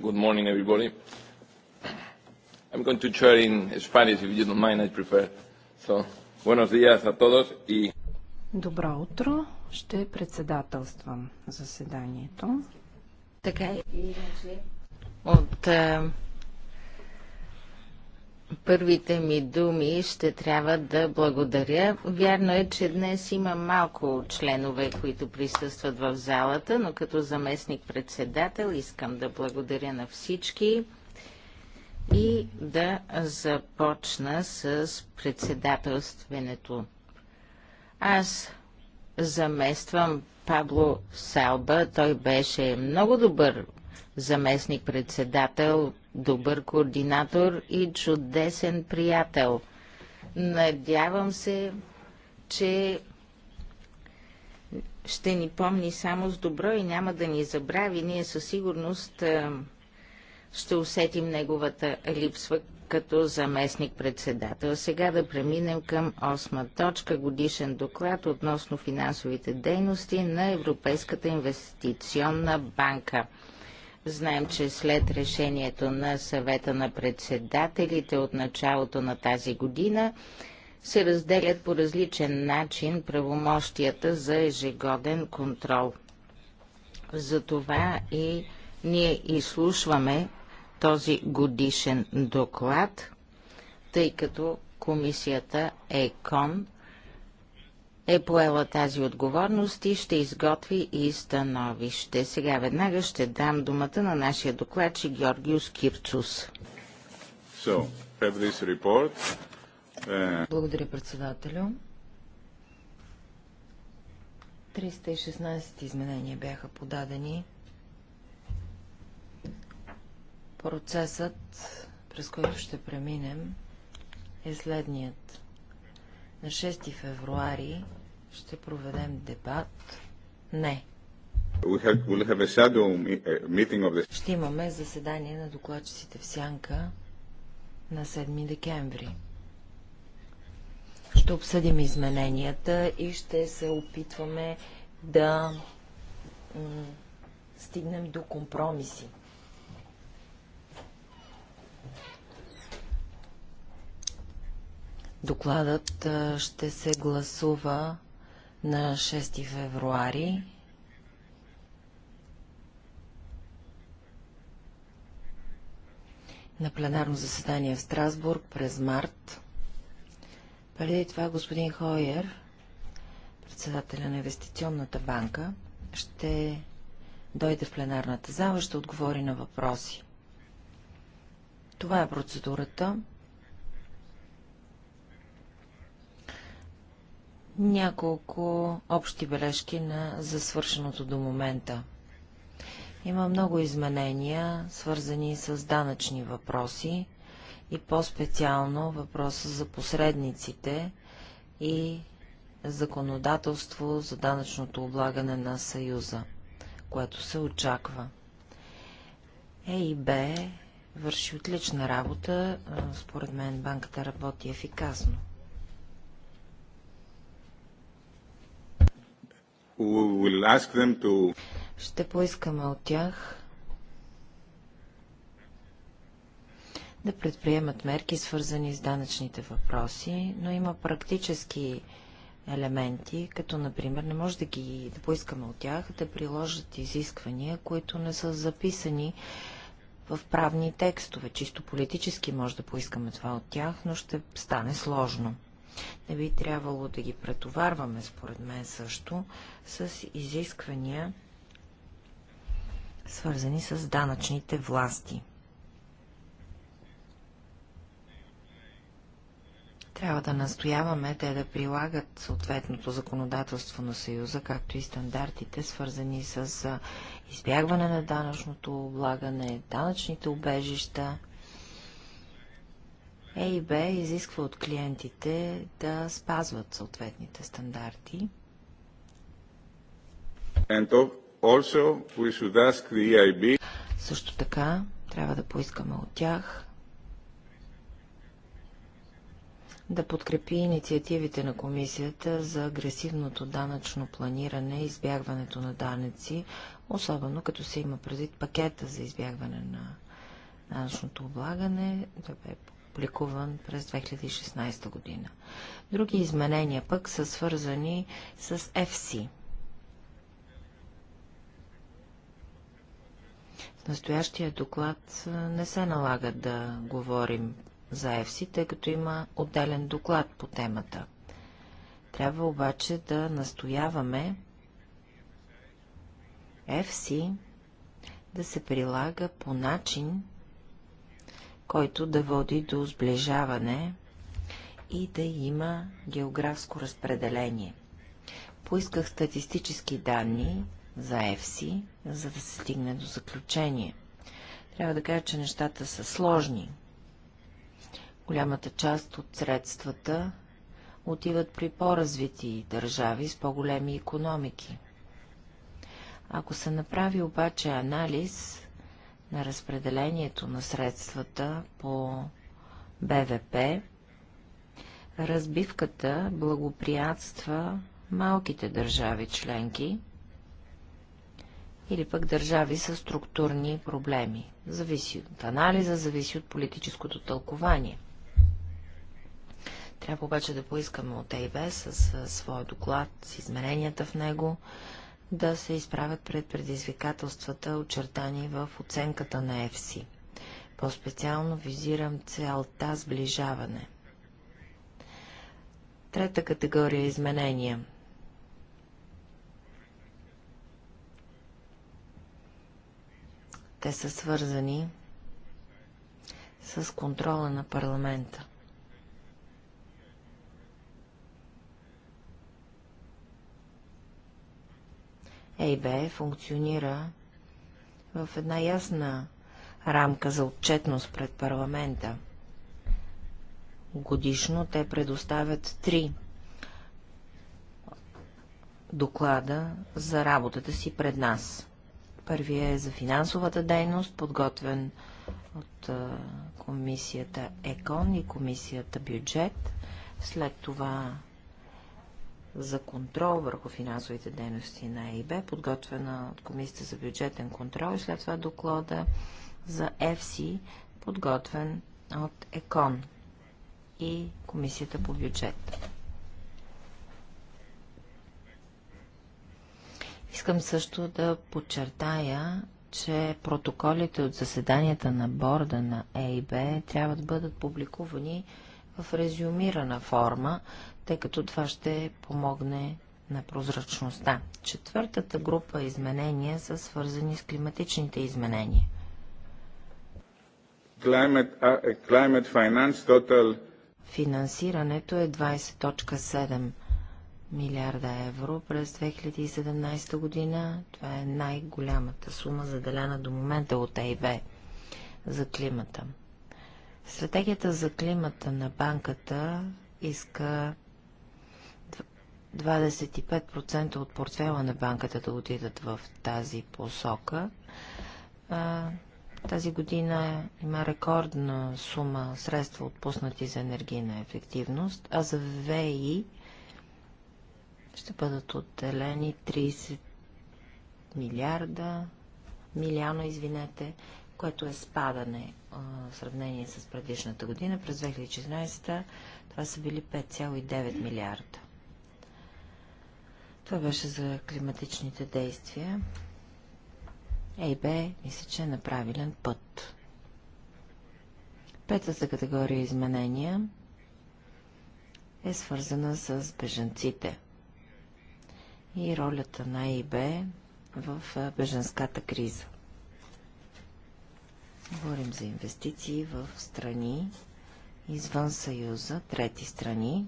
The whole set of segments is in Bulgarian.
Good morning, everybody. I'm going to chair in Spanish, if you don't mind, I prefer. So, buenos días a todos y... Добро утро. Ще председателствам заседанието. Така и иначе. От е, Първите ми думи ще трябва да благодаря. Вярно е, че днес има малко членове, които присъстват в залата, но като заместник-председател искам да благодаря на всички и да започна с председателственето. Аз замествам Пабло Салба. Той беше много добър заместник-председател, добър координатор и чудесен приятел. Надявам се, че ще ни помни само с добро и няма да ни забрави. Ние със сигурност ще усетим неговата липсва като заместник-председател. Сега да преминем към осма точка годишен доклад относно финансовите дейности на Европейската инвестиционна банка. Знаем, че след решението на съвета на председателите от началото на тази година се разделят по различен начин правомощията за ежегоден контрол. Затова и ние изслушваме този годишен доклад, тъй като комисията ЕКОН е поела тази отговорност и ще изготви и становище. Сега веднага ще дам думата на нашия докладчик Георгиус Кирцус. So, report, uh... Благодаря, председателю. 316 изменения бяха подадени. Процесът, през който ще преминем, е следният. На 6 февруари ще проведем дебат. Не. Uh, ще имаме заседание на докладчиците в Сянка на 7 декември. Ще обсъдим измененията и ще се опитваме да стигнем до компромиси. Докладът ще се гласува на 6 февруари на пленарно заседание в Страсбург през март. Преди това господин Хойер, председателя на Инвестиционната банка, ще дойде в пленарната зала, ще отговори на въпроси. Това е процедурата. Няколко общи бележки на, за свършеното до момента. Има много изменения, свързани с данъчни въпроси и по-специално въпроса за посредниците и законодателство за данъчното облагане на Съюза, което се очаква. ЕИБ върши отлична работа. Според мен банката работи ефикасно. Ще поискаме от тях да предприемат мерки, свързани с данъчните въпроси, но има практически елементи, като например не може да ги да поискаме от тях да приложат изисквания, които не са записани в правни текстове. Чисто политически може да поискаме това от тях, но ще стане сложно. Не би трябвало да ги претоварваме, според мен също, с изисквания, свързани с данъчните власти. Трябва да настояваме те да прилагат съответното законодателство на Съюза, както и стандартите, свързани с избягване на данъчното облагане, данъчните убежища Б изисква от клиентите да спазват съответните стандарти. E Също така трябва да поискаме от тях да подкрепи инициативите на комисията за агресивното данъчно планиране и избягването на данъци, особено като се има предвид пакета за избягване на данъчното облагане. Да бе публикуван през 2016 година. Други изменения пък са свързани с FC. В настоящия доклад не се налага да говорим за FC, тъй като има отделен доклад по темата. Трябва обаче да настояваме FC да се прилага по начин, който да води до сближаване и да има географско разпределение. Поисках статистически данни за ЕФСИ, за да се стигне до заключение. Трябва да кажа, че нещата са сложни. Голямата част от средствата отиват при по-развити държави с по-големи економики. Ако се направи обаче анализ, на разпределението на средствата по БВП, разбивката благоприятства малките държави членки или пък държави с структурни проблеми. Зависи от анализа, зависи от политическото тълкование. Трябва обаче да поискаме от ЕИБ с своя доклад, с измененията в него, да се изправят пред предизвикателствата, очертани в оценката на ЕФСИ. По-специално визирам целта сближаване. Трета категория изменения – Те са свързани с контрола на парламента. ЕИБ функционира в една ясна рамка за отчетност пред парламента. Годишно те предоставят три доклада за работата си пред нас. Първият е за финансовата дейност, подготвен от комисията ЕКОН и комисията бюджет. След това за контрол върху финансовите дейности на ЕИБ, подготвена от Комисията за бюджетен контрол и след това доклада за ЕФСИ, подготвен от ЕКОН и Комисията по бюджет. Искам също да подчертая, че протоколите от заседанията на борда на ЕИБ трябва да бъдат публикувани в резюмирана форма, тъй като това ще помогне на прозрачността. Четвъртата група изменения са свързани с климатичните изменения. Climate, uh, climate finance total... Финансирането е 20.7 милиарда евро през 2017 година. Това е най-голямата сума, заделена до момента от АИБ за климата. Стратегията за климата на банката иска 25% от портфела на банката да отидат в тази посока. А, тази година има рекордна сума средства отпуснати за енергийна ефективност, а за ВЕИ ще бъдат отделени 30 милиарда, милиона, извинете, което е спадане а, в сравнение с предишната година. През 2016 това са били 5,9 милиарда. Това беше за климатичните действия. ЕБ, мисля, че е на правилен път. Петата категория изменения е свързана с бежанците и ролята на ЕБ в беженската криза. Говорим за инвестиции в страни извън Съюза, трети страни,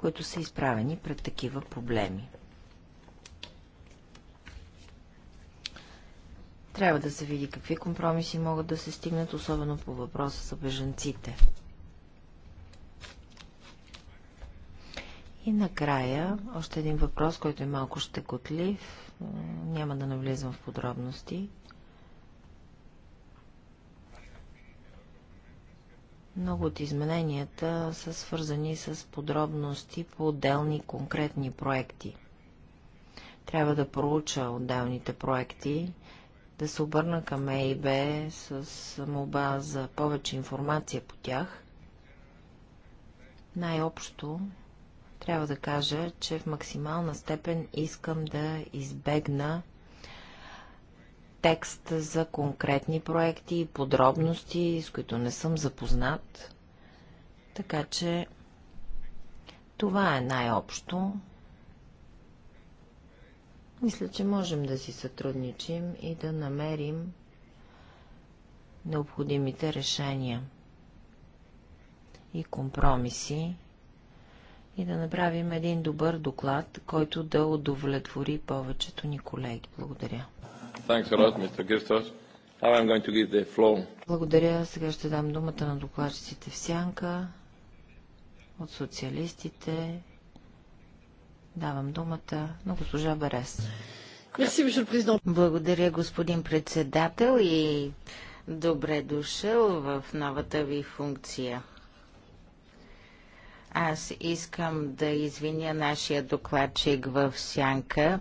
които са изправени пред такива проблеми. Трябва да се види какви компромиси могат да се стигнат, особено по въпроса за бежанците. И накрая, още един въпрос, който е малко щекотлив. Няма да навлизам в подробности. Много от измененията са свързани с подробности по отделни конкретни проекти. Трябва да проуча отделните проекти, да се обърна към ЕИБ с молба за повече информация по тях. Най-общо трябва да кажа, че в максимална степен искам да избегна текст за конкретни проекти и подробности, с които не съм запознат. Така че това е най-общо. Мисля, че можем да си сътрудничим и да намерим необходимите решения и компромиси и да направим един добър доклад, който да удовлетвори повечето ни колеги. Благодаря. Благодаря. Сега ще дам думата на докладчиците в сянка от социалистите. Давам думата на госпожа Берес. Благодаря, господин председател и добре дошъл в новата ви функция. Аз искам да извиня нашия докладчик в Сянка.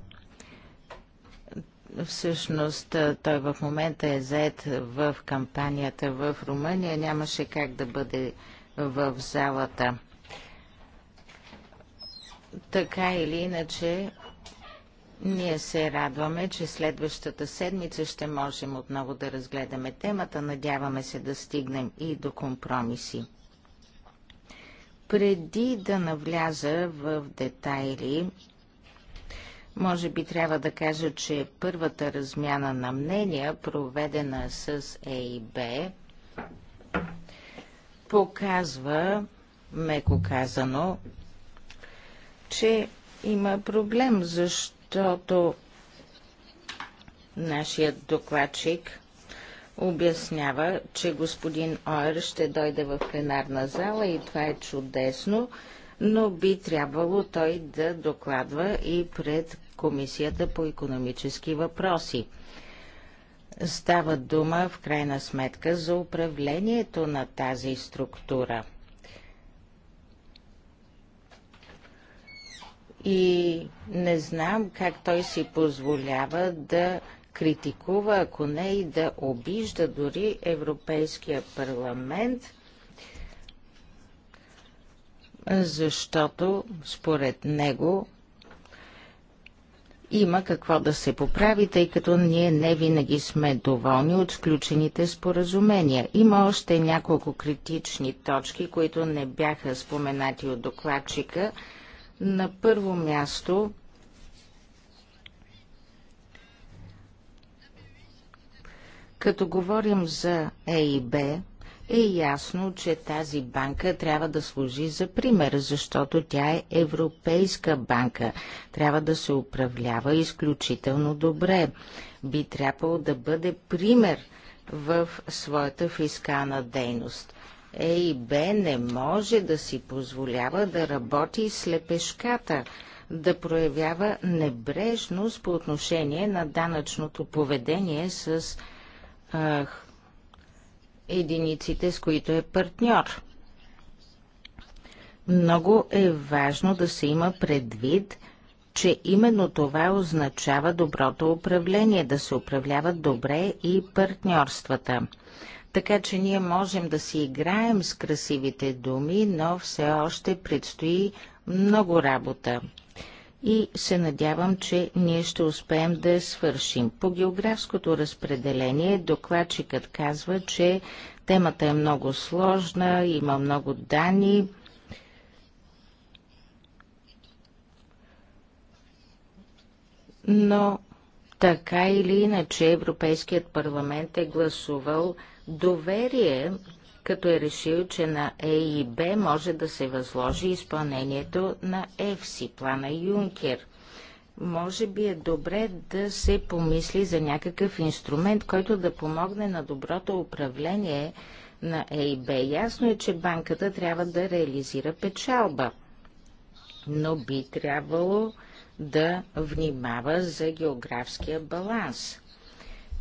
Всъщност той в момента е заед в кампанията в Румъния. Нямаше как да бъде в залата. Така или иначе, ние се радваме, че следващата седмица ще можем отново да разгледаме темата. Надяваме се да стигнем и до компромиси. Преди да навляза в детайли може би трябва да кажа, че първата размяна на мнения, проведена с е и Б, показва, меко казано, че има проблем, защото нашият докладчик обяснява, че господин Ойр ще дойде в пленарна зала и това е чудесно, но би трябвало той да докладва и пред Комисията по економически въпроси. Става дума в крайна сметка за управлението на тази структура. И не знам как той си позволява да критикува, ако не и да обижда дори Европейския парламент, защото според него има какво да се поправи, тъй като ние не винаги сме доволни от сключените споразумения. Има още няколко критични точки, които не бяха споменати от докладчика. На първо място Като говорим за Е и Б, е ясно, че тази банка трябва да служи за пример, защото тя е европейска банка. Трябва да се управлява изключително добре. Би трябвало да бъде пример в своята фискална дейност. ЕИБ не може да си позволява да работи слепешката, да проявява небрежност по отношение на данъчното поведение с а, единиците, с които е партньор. Много е важно да се има предвид, че именно това означава доброто управление, да се управляват добре и партньорствата. Така че ние можем да си играем с красивите думи, но все още предстои много работа и се надявам, че ние ще успеем да свършим. По географското разпределение докладчикът казва, че темата е много сложна, има много данни. Но така или иначе Европейският парламент е гласувал доверие като е решил, че на ЕИБ може да се възложи изпълнението на ЕФСИ, плана Юнкер. Може би е добре да се помисли за някакъв инструмент, който да помогне на доброто управление на ЕИБ. Ясно е, че банката трябва да реализира печалба, но би трябвало да внимава за географския баланс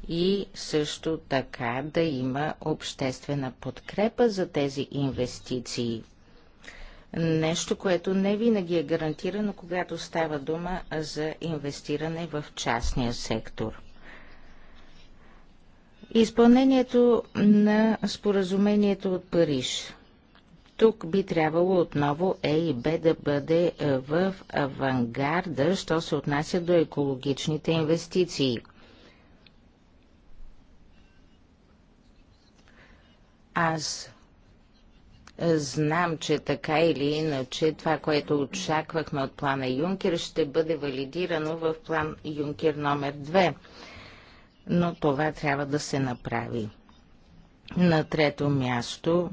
и също така да има обществена подкрепа за тези инвестиции. Нещо, което не винаги е гарантирано, когато става дума за инвестиране в частния сектор. Изпълнението на споразумението от Париж. Тук би трябвало отново Е и Б да бъде е, в авангарда, що се отнася до екологичните инвестиции – Аз знам, че така или иначе това, което очаквахме от плана Юнкер, ще бъде валидирано в план Юнкер номер 2. Но това трябва да се направи. На трето място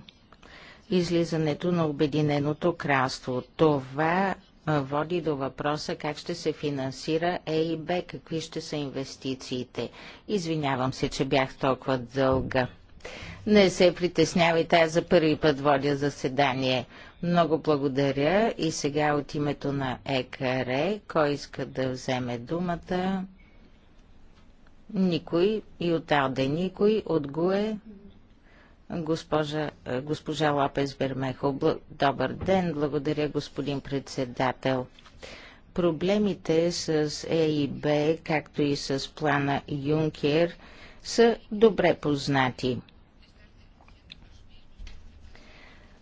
излизането на Обединеното кралство. Това води до въпроса как ще се финансира ЕИБ, какви ще са инвестициите. Извинявам се, че бях толкова дълга. Не се притеснявайте, аз за първи път водя заседание. Много благодаря и сега от името на ЕКР, кой иска да вземе думата? Никой и от Алде никой, от ГУЕ госпожа, госпожа Лапес Бермехо. Добър ден, благодаря господин председател. Проблемите с ЕИБ, както и с плана Юнкер, са добре познати –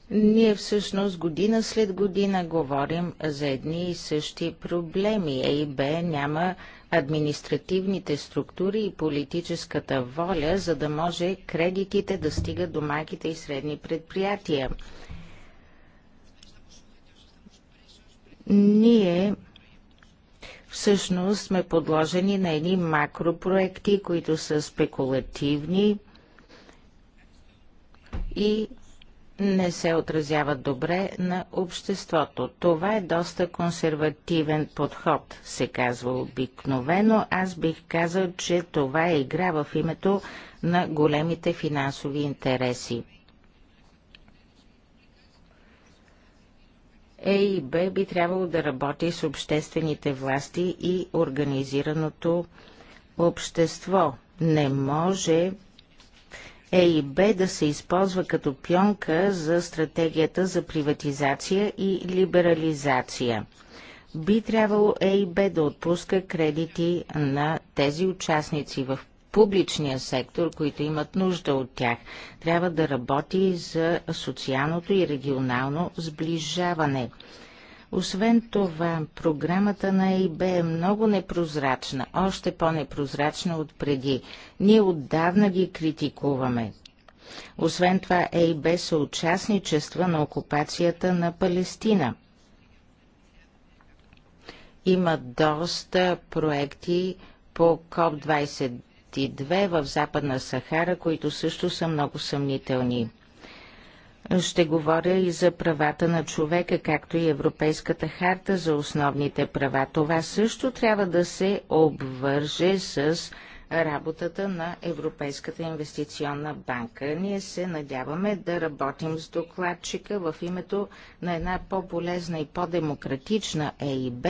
Ние всъщност година след година говорим за едни и същи проблеми. Б няма административните структури и политическата воля, за да може кредитите да стигат до малките и средни предприятия. Ние всъщност сме подложени на едни макропроекти, които са спекулативни и не се отразяват добре на обществото. Това е доста консервативен подход, се казва обикновено. Аз бих казал, че това е игра в името на големите финансови интереси. ЕИБ би трябвало да работи с обществените власти и организираното общество. Не може е Б да се използва като пионка за стратегията за приватизация и либерализация. Би трябвало е Б да отпуска кредити на тези участници в публичния сектор, които имат нужда от тях. Трябва да работи за социалното и регионално сближаване. Освен това, програмата на ЕИБ е много непрозрачна, още по-непрозрачна от преди. Ние отдавна ги критикуваме. Освен това, ЕИБ са участничества на окупацията на Палестина. Има доста проекти по КОП-22 в Западна Сахара, които също са много съмнителни. Ще говоря и за правата на човека, както и Европейската харта за основните права. Това също трябва да се обвърже с работата на Европейската инвестиционна банка. Ние се надяваме да работим с докладчика в името на една по-полезна и по-демократична ЕИБ,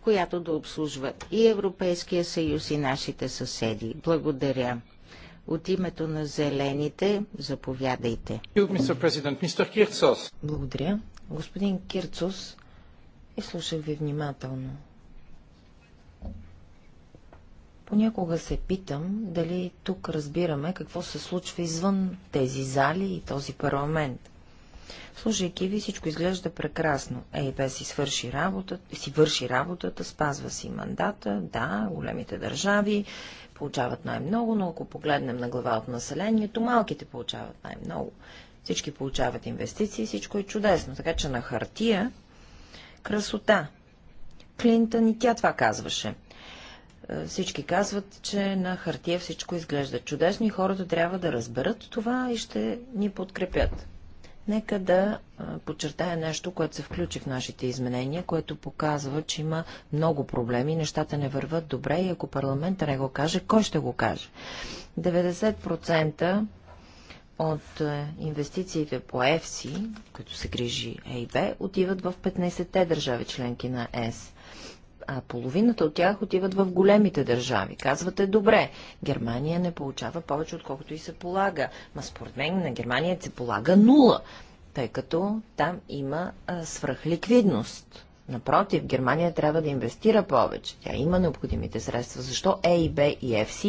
която да обслужва и Европейския съюз и нашите съседи. Благодаря. От името на зелените, заповядайте. Благодаря. Господин Кирцос, изслушах ви внимателно. Понякога се питам, дали тук разбираме какво се случва извън тези зали и този парламент. Слушайки ви, всичко изглежда прекрасно. ЕИБ си свърши работата, си върши работата, спазва си мандата, да, големите държави получават най-много, но ако погледнем на глава от населението, малките получават най-много. Всички получават инвестиции, всичко е чудесно. Така че на хартия красота. Клинтън и тя това казваше. Е, всички казват, че на хартия всичко изглежда чудесно и хората трябва да разберат това и ще ни подкрепят. Нека да подчертая нещо, което се включи в нашите изменения, което показва, че има много проблеми, нещата не върват добре и ако парламента не го каже, кой ще го каже? 90% от е, инвестициите по ЕФСИ, които се грижи ЕИБ, отиват в 15-те държави членки на ЕС а половината от тях отиват в големите държави. Казвате, добре, Германия не получава повече, отколкото и се полага. Ма според мен на Германия се полага нула, тъй като там има свръхликвидност. Напротив, Германия трябва да инвестира повече. Тя има необходимите средства. Защо ЕИБ и ФС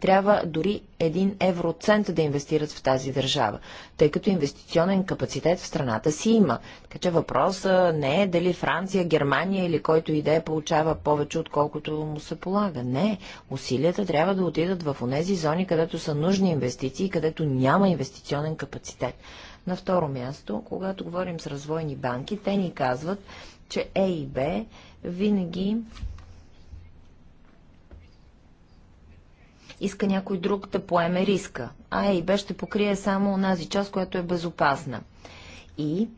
трябва дори един евроцент да инвестират в тази държава? Тъй като инвестиционен капацитет в страната си има. Така че въпросът не е дали Франция, Германия или който идея получава повече, отколкото му се полага. Не. Усилията трябва да отидат в онези зони, където са нужни инвестиции, където няма инвестиционен капацитет. На второ място, когато говорим с развойни банки, те ни казват, че Е и Б винаги иска някой друг да поеме риска, а Е и Б ще покрие само онази част, която е безопасна. И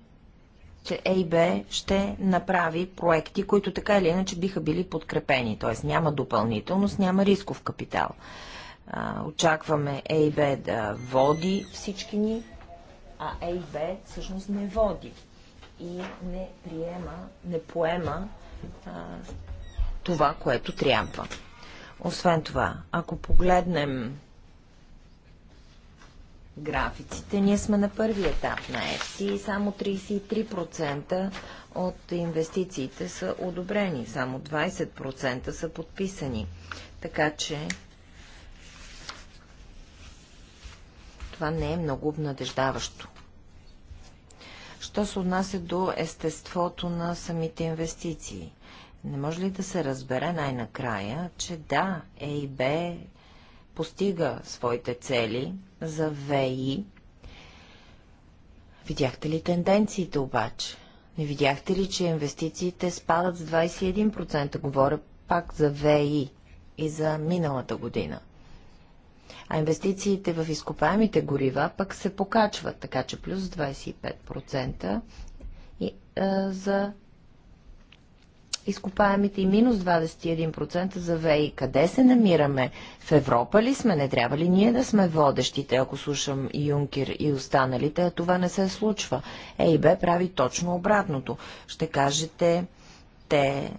че ЕИБ ще направи проекти, които така или иначе биха били подкрепени. Т.е. няма допълнителност, няма рисков капитал. А, очакваме ЕИБ да води всички ни, а ЕИБ всъщност не води и не приема, не поема а, това, което трябва. Освен това, ако погледнем графиците, ние сме на първи етап на ЕФСИ и само 33% от инвестициите са одобрени, само 20% са подписани. Така че това не е много обнадеждаващо. Що се отнася до естеството на самите инвестиции? Не може ли да се разбере най-накрая, че да, Б постига своите цели за ВИ? Видяхте ли тенденциите обаче? Не видяхте ли, че инвестициите спадат с 21%? Говоря пак за ВИ и за миналата година – а инвестициите в изкопаемите горива пък се покачват, така че плюс 25% за изкопаемите и минус 21% за ВЕИ. Къде се намираме? В Европа ли сме? Не трябва ли ние да сме водещите, ако слушам Юнкер и останалите, а това не се случва? ЕИБ прави точно обратното. Ще кажете, те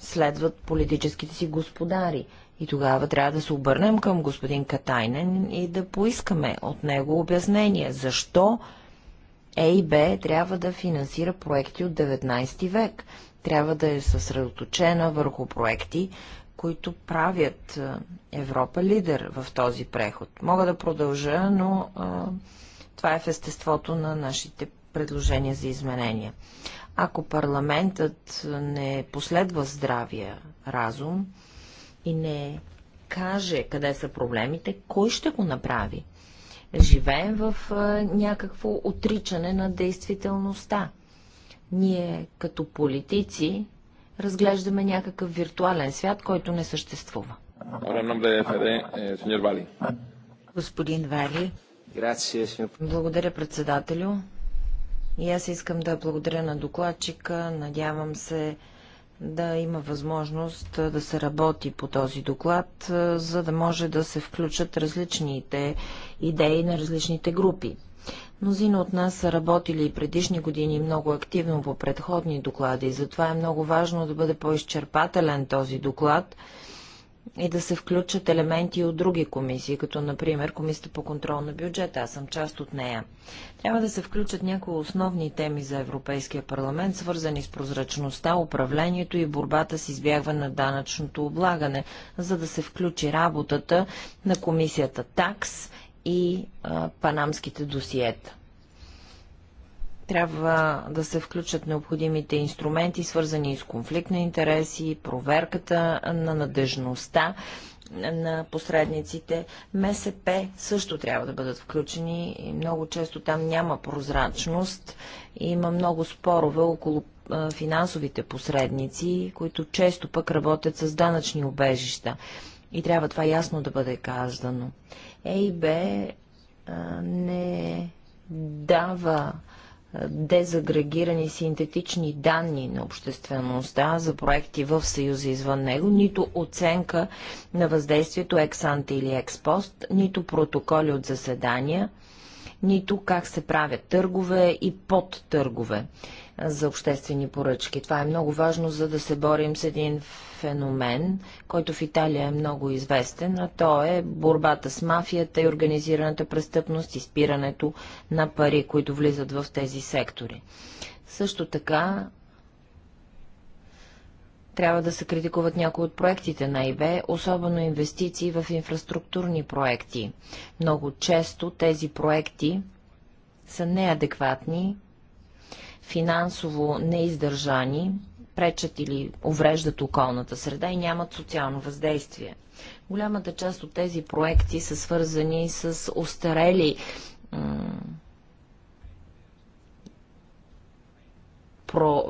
следват политическите си господари. И тогава трябва да се обърнем към господин Катайнен и да поискаме от него обяснение, защо ЕИБ трябва да финансира проекти от 19 век. Трябва да е съсредоточена върху проекти, които правят Европа лидер в този преход. Мога да продължа, но а, това е в естеството на нашите предложения за изменения. Ако парламентът не последва здравия разум, и не каже къде са проблемите, кой ще го направи? Живеем в някакво отричане на действителността. Ние като политици разглеждаме някакъв виртуален свят, който не съществува. Eh, Господин Вали. Благодаря, председателю. И аз искам да благодаря на докладчика. Надявам се, да има възможност да се работи по този доклад, за да може да се включат различните идеи на различните групи. Мнозина от нас са работили и предишни години много активно по предходни доклади, затова е много важно да бъде по-изчерпателен този доклад и да се включат елементи от други комисии, като например Комисията по контрол на бюджета. Аз съм част от нея. Трябва да се включат някои основни теми за Европейския парламент, свързани с прозрачността, управлението и борбата с избягване на данъчното облагане, за да се включи работата на комисията ТАКС и а, панамските досиета. Трябва да се включат необходимите инструменти, свързани с конфликт на интереси, проверката на надежността на посредниците. МСП също трябва да бъдат включени и много често там няма прозрачност. и Има много спорове около финансовите посредници, които често пък работят с данъчни обежища. И трябва това ясно да бъде казано. ЕИБ не дава дезагрегирани синтетични данни на обществеността за проекти в Съюза извън него, нито оценка на въздействието ексанте или експост, нито протоколи от заседания, нито как се правят търгове и подтъргове за обществени поръчки. Това е много важно, за да се борим с един феномен, който в Италия е много известен, а то е борбата с мафията и организираната престъпност, и спирането на пари, които влизат в тези сектори. Също така трябва да се критикуват някои от проектите на ИБ, особено инвестиции в инфраструктурни проекти. Много често тези проекти са неадекватни финансово неиздържани, пречат или увреждат околната среда и нямат социално въздействие. Голямата част от тези проекти са свързани с остарели про,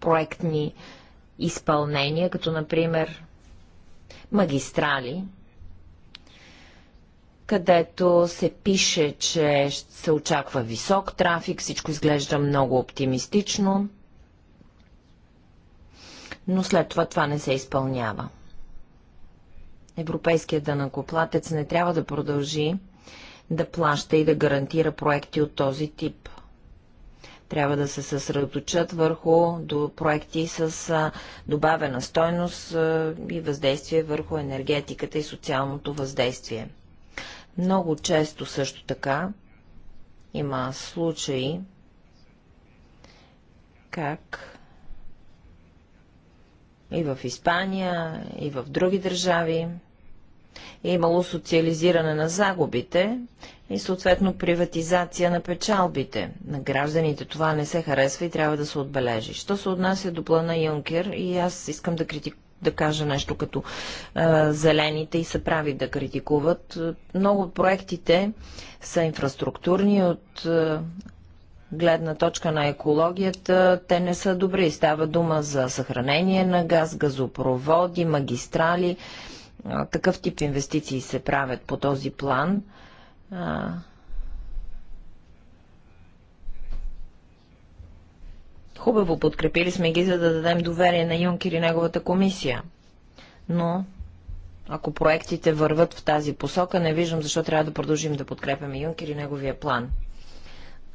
проектни изпълнения, като например магистрали, където се пише, че се очаква висок трафик, всичко изглежда много оптимистично, но след това това не се изпълнява. Европейският дънакоплатец не трябва да продължи да плаща и да гарантира проекти от този тип. Трябва да се съсредоточат върху до проекти с добавена стойност и въздействие върху енергетиката и социалното въздействие – много често също така има случаи, как и в Испания, и в други държави е имало социализиране на загубите и съответно приватизация на печалбите. На гражданите това не се харесва и трябва да се отбележи. Що се отнася до плана Юнкер, и аз искам да критикувам да кажа нещо като а, зелените и се прави да критикуват. Много от проектите са инфраструктурни от а, гледна точка на екологията, те не са добри. Става дума за съхранение на газ, газопроводи, магистрали. Такъв тип инвестиции се правят по този план. Хубаво подкрепили сме ги, за да дадем доверие на Юнкер и неговата комисия. Но ако проектите върват в тази посока, не виждам защо трябва да продължим да подкрепяме Юнкер и неговия план.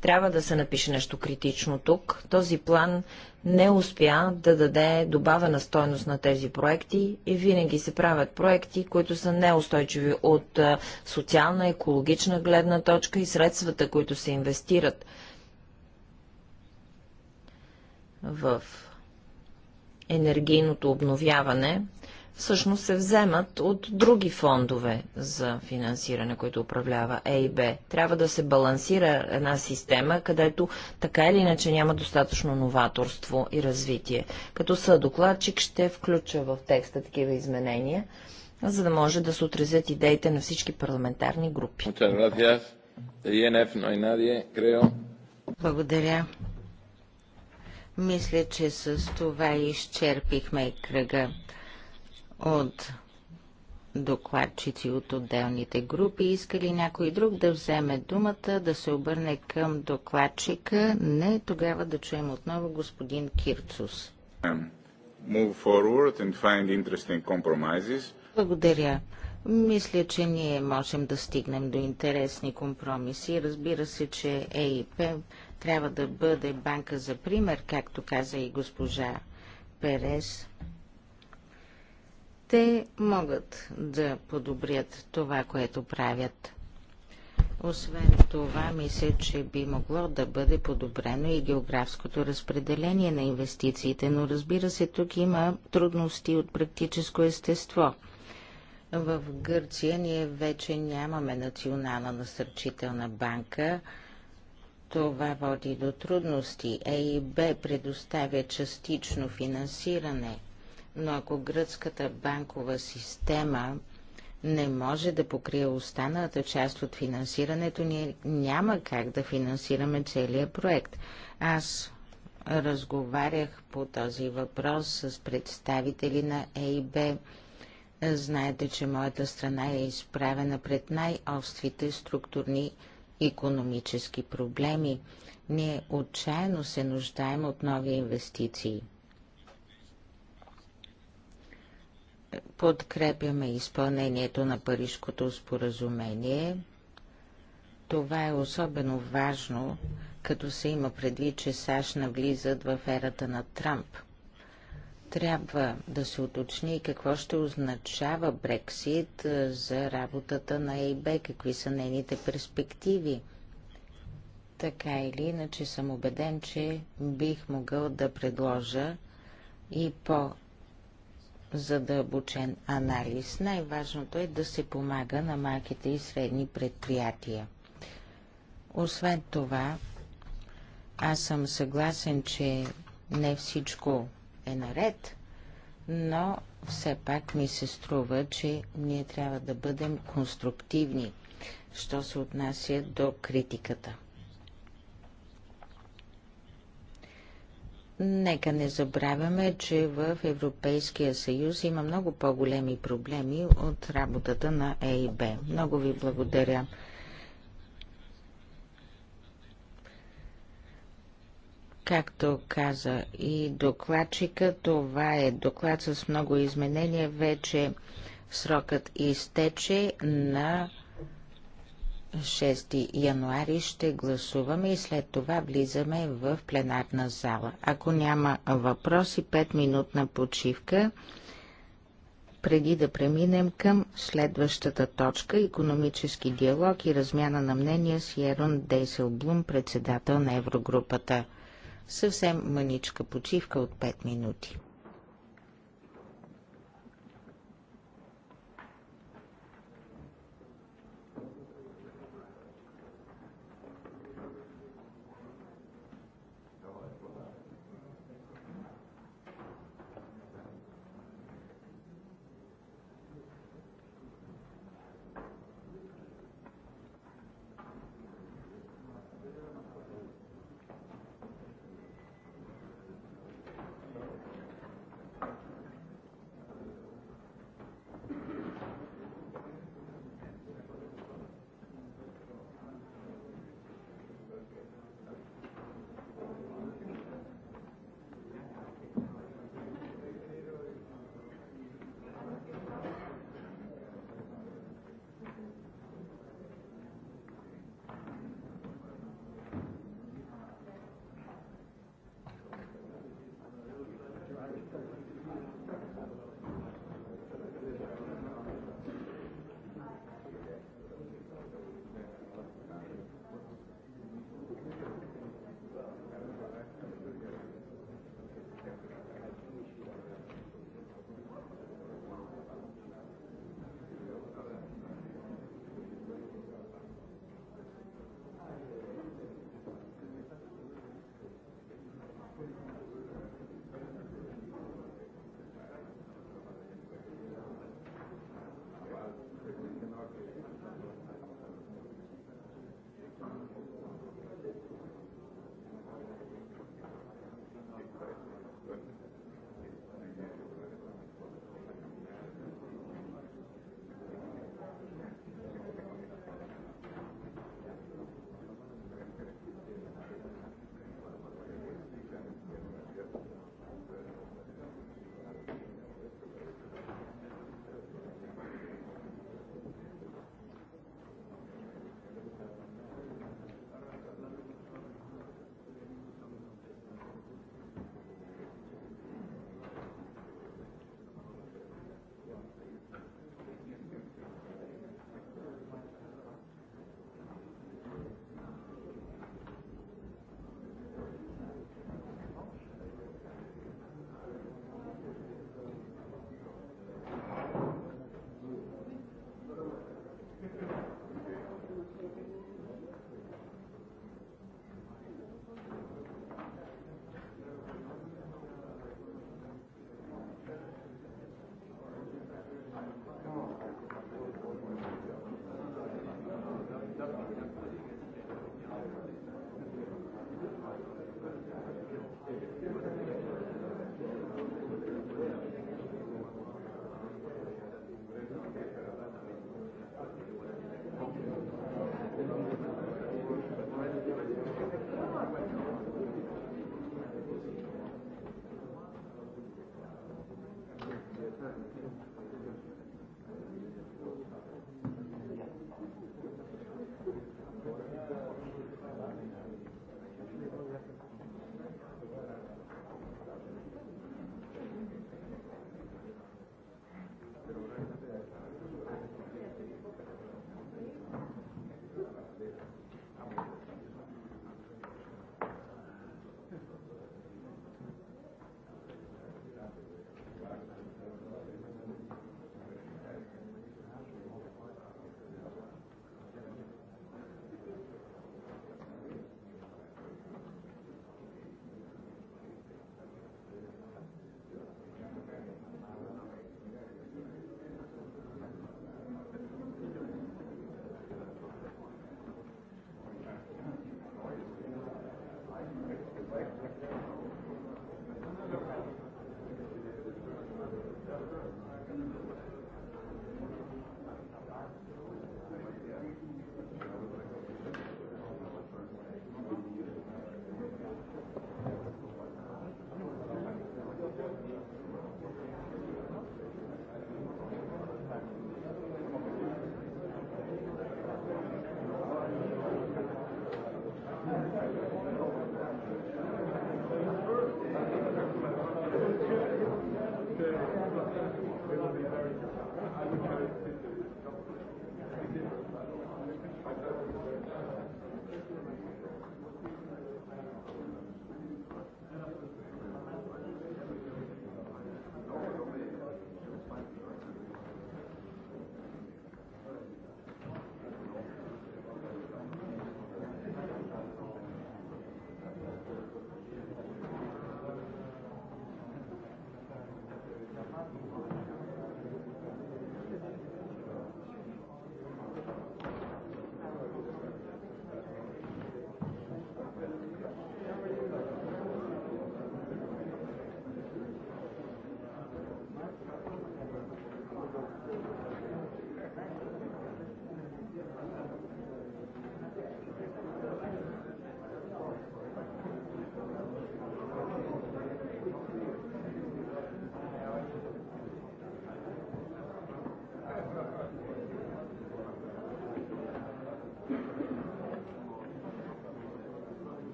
Трябва да се напише нещо критично тук. Този план не успя да даде добавена стойност на тези проекти и винаги се правят проекти, които са неустойчиви от социална, екологична гледна точка и средствата, които се инвестират – в енергийното обновяване, всъщност се вземат от други фондове за финансиране, които управлява ЕИБ. Трябва да се балансира една система, където така или иначе няма достатъчно новаторство и развитие. Като съдокладчик ще включа в текста такива изменения, за да може да се отразят идеите на всички парламентарни групи. E Благодаря. Мисля, че с това изчерпихме кръга от докладчици от отделните групи. Иска ли някой друг да вземе думата, да се обърне към докладчика? Не, тогава да чуем отново господин Кирцус. Благодаря. Мисля, че ние можем да стигнем до интересни компромиси. Разбира се, че ЕИП трябва да бъде банка за пример, както каза и госпожа Перес, те могат да подобрят това, което правят. Освен това, мисля, че би могло да бъде подобрено и географското разпределение на инвестициите, но разбира се, тук има трудности от практическо естество. В Гърция ние вече нямаме национална насърчителна банка, това води до трудности. ЕИБ предоставя частично финансиране, но ако гръцката банкова система не може да покрие останалата част от финансирането, ние няма как да финансираме целият проект. Аз разговарях по този въпрос с представители на ЕИБ. Знаете, че моята страна е изправена пред най-острите структурни економически проблеми. Ние отчаяно се нуждаем от нови инвестиции. Подкрепяме изпълнението на Парижското споразумение. Това е особено важно, като се има предвид, че САЩ навлизат в ерата на Трамп – трябва да се уточни какво ще означава Брексит е, за работата на ЕИБ, какви са нейните перспективи. Така или иначе съм убеден, че бих могъл да предложа и по задълбочен анализ. Най-важното е да се помага на малките и средни предприятия. Освен това, аз съм съгласен, че не всичко е наред, но все пак ми се струва, че ние трябва да бъдем конструктивни, що се отнася до критиката. Нека не забравяме, че в Европейския съюз има много по-големи проблеми от работата на ЕИБ. Много ви благодаря. Както каза и докладчика, това е доклад с много изменения. Вече срокът изтече на 6 януари ще гласуваме и след това влизаме в пленарна зала. Ако няма въпроси, 5-минутна почивка преди да преминем към следващата точка – економически диалог и размяна на мнения с Ерон Дейселблум, председател на Еврогрупата съвсем мъничка почивка от 5 минути.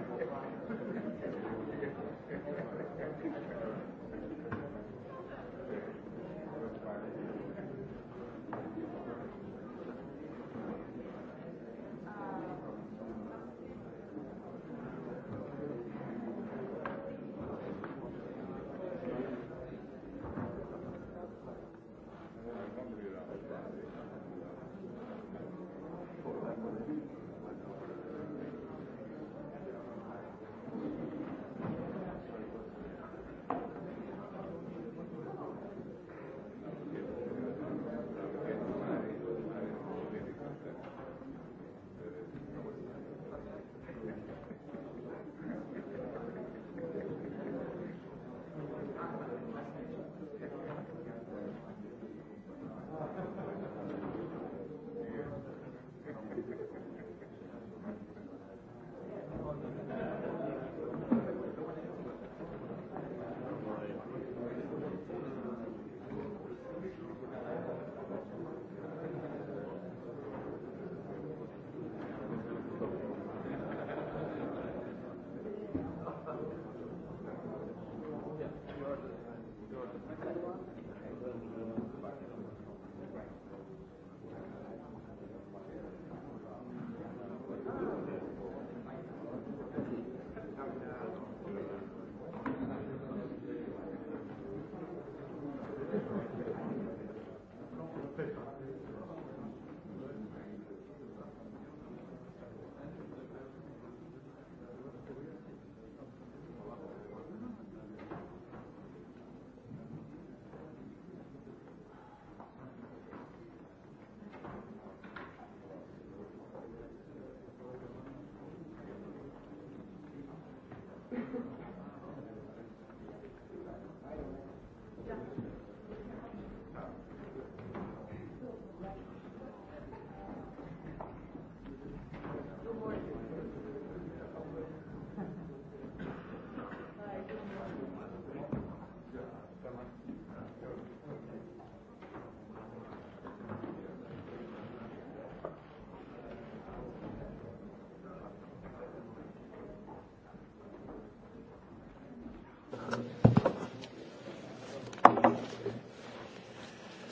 Thank you.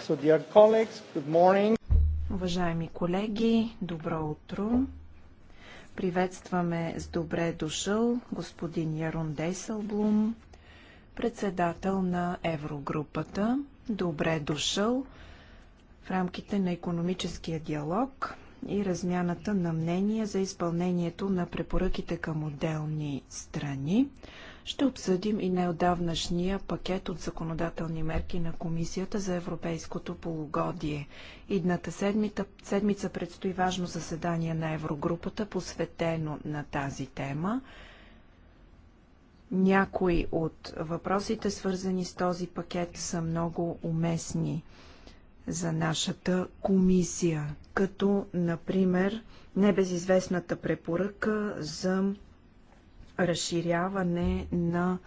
So dear colleagues, good morning. Уважаеми колеги, добро утро. Приветстваме с добре дошъл господин Ярун Дейселблум, председател на Еврогрупата. Добре дошъл в рамките на економическия диалог и размяната на мнения за изпълнението на препоръките към отделни страни. Ще обсъдим и неодавнашния пакет от законодателни мерки на Комисията за европейското полугодие. Идната седмица, седмица предстои важно заседание на Еврогрупата, посветено на тази тема. Някои от въпросите, свързани с този пакет, са много уместни за нашата комисия, като, например, небезизвестната препоръка за разширяване на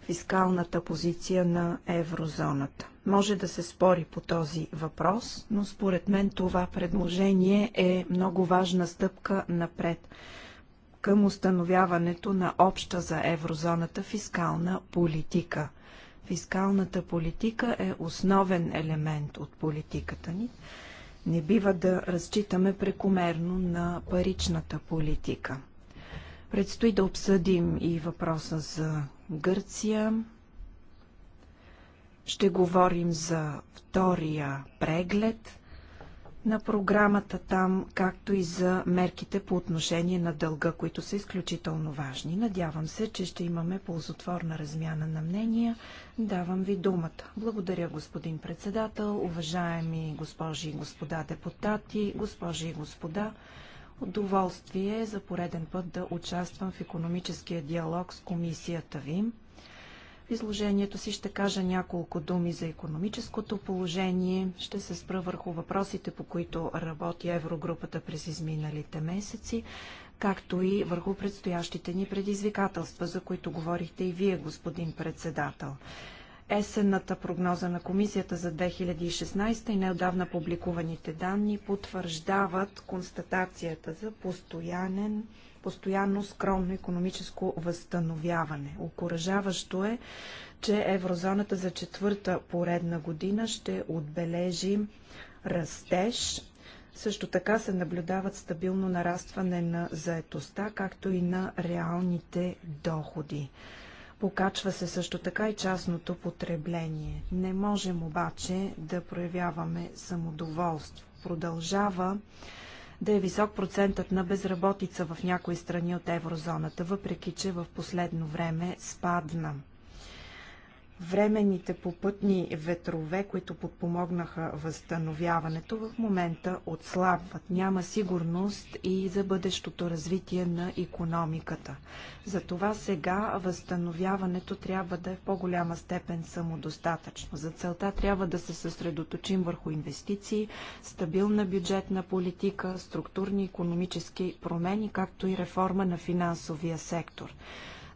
фискалната позиция на еврозоната. Може да се спори по този въпрос, но според мен това предложение е много важна стъпка напред към установяването на обща за еврозоната фискална политика. Фискалната политика е основен елемент от политиката ни. Не бива да разчитаме прекомерно на паричната политика. Предстои да обсъдим и въпроса за Гърция. Ще говорим за втория преглед на програмата там, както и за мерките по отношение на дълга, които са изключително важни. Надявам се, че ще имаме ползотворна размяна на мнения. Давам ви думата. Благодаря, господин председател, уважаеми госпожи и господа депутати, госпожи и господа. Удоволствие е за пореден път да участвам в економическия диалог с комисията ви. В изложението си ще кажа няколко думи за економическото положение, ще се спра върху въпросите, по които работи Еврогрупата през изминалите месеци, както и върху предстоящите ни предизвикателства, за които говорихте и вие, господин председател. Есенната прогноза на комисията за 2016 и неодавна публикуваните данни потвърждават констатацията за постоянен, постоянно скромно економическо възстановяване. Окоръжаващо е, че еврозоната за четвърта поредна година ще отбележи растеж. Също така се наблюдават стабилно нарастване на заетостта, както и на реалните доходи. Покачва се също така и частното потребление. Не можем обаче да проявяваме самодоволство. Продължава да е висок процентът на безработица в някои страни от еврозоната, въпреки че в последно време спадна. Временните попътни ветрове, които подпомогнаха възстановяването, в момента отслабват. Няма сигурност и за бъдещото развитие на економиката. Затова сега възстановяването трябва да е в по-голяма степен самодостатъчно. За целта трябва да се съсредоточим върху инвестиции, стабилна бюджетна политика, структурни економически промени, както и реформа на финансовия сектор.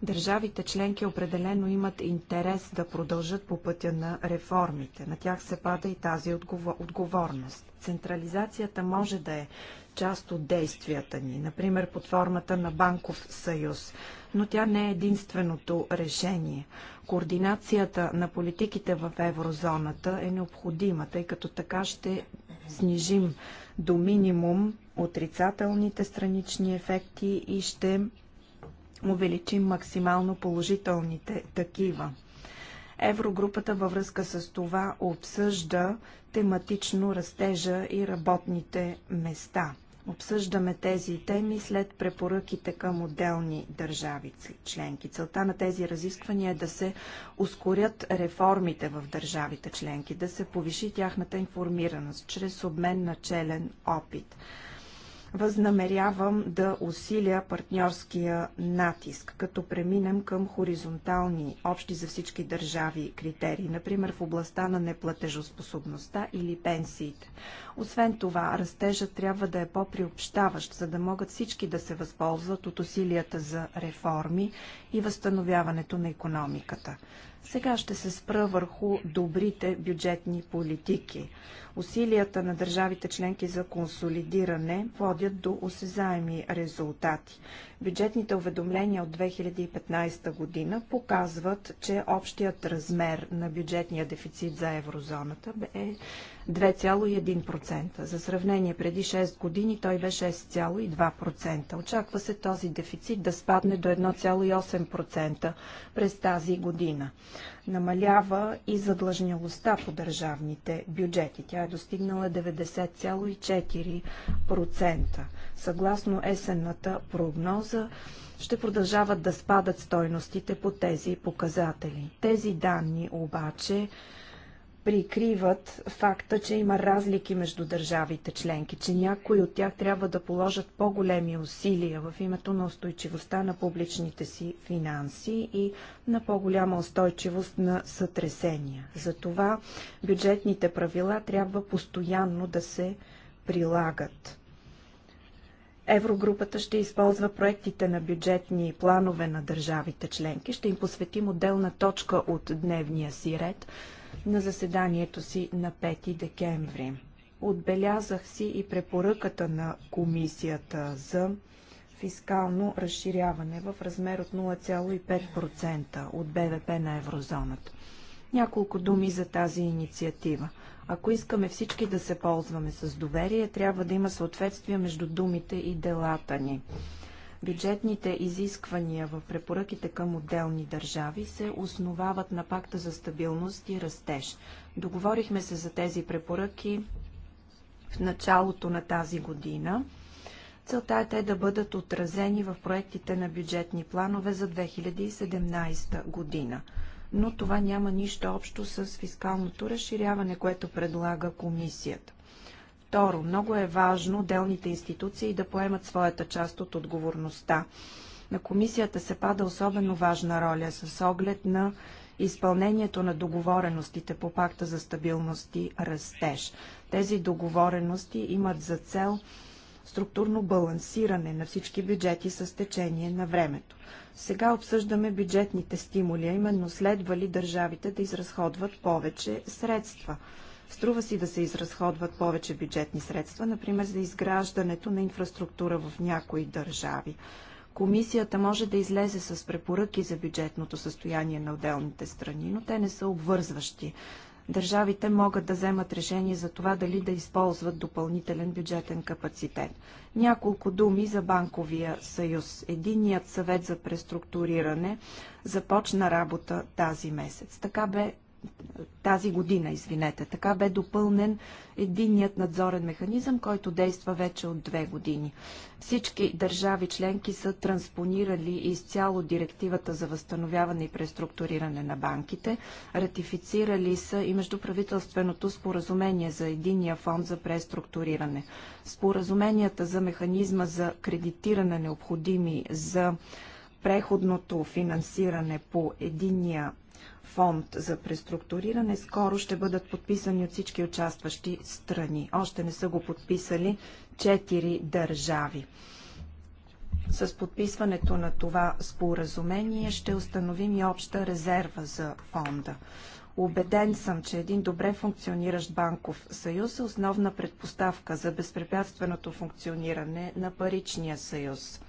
Държавите членки определено имат интерес да продължат по пътя на реформите. На тях се пада и тази отговорност. Централизацията може да е част от действията ни, например под формата на банков съюз, но тя не е единственото решение. Координацията на политиките в еврозоната е необходима, тъй като така ще снижим до минимум отрицателните странични ефекти и ще увеличим максимално положителните такива. Еврогрупата във връзка с това обсъжда тематично растежа и работните места. Обсъждаме тези теми след препоръките към отделни държави членки. Целта на тези разисквания е да се ускорят реформите в държавите членки, да се повиши тяхната информираност чрез обмен на челен опит възнамерявам да усиля партньорския натиск, като преминем към хоризонтални, общи за всички държави критерии, например в областта на неплатежоспособността или пенсиите. Освен това, растежът трябва да е по-приобщаващ, за да могат всички да се възползват от усилията за реформи и възстановяването на економиката. Сега ще се спра върху добрите бюджетни политики. Усилията на държавите членки за консолидиране водят до осезаеми резултати. Бюджетните уведомления от 2015 година показват, че общият размер на бюджетния дефицит за еврозоната е 2,1%. За сравнение, преди 6 години той бе 6,2%. Очаква се този дефицит да спадне до 1,8% през тази година. Намалява и задлъжнялостта по държавните бюджети. Тя е достигнала 90,4%. Съгласно есенната прогноза, ще продължават да спадат стойностите по тези показатели. Тези данни обаче прикриват факта, че има разлики между държавите членки, че някои от тях трябва да положат по-големи усилия в името на устойчивостта на публичните си финанси и на по-голяма устойчивост на сътресения. Затова бюджетните правила трябва постоянно да се прилагат. Еврогрупата ще използва проектите на бюджетни планове на държавите членки. Ще им посветим отделна точка от дневния си ред – на заседанието си на 5 декември. Отбелязах си и препоръката на комисията за фискално разширяване в размер от 0,5% от БВП на еврозоната. Няколко думи за тази инициатива. Ако искаме всички да се ползваме с доверие, трябва да има съответствие между думите и делата ни. Бюджетните изисквания в препоръките към отделни държави се основават на пакта за стабилност и растеж. Договорихме се за тези препоръки в началото на тази година. Целта е те да бъдат отразени в проектите на бюджетни планове за 2017 година. Но това няма нищо общо с фискалното разширяване, което предлага комисията. Второ, много е важно отделните институции да поемат своята част от отговорността. На комисията се пада особено важна роля с оглед на изпълнението на договореностите по пакта за стабилност и растеж. Тези договорености имат за цел структурно балансиране на всички бюджети с течение на времето. Сега обсъждаме бюджетните стимули, а именно следва ли държавите да изразходват повече средства. Струва си да се изразходват повече бюджетни средства, например за изграждането на инфраструктура в някои държави. Комисията може да излезе с препоръки за бюджетното състояние на отделните страни, но те не са обвързващи. Държавите могат да вземат решение за това дали да използват допълнителен бюджетен капацитет. Няколко думи за Банковия съюз. Единият съвет за преструктуриране започна работа тази месец. Така бе тази година, извинете. Така бе допълнен единният надзорен механизъм, който действа вече от две години. Всички държави членки са транспонирали изцяло директивата за възстановяване и преструктуриране на банките, ратифицирали са и междуправителственото споразумение за единния фонд за преструктуриране. Споразуменията за механизма за кредитиране необходими за преходното финансиране по единния фонд за преструктуриране скоро ще бъдат подписани от всички участващи страни. Още не са го подписали четири държави. С подписването на това споразумение ще установим и обща резерва за фонда. Убеден съм, че един добре функциониращ банков съюз е основна предпоставка за безпрепятственото функциониране на паричния съюз.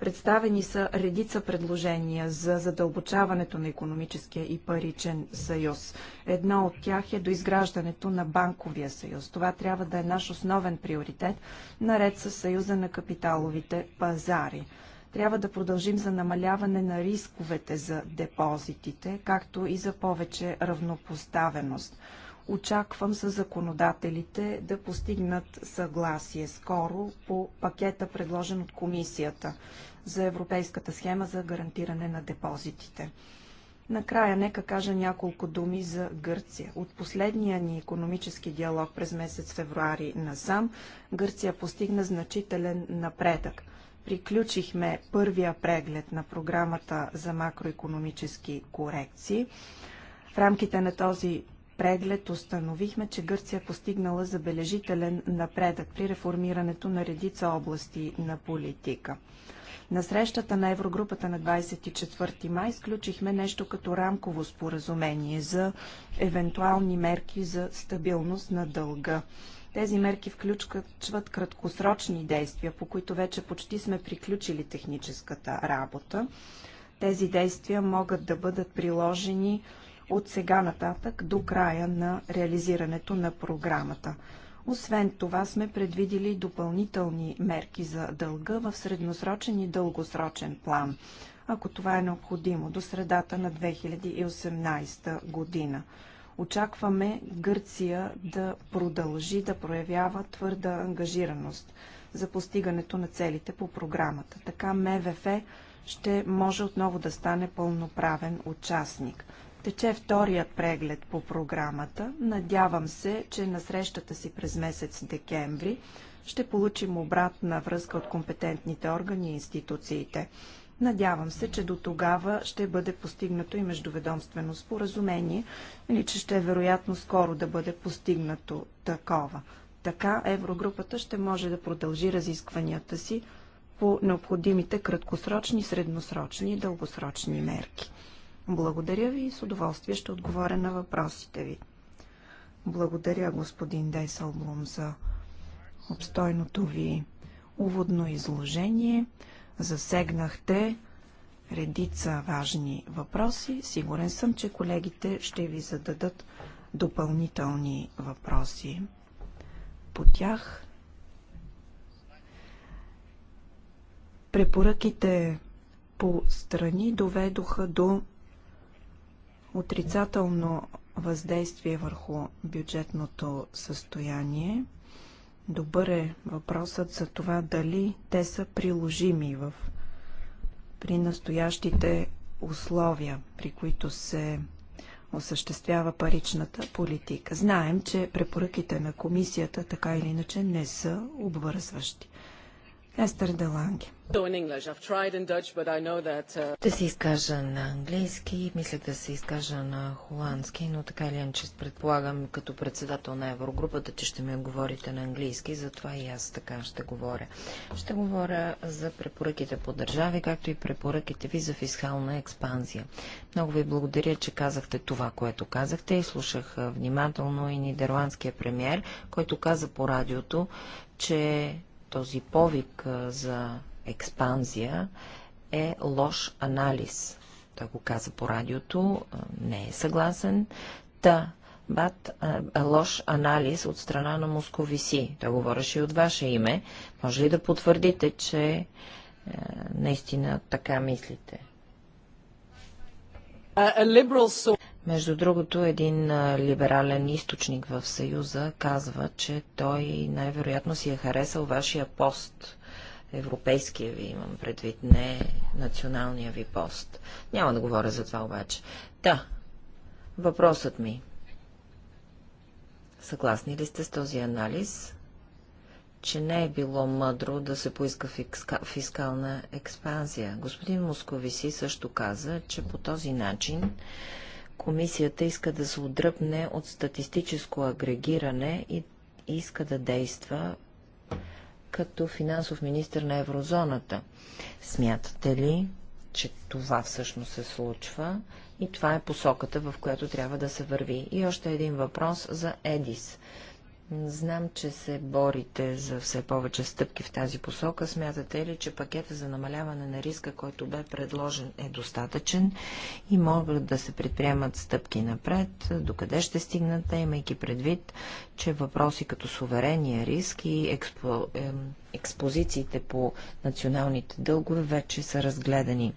Представени са редица предложения за задълбочаването на економическия и паричен съюз. Едно от тях е до изграждането на банковия съюз. Това трябва да е наш основен приоритет, наред с съюза на капиталовите пазари трябва да продължим за намаляване на рисковете за депозитите, както и за повече равнопоставеност. Очаквам с законодателите да постигнат съгласие скоро по пакета, предложен от комисията за Европейската схема за гарантиране на депозитите. Накрая нека кажа няколко думи за Гърция. От последния ни економически диалог през месец февруари насам, Гърция постигна значителен напредък. Приключихме първия преглед на програмата за макроекономически корекции. В рамките на този преглед установихме, че Гърция е постигнала забележителен напредък при реформирането на редица области на политика. На срещата на Еврогрупата на 24 май сключихме нещо като рамково споразумение за евентуални мерки за стабилност на дълга. Тези мерки включват краткосрочни действия, по които вече почти сме приключили техническата работа. Тези действия могат да бъдат приложени от сега нататък до края на реализирането на програмата. Освен това сме предвидили допълнителни мерки за дълга в средносрочен и дългосрочен план, ако това е необходимо, до средата на 2018 година. Очакваме Гърция да продължи да проявява твърда ангажираност за постигането на целите по програмата. Така МВФ ще може отново да стане пълноправен участник – тече вторият преглед по програмата. Надявам се, че на срещата си през месец декември ще получим обратна връзка от компетентните органи и институциите. Надявам се, че до тогава ще бъде постигнато и междуведомствено споразумение, или че ще е вероятно скоро да бъде постигнато такова. Така Еврогрупата ще може да продължи разискванията си по необходимите краткосрочни, средносрочни и дългосрочни мерки. Благодаря ви и с удоволствие ще отговоря на въпросите ви. Благодаря, господин Дейсълблум, за обстойното ви уводно изложение. Засегнахте редица важни въпроси. Сигурен съм, че колегите ще ви зададат допълнителни въпроси по тях. Препоръките по страни доведоха до отрицателно въздействие върху бюджетното състояние. Добър е въпросът за това дали те са приложими в, при настоящите условия, при които се осъществява паричната политика. Знаем, че препоръките на комисията така или иначе не са обвързващи. Естер Деланге. Uh, ще се изкажа на английски, мисля да се изкажа на холандски, но така или иначе предполагам като председател на Еврогрупата, че ще ми говорите на английски, затова и аз така ще говоря. Ще говоря за препоръките по държави, както и препоръките ви за фискална експанзия. Много ви благодаря, че казахте това, което казахте и слушах внимателно и нидерландския премьер, който каза по радиото, че този повик за експанзия е лош анализ. Той го каза по радиото, не е съгласен. Та, бат, е лош анализ от страна на московиси. Той говореше и от ваше име. Може ли да потвърдите, че е, наистина така мислите? A liberal между другото, един либерален източник в Съюза казва, че той най-вероятно си е харесал вашия пост. Европейския ви имам предвид, не националния ви пост. Няма да говоря за това обаче. Да, въпросът ми. Съгласни ли сте с този анализ, че не е било мъдро да се поиска фиска... фискална експанзия? Господин Московиси също каза, че по този начин Комисията иска да се отдръпне от статистическо агрегиране и иска да действа като финансов министр на еврозоната. Смятате ли, че това всъщност се случва и това е посоката, в която трябва да се върви? И още един въпрос за ЕДИС. Знам, че се борите за все повече стъпки в тази посока. Смятате ли, че пакета за намаляване на риска, който бе предложен, е достатъчен и могат да се предприемат стъпки напред? Докъде ще стигнат, имайки предвид, че въпроси като суверения риск и експо, експозициите по националните дългове вече са разгледани.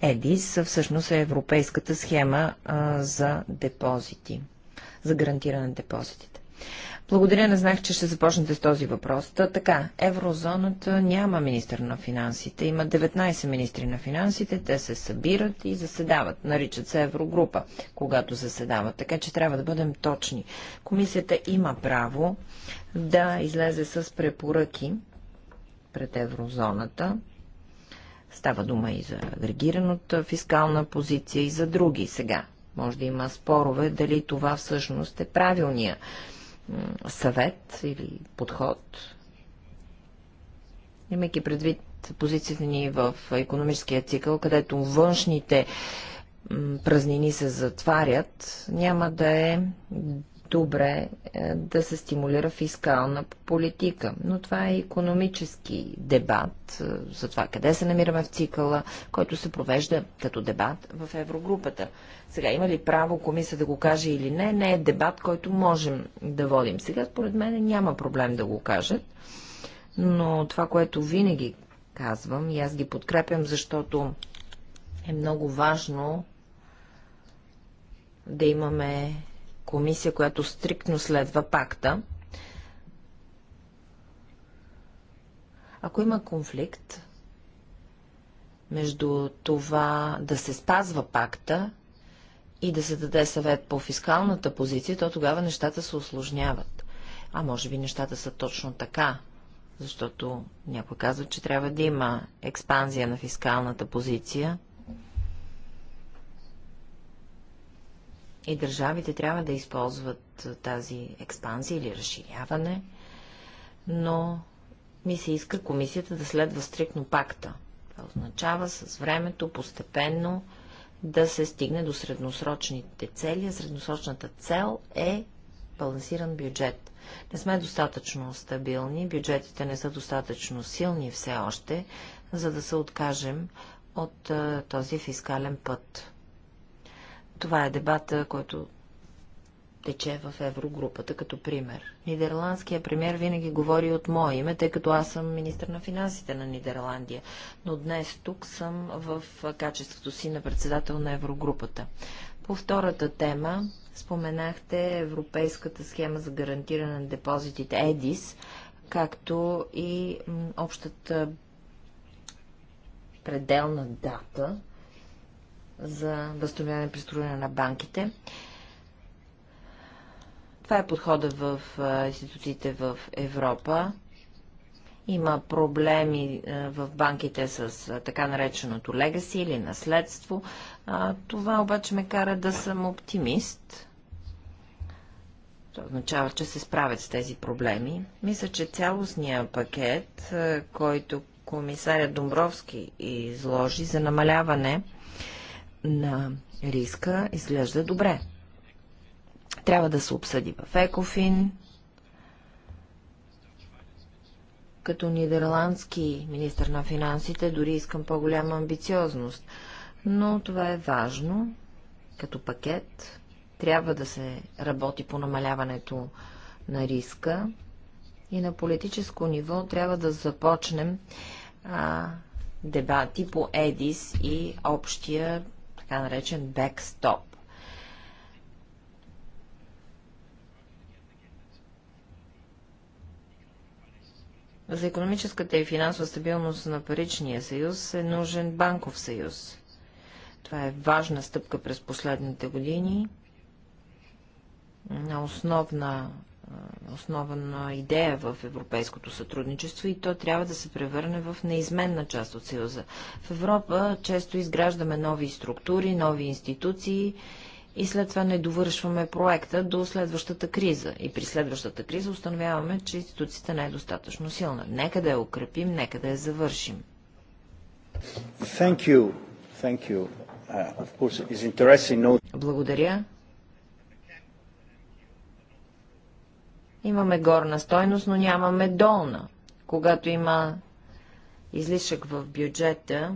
ЕДИС всъщност е европейската схема а, за депозити, за гарантиране на депозитите. Благодаря, не знаех, че ще започнете с този въпрос. Та, така, еврозоната няма министър на финансите. Има 19 министри на финансите, те се събират и заседават. Наричат се еврогрупа, когато заседават. Така че трябва да бъдем точни. Комисията има право да излезе с препоръки пред еврозоната. Става дума и за агрегираната фискална позиция и за други сега. Може да има спорове дали това всъщност е правилния съвет или подход, имайки предвид позицията ни в економическия цикъл, където външните празнини се затварят, няма да е добре е, да се стимулира фискална политика. Но това е економически дебат е, за това къде се намираме в цикъла, който се провежда като дебат в Еврогрупата. Сега има ли право комисия да го каже или не, не е дебат, който можем да водим. Сега според мен няма проблем да го кажат, но това, което винаги казвам и аз ги подкрепям, защото е много важно да имаме комисия, която стриктно следва пакта. Ако има конфликт между това да се спазва пакта и да се даде съвет по фискалната позиция, то тогава нещата се осложняват. А може би нещата са точно така, защото някой казва, че трябва да има експанзия на фискалната позиция, И държавите трябва да използват тази експанзия или разширяване, но ми се иска комисията да следва стрикно пакта. Това означава с времето постепенно да се стигне до средносрочните цели, а средносрочната цел е балансиран бюджет. Не сме достатъчно стабилни, бюджетите не са достатъчно силни все още, за да се откажем от този фискален път. Това е дебата, който тече в еврогрупата, като пример. Нидерландският премьер винаги говори от мое име, тъй като аз съм министр на финансите на Нидерландия. Но днес тук съм в качеството си на председател на еврогрупата. По втората тема споменахте Европейската схема за гарантиране на депозитите ЕДИС, както и общата пределна дата за възстановяване и преструяне на банките. Това е подхода в институтите в Европа. Има проблеми в банките с така нареченото легаси или наследство. Това обаче ме кара да съм оптимист. Това означава, че се справят с тези проблеми. Мисля, че цялостният пакет, който комисарят Домбровски изложи за намаляване на риска изглежда добре. Трябва да се обсъди в Екофин. Като нидерландски министр на финансите дори искам по-голяма амбициозност. Но това е важно. Като пакет трябва да се работи по намаляването на риска и на политическо ниво трябва да започнем а, дебати по ЕДИС и общия така наречен бекстоп. За економическата и финансова стабилност на паричния съюз е нужен банков съюз. Това е важна стъпка през последните години, на основна Основана идея в европейското сътрудничество и то трябва да се превърне в неизменна част от Съюза. В Европа често изграждаме нови структури, нови институции и след това не довършваме проекта до следващата криза. И при следващата криза установяваме, че институцията не е достатъчно силна. Нека да я укрепим, нека да я завършим. Thank you. Thank you. Uh, course, no... Благодаря. Имаме горна стойност, но нямаме долна. Когато има излишък в бюджета,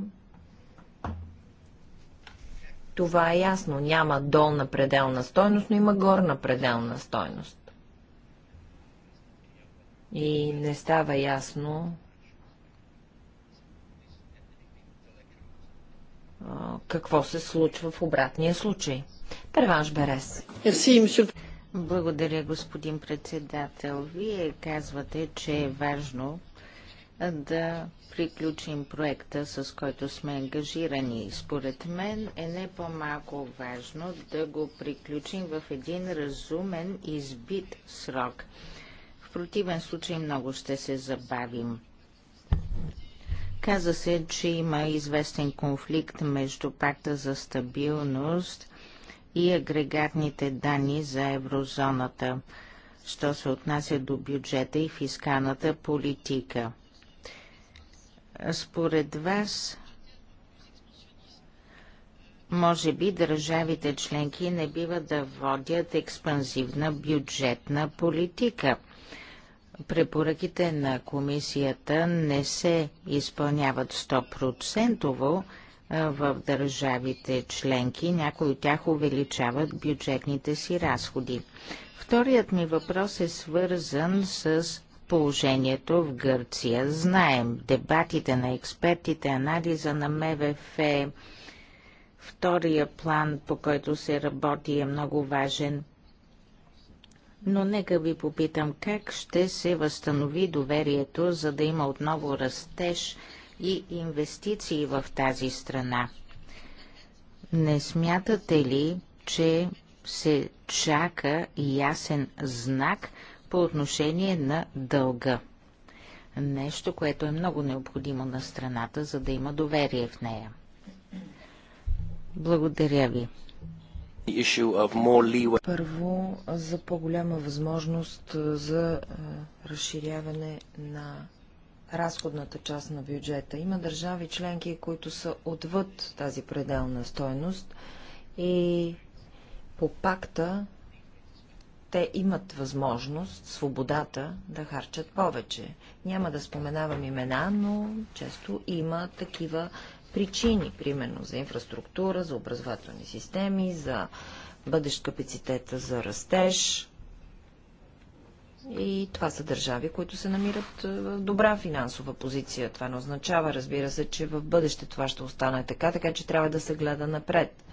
това е ясно. Няма долна пределна стойност, но има горна пределна стойност. И не става ясно какво се случва в обратния случай. Перванш Берес. Благодаря, господин председател. Вие казвате, че е важно да приключим проекта, с който сме ангажирани. Според мен е не по-малко важно да го приключим в един разумен избит срок. В противен случай много ще се забавим. Каза се, че има известен конфликт между пакта за стабилност и агрегатните данни за еврозоната, що се отнася до бюджета и фискалната политика. Според вас, може би държавите членки не бива да водят експанзивна бюджетна политика. Препоръките на комисията не се изпълняват 100%, в държавите членки. Някои от тях увеличават бюджетните си разходи. Вторият ми въпрос е свързан с положението в Гърция. Знаем дебатите на експертите, анализа на МВФ. Втория план, по който се работи, е много важен. Но нека ви попитам как ще се възстанови доверието, за да има отново растеж – и инвестиции в тази страна. Не смятате ли, че се чака ясен знак по отношение на дълга? Нещо, което е много необходимо на страната, за да има доверие в нея. Благодаря ви. Първо, за по-голяма възможност за разширяване на разходната част на бюджета. Има държави членки, които са отвъд тази пределна стойност и по пакта те имат възможност, свободата да харчат повече. Няма да споменавам имена, но често има такива причини, примерно за инфраструктура, за образователни системи, за бъдещ капацитета за растеж. И това са държави, които се намират е, в добра финансова позиция. Това не означава, разбира се, че в бъдеще това ще остане така, така че трябва да се гледа напред.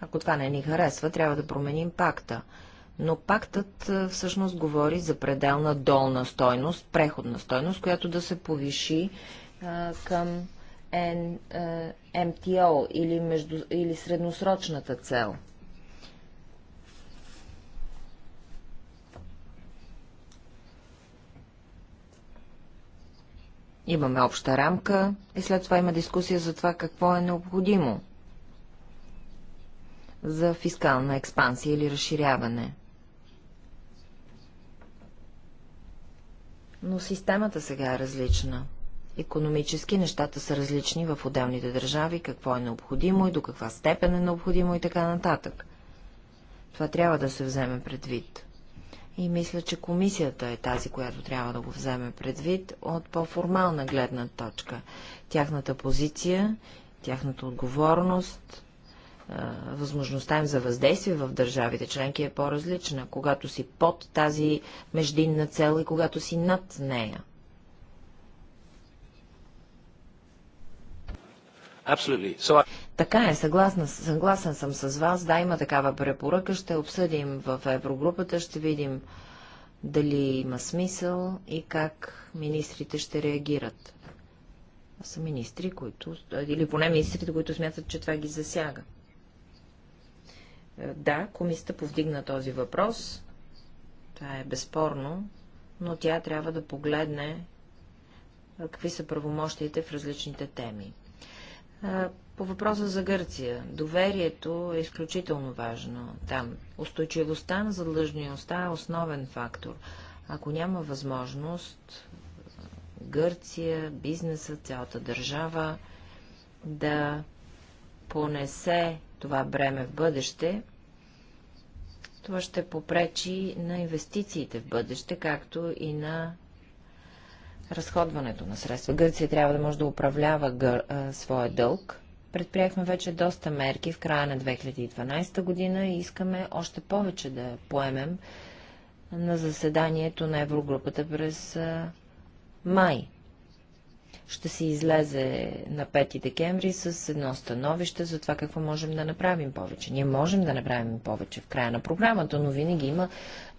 Ако това не ни харесва, трябва да променим пакта. Но пактът е, всъщност говори за пределна долна стойност, преходна стойност, която да се повиши а, е, към N, а, МТО или, между, или средносрочната цел – Имаме обща рамка и след това има дискусия за това какво е необходимо за фискална експансия или разширяване. Но системата сега е различна. Економически нещата са различни в отделните държави, какво е необходимо и до каква степен е необходимо и така нататък. Това трябва да се вземе предвид. И мисля, че комисията е тази, която трябва да го вземе предвид от по-формална гледна точка. Тяхната позиция, тяхната отговорност, възможността им за въздействие в държавите членки е по-различна, когато си под тази междинна цел и когато си над нея. Така е, съгласна, съгласен съм с вас. Да, има такава препоръка. Ще обсъдим в Еврогрупата, ще видим дали има смисъл и как министрите ще реагират. А са министри, които, или поне министрите, които смятат, че това ги засяга. Е, да, комисията повдигна този въпрос. Това е безспорно, но тя трябва да погледне е, какви са правомощите в различните теми. По въпроса за Гърция. Доверието е изключително важно там. Устойчивостта на задлъжността е основен фактор. Ако няма възможност Гърция, бизнеса, цялата държава да понесе това бреме в бъдеще, това ще попречи на инвестициите в бъдеще, както и на разходването на средства. Гърция трябва да може да управлява гър, а, своя дълг. Предприехме вече доста мерки в края на 2012 година и искаме още повече да поемем на заседанието на Еврогрупата през а, май. Ще се излезе на 5 декември с едно становище за това какво можем да направим повече. Ние можем да направим повече в края на програмата, но винаги има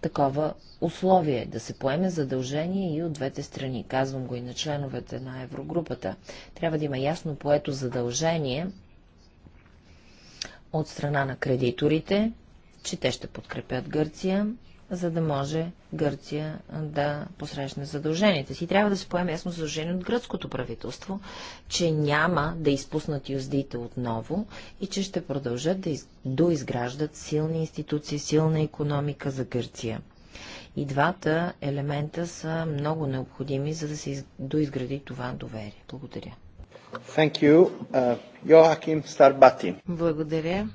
такова условие, да се поеме задължение и от двете страни. Казвам го и на членовете на Еврогрупата. Трябва да има ясно поето задължение от страна на кредиторите, че те ще подкрепят Гърция за да може Гърция да посрещне задълженията си. Трябва да се поеме ясно задължение от гръцкото правителство, че няма да изпуснат юздите отново и че ще продължат да из... доизграждат силни институции, силна економика за Гърция. И двата елемента са много необходими, за да се из... доизгради това доверие. Благодаря. Thank you. Uh, Joachim Starbati. Благодаря.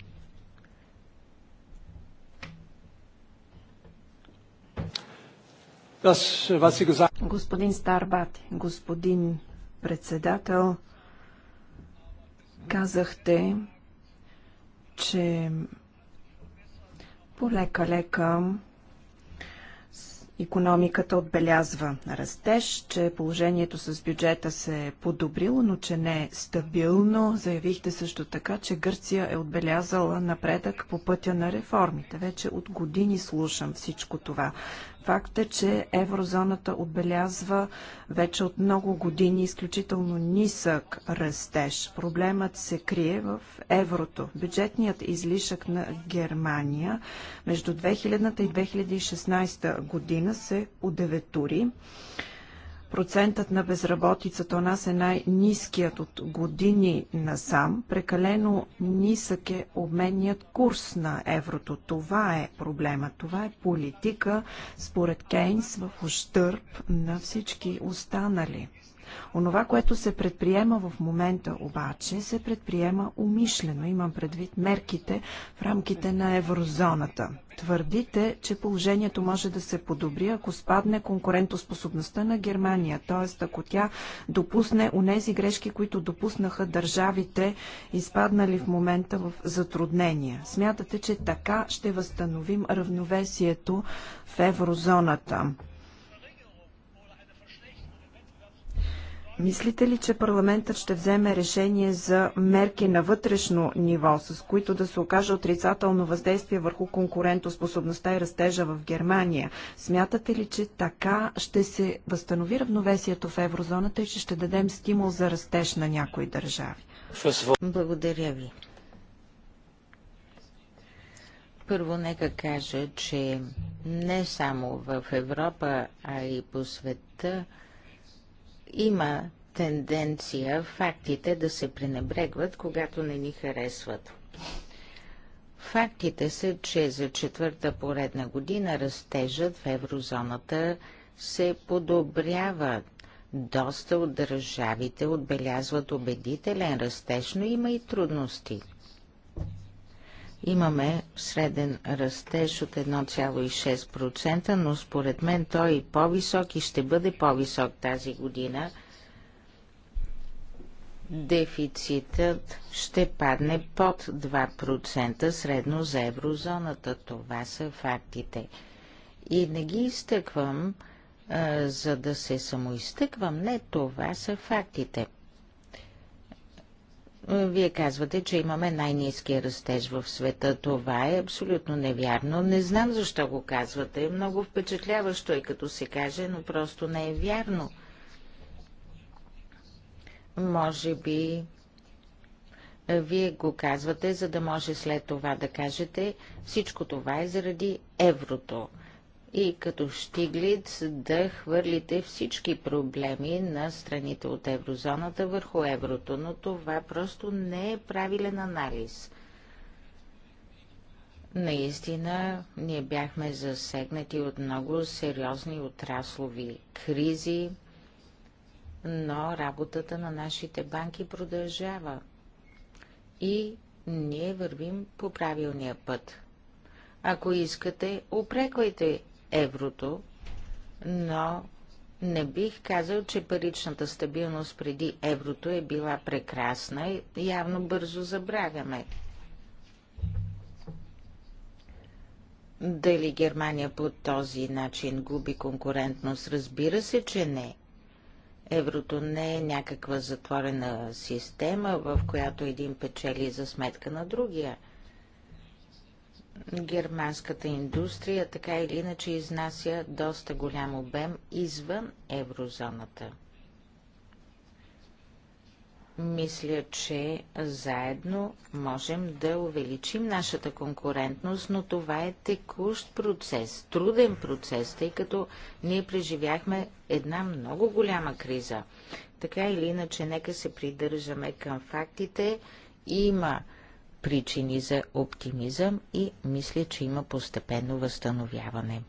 Господин Старбат, господин председател, казахте, че полека-лека економиката отбелязва растеж, че положението с бюджета се е подобрило, но че не е стабилно. Заявихте също така, че Гърция е отбелязала напредък по пътя на реформите. Вече от години слушам всичко това. Факт е, че еврозоната отбелязва вече от много години изключително нисък растеж. Проблемът се крие в еврото. Бюджетният излишък на Германия между 2000 и 2016 година се удеветури Процентът на безработицата у нас е най-низкият от години насам. Прекалено нисък е обменният курс на еврото. Това е проблема. Това е политика, според Кейнс, в ущърп на всички останали. Онова, което се предприема в момента обаче, се предприема умишлено. Имам предвид мерките в рамките на еврозоната. Твърдите, че положението може да се подобри, ако спадне конкурентоспособността на Германия, т.е. ако тя допусне унези грешки, които допуснаха държавите, изпаднали в момента в затруднения. Смятате, че така ще възстановим равновесието в еврозоната. Мислите ли, че парламентът ще вземе решение за мерки на вътрешно ниво, с които да се окаже отрицателно въздействие върху конкурентоспособността и растежа в Германия? Смятате ли, че така ще се възстанови равновесието в еврозоната и че ще дадем стимул за растеж на някои държави? Благодаря ви. Първо нека кажа, че не само в Европа, а и по света – има тенденция фактите да се пренебрегват, когато не ни харесват. Фактите са, че за четвърта поредна година растежът в еврозоната се подобрява. Доста от държавите отбелязват убедителен растеж, но има и трудности – Имаме среден растеж от 1,6%, но според мен той е по-висок и ще бъде по-висок тази година. Дефицитът ще падне под 2% средно за еврозоната. Това са фактите. И не ги изтъквам, а, за да се самоизтъквам. Не, това са фактите. Вие казвате, че имаме най-низкия растеж в света. Това е абсолютно невярно. Не знам защо го казвате. Много впечатляващо и е, като се каже, но просто не е вярно. Може би вие го казвате, за да може след това да кажете всичко това е заради еврото и като Штиглиц да хвърлите всички проблеми на страните от еврозоната върху еврото, но това просто не е правилен анализ. Наистина, ние бяхме засегнати от много сериозни отраслови кризи, но работата на нашите банки продължава и ние вървим по правилния път. Ако искате, упреквайте еврото, но не бих казал, че паричната стабилност преди еврото е била прекрасна. и Явно бързо забравяме. Дали Германия по този начин губи конкурентност? Разбира се, че не. Еврото не е някаква затворена система, в която един печели за сметка на другия – Германската индустрия така или иначе изнася доста голям обем извън еврозоната. Мисля, че заедно можем да увеличим нашата конкурентност, но това е текущ процес, труден процес, тъй като ние преживяхме една много голяма криза. Така или иначе, нека се придържаме към фактите. Има причини за оптимизъм и мисля, че има постепенно възстановяване.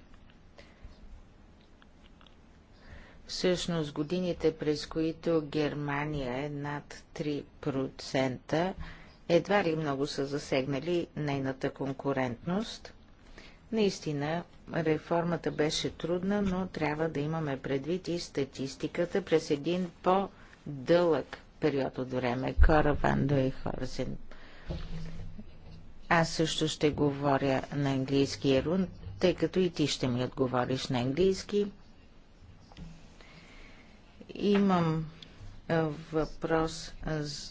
Всъщност годините, през които Германия е над 3%, едва ли много са засегнали нейната конкурентност. Наистина, реформата беше трудна, но трябва да имаме предвид и статистиката през един по-дълъг период от време. Кора Ван Дойхорзен. Аз също ще говоря на английски, Ерун, тъй като и ти ще ми отговориш на английски. Имам въпрос,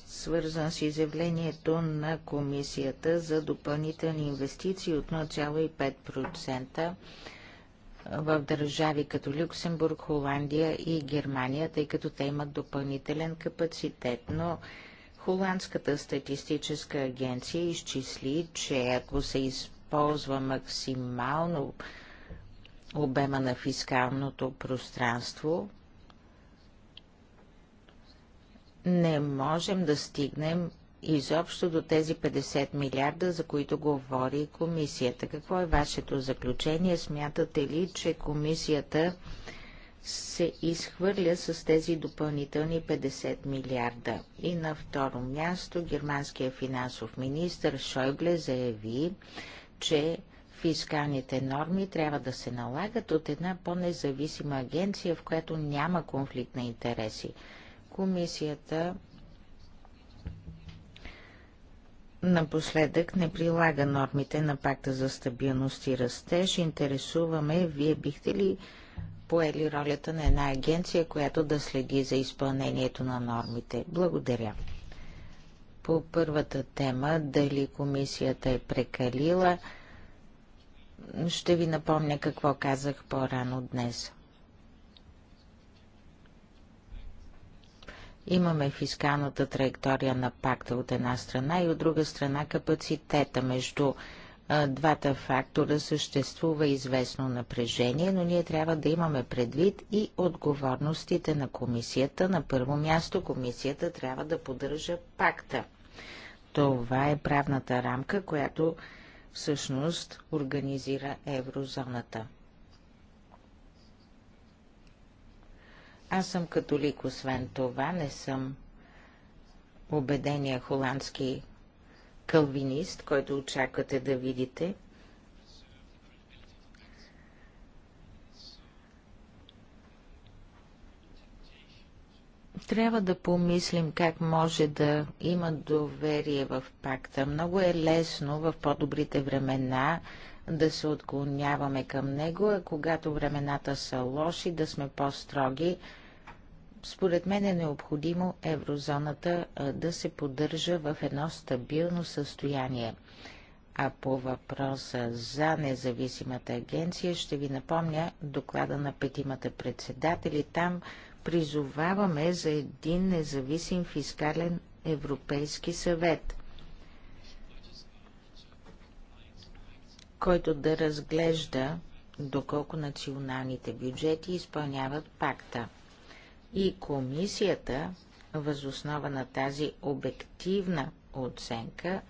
свързан с изявлението на Комисията за допълнителни инвестиции от 0,5% в държави като Люксембург, Холандия и Германия, тъй като те имат допълнителен капацитет. Но Холандската статистическа агенция изчисли, че ако се използва максимално обема на фискалното пространство, не можем да стигнем изобщо до тези 50 милиарда, за които говори комисията. Какво е вашето заключение? Смятате ли, че комисията се изхвърля с тези допълнителни 50 милиарда. И на второ място германския финансов министр Шойгле заяви, че фискалните норми трябва да се налагат от една по-независима агенция, в която няма конфликт на интереси. Комисията Напоследък не прилага нормите на пакта за стабилност и растеж. Интересуваме, вие бихте ли поели ролята на една агенция, която да следи за изпълнението на нормите. Благодаря. По първата тема, дали комисията е прекалила, ще ви напомня какво казах по-рано днес. Имаме фискалната траектория на пакта от една страна и от друга страна капацитета между двата фактора съществува известно напрежение, но ние трябва да имаме предвид и отговорностите на комисията. На първо място комисията трябва да поддържа пакта. Това е правната рамка, която всъщност организира еврозоната. Аз съм католик, освен това не съм убедения холандски калвинист, който очаквате да видите. Трябва да помислим как може да има доверие в пакта. Много е лесно в по-добрите времена да се отклоняваме към него, а когато времената са лоши, да сме по-строги според мен е необходимо еврозоната да се поддържа в едно стабилно състояние. А по въпроса за независимата агенция ще ви напомня доклада на петимата председатели. Там призоваваме за един независим фискален Европейски съвет, който да разглежда доколко националните бюджети изпълняват пакта. И комисията, възоснова на тази обективна оценка,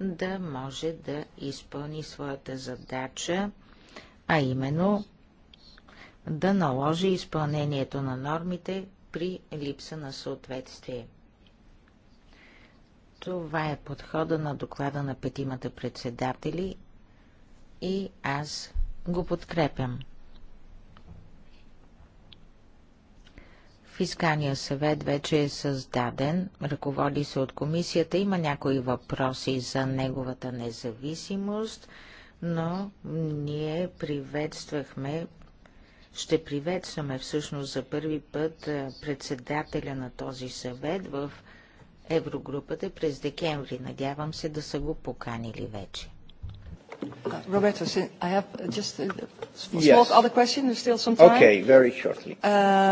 да може да изпълни своята задача, а именно да наложи изпълнението на нормите при липса на съответствие. Това е подхода на доклада на петимата председатели и аз го подкрепям. Фискалния съвет вече е създаден, ръководи се от комисията, има някои въпроси за неговата независимост, но ние приветствахме, ще приветстваме всъщност за първи път председателя на този съвет в Еврогрупата през декември. Надявам се да са го поканили вече. Uh, Roberto, I have uh, just a uh, small yes. other question. There's still some time. Okay, very shortly.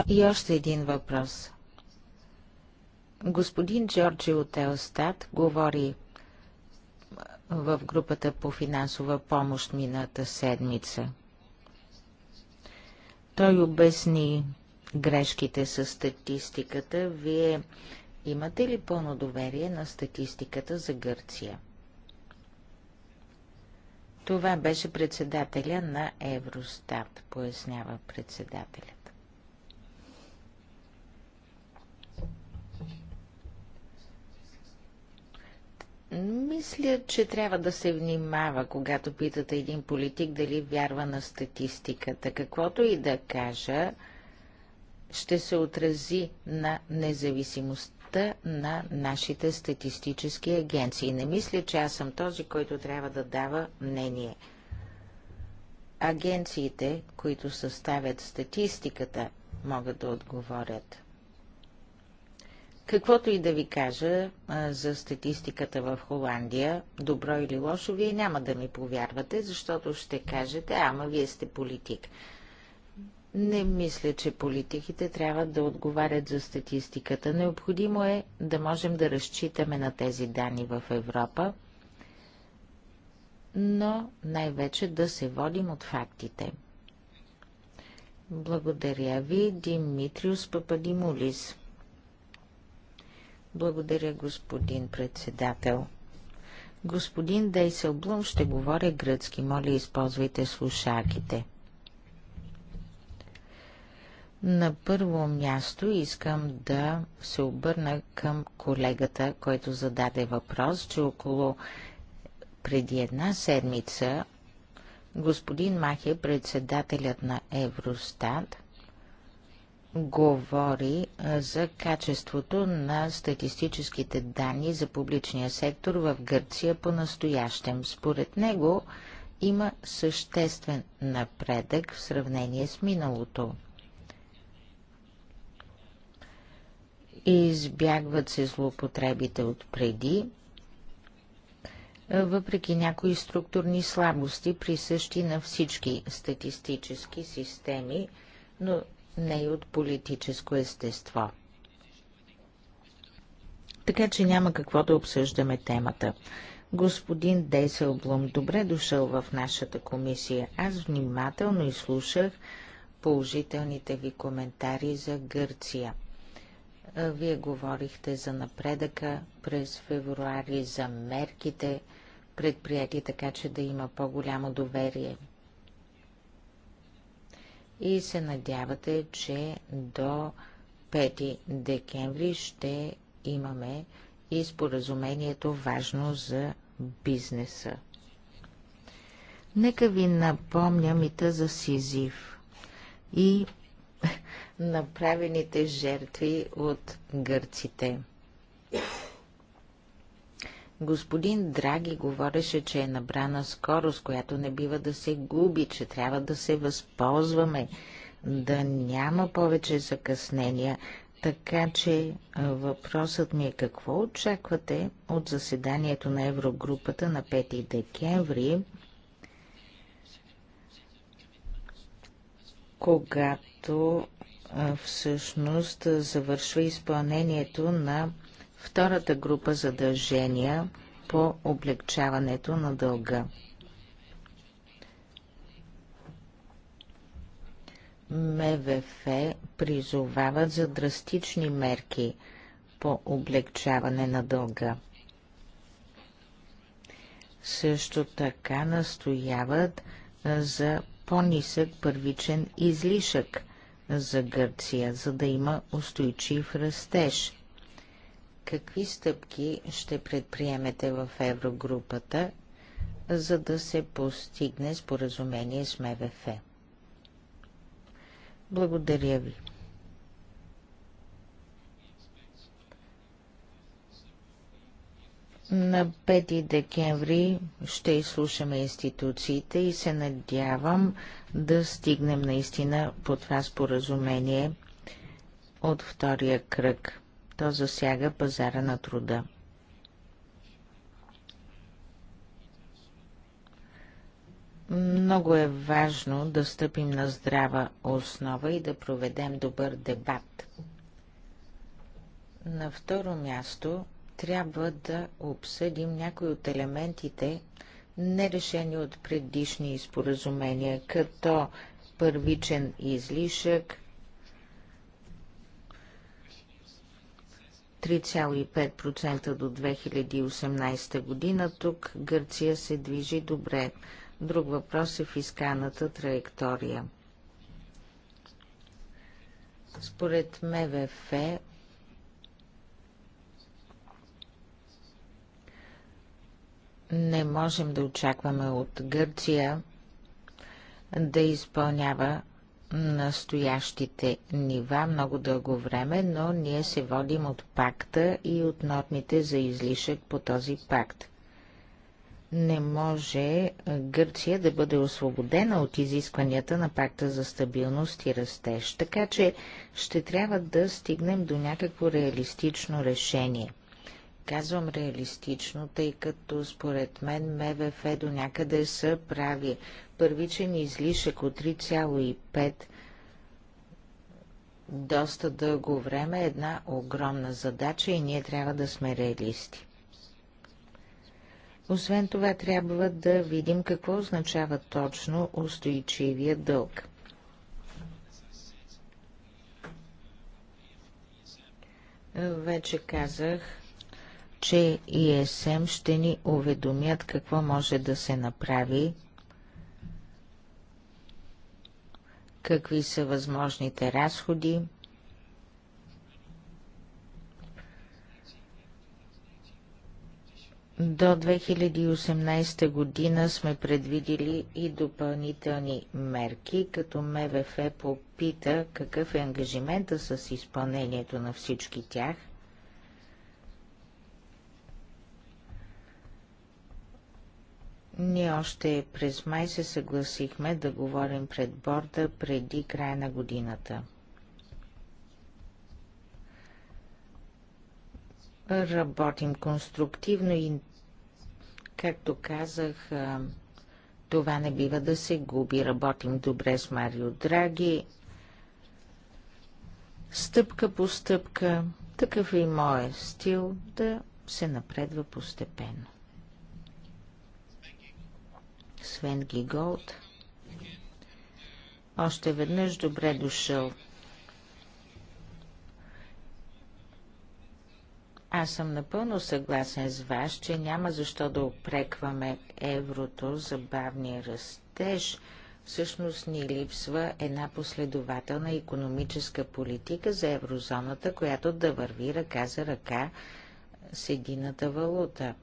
И още един въпрос. Господин Джорджи от Елстат говори в групата по финансова помощ мината седмица. Той обясни грешките с статистиката. Вие имате ли пълно доверие на статистиката за Гърция? Това беше председателя на Евростат, пояснява председателят. Мисля, че трябва да се внимава, когато питате един политик дали вярва на статистиката. Каквото и да кажа, ще се отрази на независимостта работата на нашите статистически агенции. Не мисля, че аз съм този, който трябва да дава мнение. Агенциите, които съставят статистиката, могат да отговорят. Каквото и да ви кажа за статистиката в Холандия, добро или лошо, вие няма да ми повярвате, защото ще кажете, ама вие сте политик. Не мисля, че политиките трябва да отговарят за статистиката. Необходимо е да можем да разчитаме на тези данни в Европа, но най-вече да се водим от фактите. Благодаря ви, Димитриус Пападимулис. Благодаря, господин председател. Господин Дейселблум ще говоря гръцки. Моля, използвайте слушаките. На първо място искам да се обърна към колегата, който зададе въпрос, че около преди една седмица господин Махе, председателят на Евростат, говори за качеството на статистическите данни за публичния сектор в Гърция по настоящем. Според него има съществен напредък в сравнение с миналото. избягват се злоупотребите от преди, въпреки някои структурни слабости, присъщи на всички статистически системи, но не и от политическо естество. Така че няма какво да обсъждаме темата. Господин Дейселблум, добре дошъл в нашата комисия. Аз внимателно изслушах положителните ви коментари за Гърция. Вие говорихте за напредъка през февруари, за мерките предприяти, така че да има по-голямо доверие. И се надявате, че до 5 декември ще имаме и споразумението важно за бизнеса. Нека ви напомня мита за Сизив и направените жертви от гърците. Господин Драги говореше, че е набрана скорост, която не бива да се губи, че трябва да се възползваме, да няма повече закъснения. Така че въпросът ми е какво очаквате от заседанието на Еврогрупата на 5 декември, когато всъщност завършва изпълнението на втората група задължения по облегчаването на дълга. МВФ призовават за драстични мерки по облегчаване на дълга. Също така настояват за по-нисък първичен излишък – за Гърция, за да има устойчив растеж. Какви стъпки ще предприемете в еврогрупата, за да се постигне споразумение с МВФ? Благодаря ви. На 5 декември ще изслушаме институциите и се надявам да стигнем наистина по това споразумение от втория кръг. То засяга пазара на труда. Много е важно да стъпим на здрава основа и да проведем добър дебат. На второ място трябва да обсъдим някои от елементите, нерешени от предишни споразумения, като първичен излишък 3,5% до 2018 година. Тук Гърция се движи добре. Друг въпрос е фискалната траектория. Според МВФ не можем да очакваме от Гърция да изпълнява настоящите нива много дълго време, но ние се водим от пакта и от нормите за излишък по този пакт. Не може Гърция да бъде освободена от изискванията на пакта за стабилност и растеж, така че ще трябва да стигнем до някакво реалистично решение – Казвам реалистично, тъй като според мен МВФ до някъде са прави. Първичен излишък от 3,5 доста дълго време е една огромна задача и ние трябва да сме реалисти. Освен това, трябва да видим какво означава точно устойчивия дълг. Вече казах, че ИСМ ще ни уведомят какво може да се направи, какви са възможните разходи, До 2018 година сме предвидили и допълнителни мерки, като МВФ попита какъв е ангажимента с изпълнението на всички тях – Ние още през май се съгласихме да говорим пред борда преди края на годината. Работим конструктивно и, както казах, това не бива да се губи. Работим добре с Марио Драги. Стъпка по стъпка, такъв е и моят стил да се напредва постепенно. Свен Гиголд. Още веднъж добре дошъл. Аз съм напълно съгласен с вас, че няма защо да опрекваме еврото за бавния растеж. Всъщност ни липсва една последователна економическа политика за еврозоната, която да върви ръка за ръка с едината валута.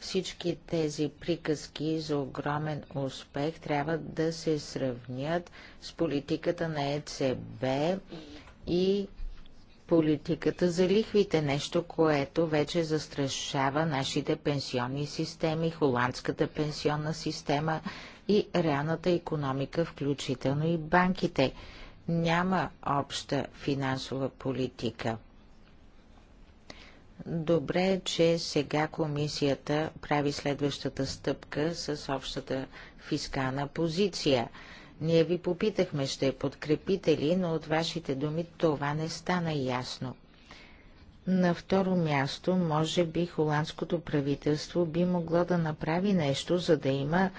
Всички тези приказки за огромен успех трябва да се сравнят с политиката на ЕЦБ и политиката за лихвите, нещо, което вече застрашава нашите пенсионни системи, холандската пенсионна система и реалната економика, включително и банките. Няма обща финансова политика. Добре е, че сега комисията прави следващата стъпка с общата фискална позиция. Ние ви попитахме, ще подкрепите ли, но от вашите думи това не стана ясно. На второ място, може би холандското правителство би могло да направи нещо, за да има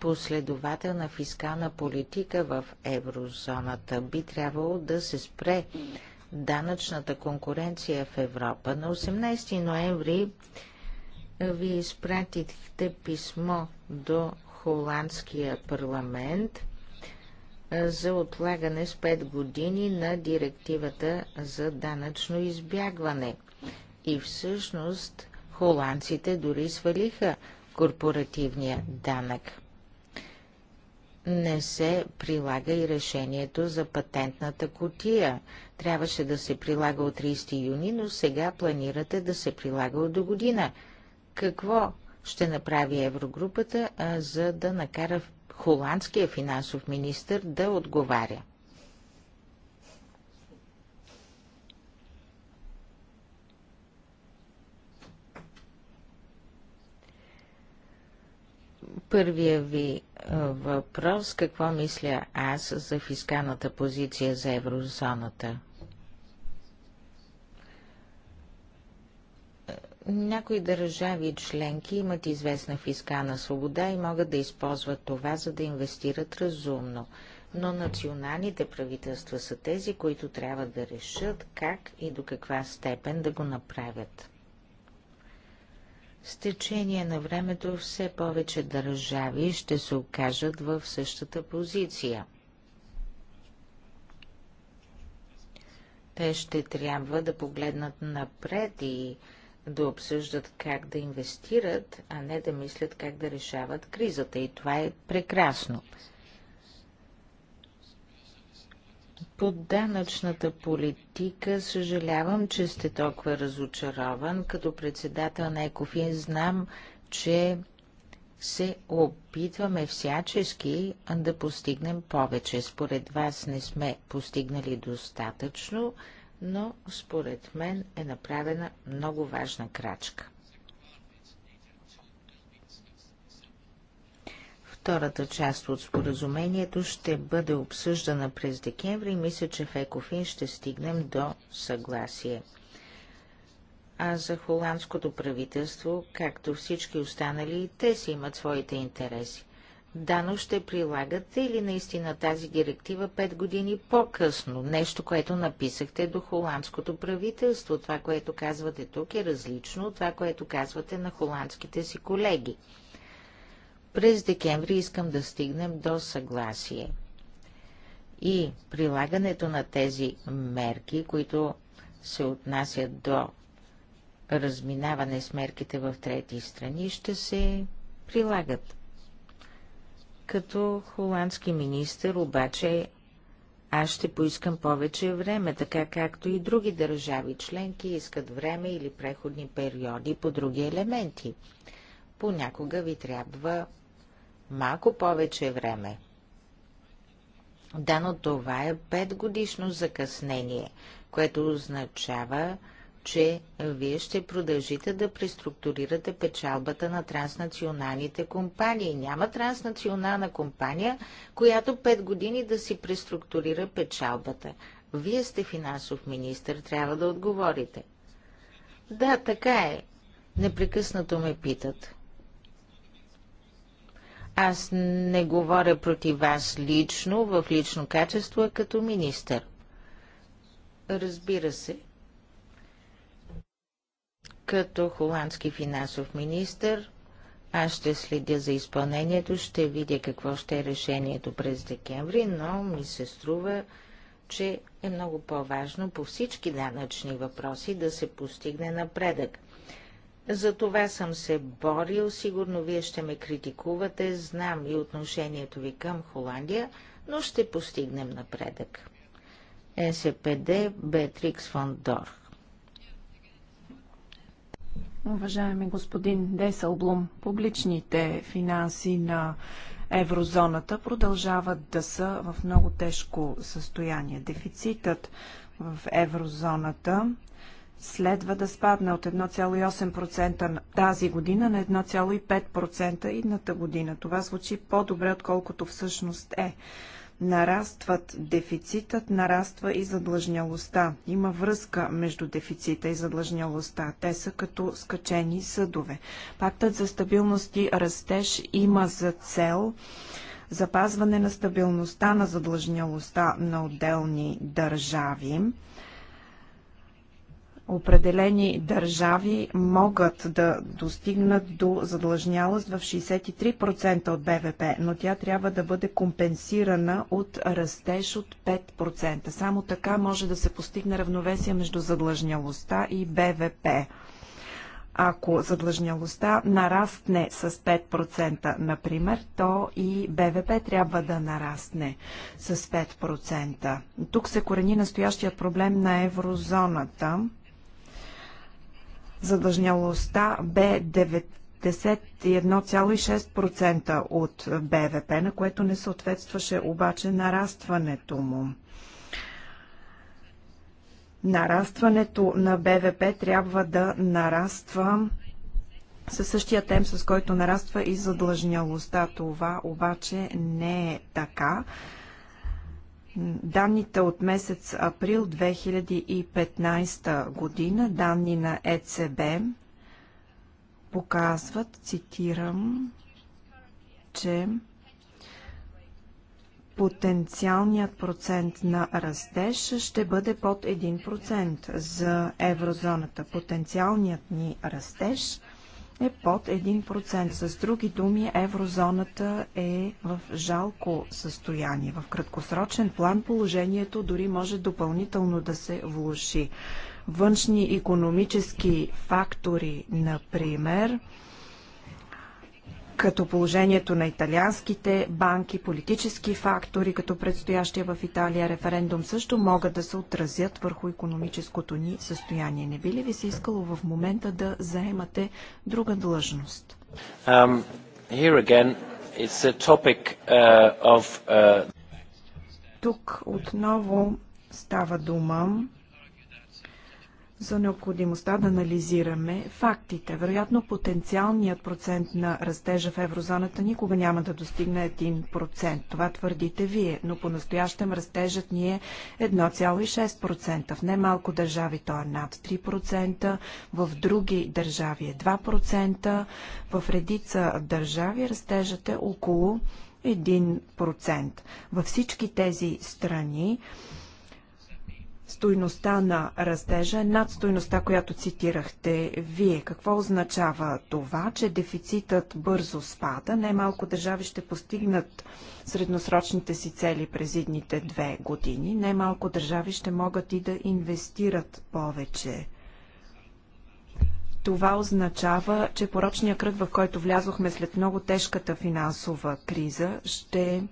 последователна фискална политика в еврозоната. Би трябвало да се спре данъчната конкуренция в Европа. На 18 ноември ви изпратихте писмо до Холандския парламент за отлагане с 5 години на директивата за данъчно избягване. И всъщност холандците дори свалиха корпоративния данък. Не се прилага и решението за патентната котия трябваше да се прилага от 30 юни, но сега планирате да се прилага от до година. Какво ще направи Еврогрупата, а, за да накара холандския финансов министр да отговаря? Първия ви въпрос – какво мисля аз за фискалната позиция за еврозоната? Някои държави и членки имат известна фискална свобода и могат да използват това, за да инвестират разумно. Но националните правителства са тези, които трябва да решат как и до каква степен да го направят. С течение на времето все повече държави ще се окажат в същата позиция. Те ще трябва да погледнат напред и да обсъждат как да инвестират, а не да мислят как да решават кризата. И това е прекрасно. По данъчната политика съжалявам, че сте толкова разочарован. Като председател на Екофин знам, че се опитваме всячески да постигнем повече. Според вас не сме постигнали достатъчно но според мен е направена много важна крачка. Втората част от споразумението ще бъде обсъждана през декември и мисля, че в Екофин ще стигнем до съгласие. А за холандското правителство, както всички останали, те си имат своите интереси дано ще прилагате или наистина тази директива 5 години по-късно? Нещо, което написахте до холандското правителство. Това, което казвате тук е различно от това, което казвате на холандските си колеги. През декември искам да стигнем до съгласие. И прилагането на тези мерки, които се отнасят до разминаване с мерките в трети страни, ще се прилагат. Като холандски министр обаче аз ще поискам повече време, така както и други държави членки искат време или преходни периоди по други елементи. Понякога ви трябва малко повече време. Да, но това е 5 годишно закъснение, което означава, че вие ще продължите да преструктурирате печалбата на транснационалните компании. Няма транснационална компания, която 5 години да си преструктурира печалбата. Вие сте финансов министр, трябва да отговорите. Да, така е. Непрекъснато ме питат. Аз не говоря против вас лично, в лично качество, а като министър. Разбира се, като холандски финансов министр, аз ще следя за изпълнението, ще видя какво ще е решението през декември, но ми се струва, че е много по-важно по всички данъчни въпроси да се постигне напредък. За това съм се борил, сигурно вие ще ме критикувате, знам и отношението ви към Холандия, но ще постигнем напредък. СПД е Бетрикс фон Дорх Уважаеми господин Дейсълблум, публичните финанси на еврозоната продължават да са в много тежко състояние. Дефицитът в еврозоната следва да спадне от 1,8% тази година на 1,5% идната година. Това звучи по-добре, отколкото всъщност е нарастват. Дефицитът нараства и задлъжнялостта. Има връзка между дефицита и задлъжнялостта. Те са като скачени съдове. Пактът за стабилност и растеж има за цел запазване на стабилността на задлъжнялостта на отделни държави определени държави могат да достигнат до задлъжнялост в 63% от БВП, но тя трябва да бъде компенсирана от растеж от 5%. Само така може да се постигне равновесие между задлъжнялостта и БВП. Ако задлъжнялостта нарастне с 5%, например, то и БВП трябва да нарастне с 5%. Тук се корени настоящия проблем на еврозоната – Задължнялостта бе 91,6% от БВП, на което не съответстваше обаче нарастването му. Нарастването на БВП трябва да нараства със същия темп, с който нараства и задлъжнялостта. Това обаче не е така. Данните от месец април 2015 година, данни на ЕЦБ, показват, цитирам, че потенциалният процент на растеж ще бъде под 1% за еврозоната. Потенциалният ни растеж е под 1%. С други думи, еврозоната е в жалко състояние. В краткосрочен план положението дори може допълнително да се влуши. Външни економически фактори, например, като положението на италианските банки, политически фактори, като предстоящия в Италия референдум също могат да се отразят върху економическото ни състояние. Не би ли ви се искало в момента да заемате друга длъжност? Um, again, topic, uh, of, uh... Тук отново става дума за необходимостта да анализираме фактите. Вероятно потенциалният процент на растежа в еврозоната никога няма да достигне 1%. Това твърдите вие, но по-настоящем растежът ни е 1,6%. В немалко държави то е над 3%, в други държави е 2%, в редица държави растежът е около 1%. Във всички тези страни стойността на растежа е над стойността, която цитирахте вие. Какво означава това, че дефицитът бързо спада? Най-малко държави ще постигнат средносрочните си цели през едните две години. Най-малко държави ще могат и да инвестират повече. Това означава, че порочният кръг, в който влязохме след много тежката финансова криза, ще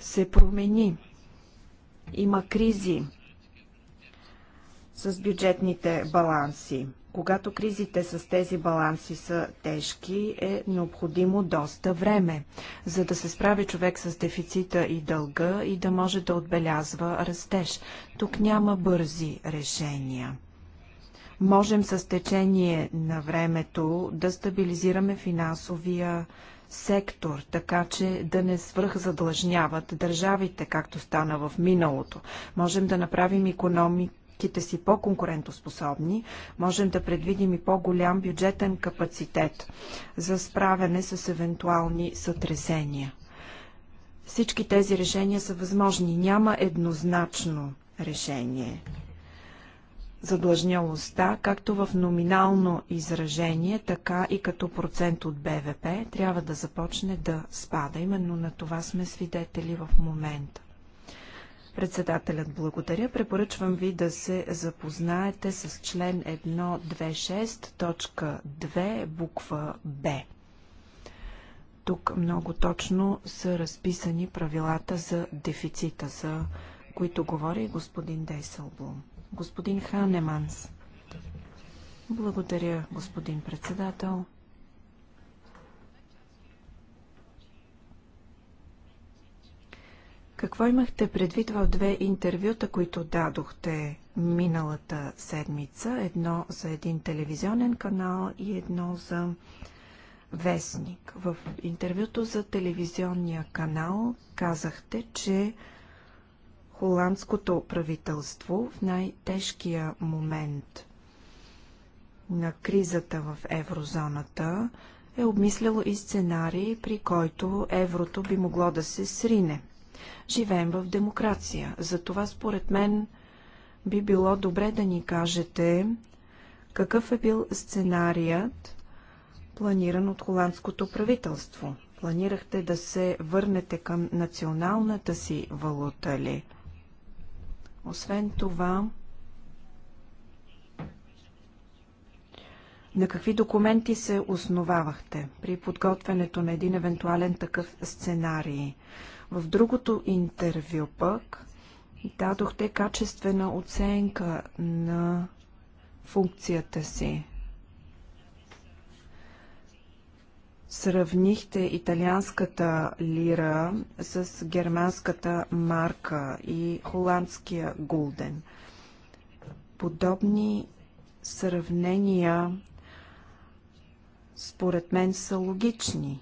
се промени има кризи с бюджетните баланси. Когато кризите с тези баланси са тежки, е необходимо доста време, за да се справи човек с дефицита и дълга и да може да отбелязва растеж. Тук няма бързи решения. Можем с течение на времето да стабилизираме финансовия сектор, така че да не свръхзадлъжняват държавите, както стана в миналото. Можем да направим економик доставките си по-конкурентоспособни, можем да предвидим и по-голям бюджетен капацитет за справяне с евентуални сътресения. Всички тези решения са възможни. Няма еднозначно решение. Задлъжнялостта, както в номинално изражение, така и като процент от БВП, трябва да започне да спада. Именно на това сме свидетели в момента. Председателят благодаря. Препоръчвам ви да се запознаете с член 126.2 точка 2, буква Б. Тук много точно са разписани правилата за дефицита, за които говори господин Дейселблум. Господин Ханеманс. Благодаря, господин председател. Какво имахте предвид в две интервюта, които дадохте миналата седмица? Едно за един телевизионен канал и едно за вестник. В интервюто за телевизионния канал казахте, че холандското правителство в най-тежкия момент на кризата в еврозоната е обмисляло и сценарий, при който еврото би могло да се срине. Живеем в демокрация. Затова, според мен, би било добре да ни кажете какъв е бил сценарият, планиран от холандското правителство. Планирахте да се върнете към националната си валута ли? Освен това, на какви документи се основавахте при подготвянето на един евентуален такъв сценарий? В другото интервю пък дадохте качествена оценка на функцията си. Сравнихте италианската лира с германската марка и холандския гулден. Подобни сравнения според мен са логични.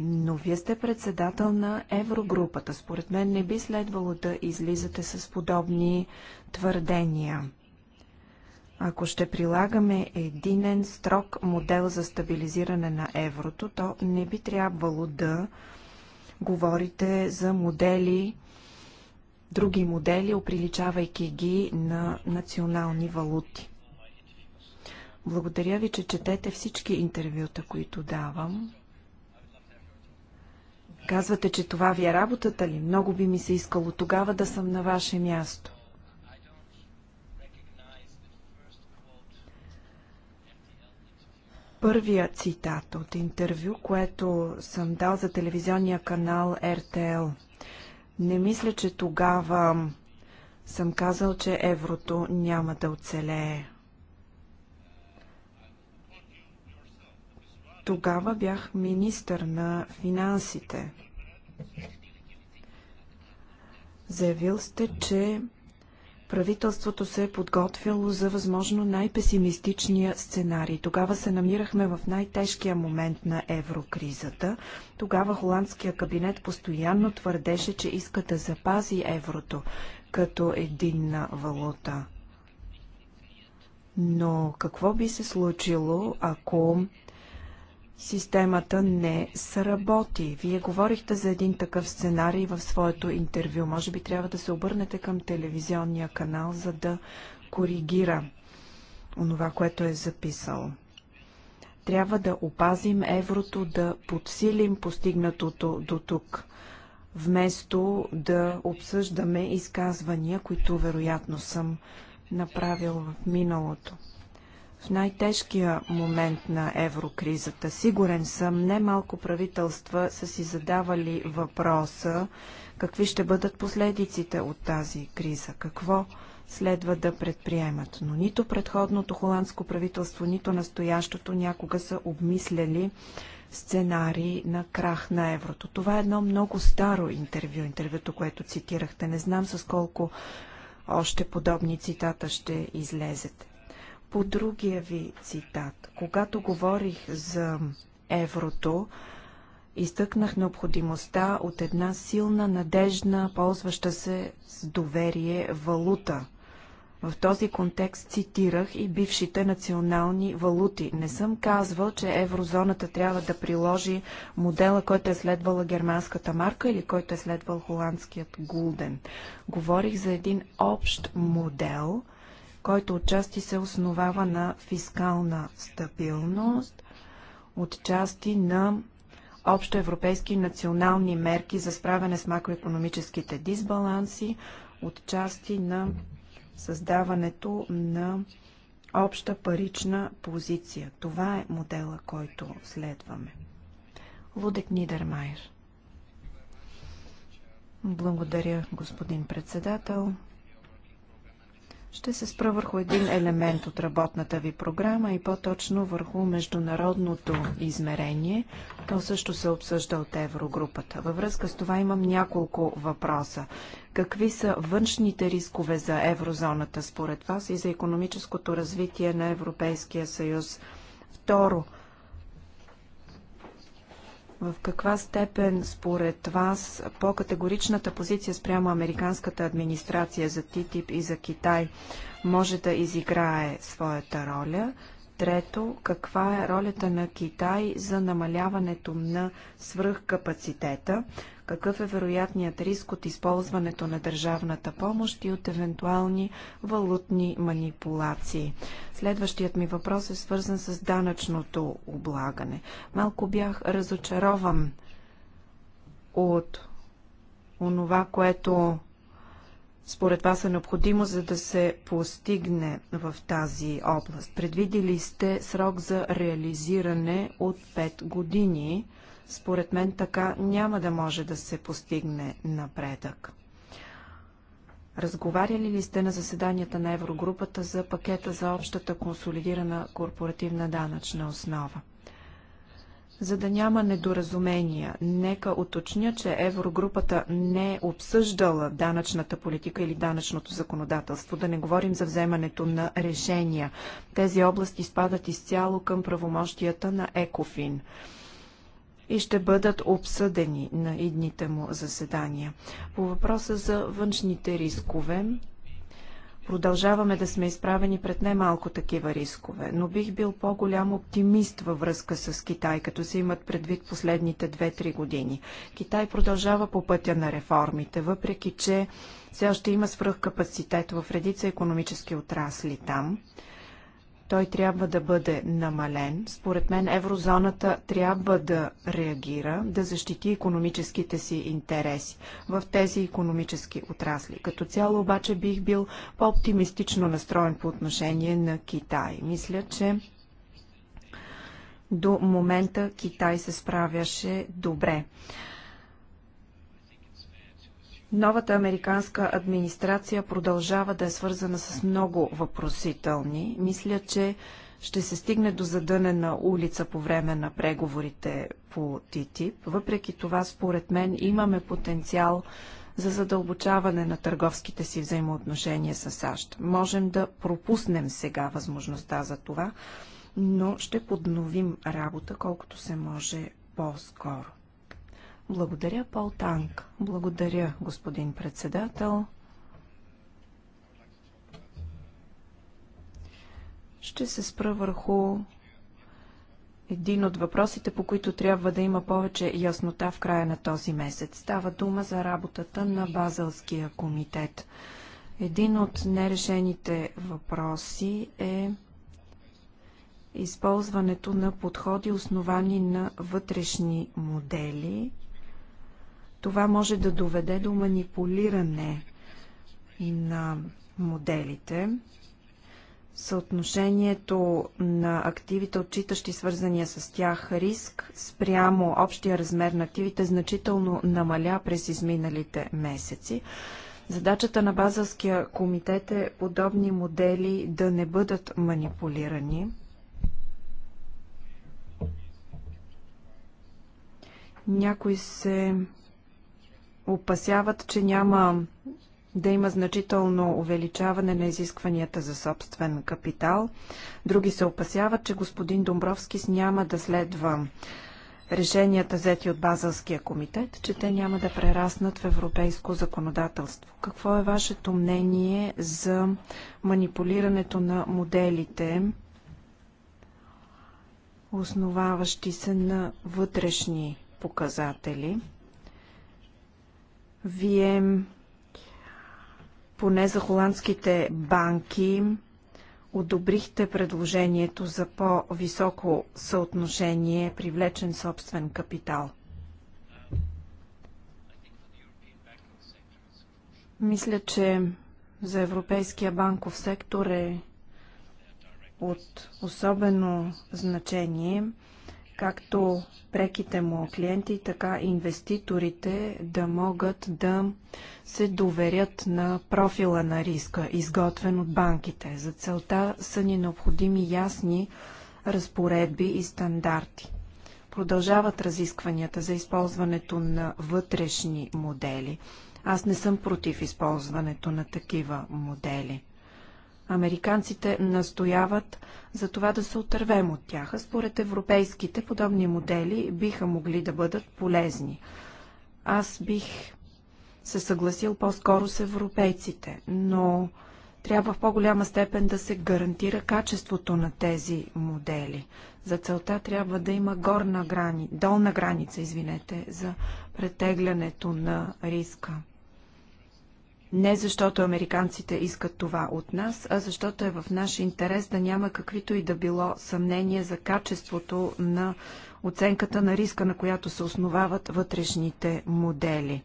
Но вие сте председател на Еврогрупата. Според мен не би следвало да излизате с подобни твърдения. Ако ще прилагаме единен строг модел за стабилизиране на еврото, то не би трябвало да говорите за модели, други модели, оприличавайки ги на национални валути. Благодаря ви, че четете всички интервюта, които давам. Казвате, че това ви е работата ли? Много би ми се искало тогава да съм на ваше място. Първия цитат от интервю, което съм дал за телевизионния канал РТЛ. Не мисля, че тогава съм казал, че еврото няма да оцелее. Тогава бях министър на финансите. Заявил сте, че правителството се е подготвило за възможно най-песимистичния сценарий. Тогава се намирахме в най-тежкия момент на еврокризата. Тогава холандския кабинет постоянно твърдеше, че иска да запази еврото като единна валута. Но какво би се случило, ако системата не сработи. Вие говорихте за един такъв сценарий в своето интервю. Може би трябва да се обърнете към телевизионния канал, за да коригира онова, което е записал. Трябва да опазим еврото, да подсилим постигнатото до тук, вместо да обсъждаме изказвания, които вероятно съм направил в миналото в най-тежкия момент на еврокризата. Сигурен съм, немалко правителства са си задавали въпроса какви ще бъдат последиците от тази криза, какво следва да предприемат. Но нито предходното холандско правителство, нито настоящото някога са обмисляли сценарии на крах на еврото. Това е едно много старо интервю, интервюто, което цитирахте. Не знам с колко още подобни цитата ще излезете. По другия ви цитат, когато говорих за еврото, изтъкнах необходимостта от една силна, надежна, ползваща се с доверие валута. В този контекст цитирах и бившите национални валути. Не съм казвал, че еврозоната трябва да приложи модела, който е следвала германската марка или който е следвал холандският гулден. Говорих за един общ модел – който отчасти се основава на фискална стабилност, отчасти на общоевропейски национални мерки за справяне с макроекономическите дисбаланси, отчасти на създаването на обща парична позиция. Това е модела, който следваме. Лудек Нидермайер. Благодаря, господин председател. Ще се спра върху един елемент от работната ви програма и по-точно върху международното измерение. То също се обсъжда от Еврогрупата. Във връзка с това имам няколко въпроса. Какви са външните рискове за еврозоната според вас и за економическото развитие на Европейския съюз? Второ, в каква степен според вас по-категоричната позиция спрямо американската администрация за ТТИП и за Китай може да изиграе своята роля? Трето, каква е ролята на Китай за намаляването на свръхкапацитета? какъв е вероятният риск от използването на държавната помощ и от евентуални валутни манипулации. Следващият ми въпрос е свързан с данъчното облагане. Малко бях разочарован от онова, което според вас е необходимо, за да се постигне в тази област? Предвидили сте срок за реализиране от 5 години. Според мен така няма да може да се постигне напредък. Разговаряли ли сте на заседанията на Еврогрупата за пакета за общата консолидирана корпоративна данъчна основа? За да няма недоразумения, нека уточня, че Еврогрупата не е обсъждала данъчната политика или данъчното законодателство, да не говорим за вземането на решения. Тези области спадат изцяло към правомощията на ЕКОФИН и ще бъдат обсъдени на идните му заседания. По въпроса за външните рискове, Продължаваме да сме изправени пред немалко такива рискове, но бих бил по-голям оптимист във връзка с Китай, като се имат предвид последните 2-3 години. Китай продължава по пътя на реформите, въпреки че все още има свръхкапацитет в редица економически отрасли там. Той трябва да бъде намален. Според мен еврозоната трябва да реагира, да защити економическите си интереси в тези економически отрасли. Като цяло обаче бих бил по-оптимистично настроен по отношение на Китай. Мисля, че до момента Китай се справяше добре. Новата американска администрация продължава да е свързана с много въпросителни. Мисля, че ще се стигне до задънена улица по време на преговорите по ТИТИП. Въпреки това, според мен, имаме потенциал за задълбочаване на търговските си взаимоотношения с САЩ. Можем да пропуснем сега възможността за това, но ще подновим работа колкото се може по-скоро. Благодаря, Пол Танк. Благодаря, господин председател. Ще се спра върху един от въпросите, по които трябва да има повече яснота в края на този месец. Става дума за работата на Базълския комитет. Един от нерешените въпроси е използването на подходи, основани на вътрешни модели – това може да доведе до манипулиране на моделите. Съотношението на активите, отчитащи свързания с тях риск, спрямо общия размер на активите, значително намаля през изминалите месеци. Задачата на Базълския комитет е подобни модели да не бъдат манипулирани. Някои се опасяват, че няма да има значително увеличаване на изискванията за собствен капитал. Други се опасяват, че господин Домбровски няма да следва решенията взети от Базълския комитет, че те няма да прераснат в европейско законодателство. Какво е вашето мнение за манипулирането на моделите, основаващи се на вътрешни показатели? Вие поне за холандските банки одобрихте предложението за по-високо съотношение привлечен собствен капитал. Мисля, че за европейския банков сектор е от особено значение както преките му клиенти, така и инвеститорите да могат да се доверят на профила на риска, изготвен от банките. За целта са ни необходими ясни разпоредби и стандарти. Продължават разискванията за използването на вътрешни модели. Аз не съм против използването на такива модели. Американците настояват за това да се отървем от тях. Според европейските подобни модели биха могли да бъдат полезни. Аз бих се съгласил по-скоро с европейците, но трябва в по-голяма степен да се гарантира качеството на тези модели. За целта трябва да има горна грани, долна граница, извинете, за претеглянето на риска. Не защото американците искат това от нас, а защото е в наш интерес да няма каквито и да било съмнение за качеството на оценката на риска, на която се основават вътрешните модели.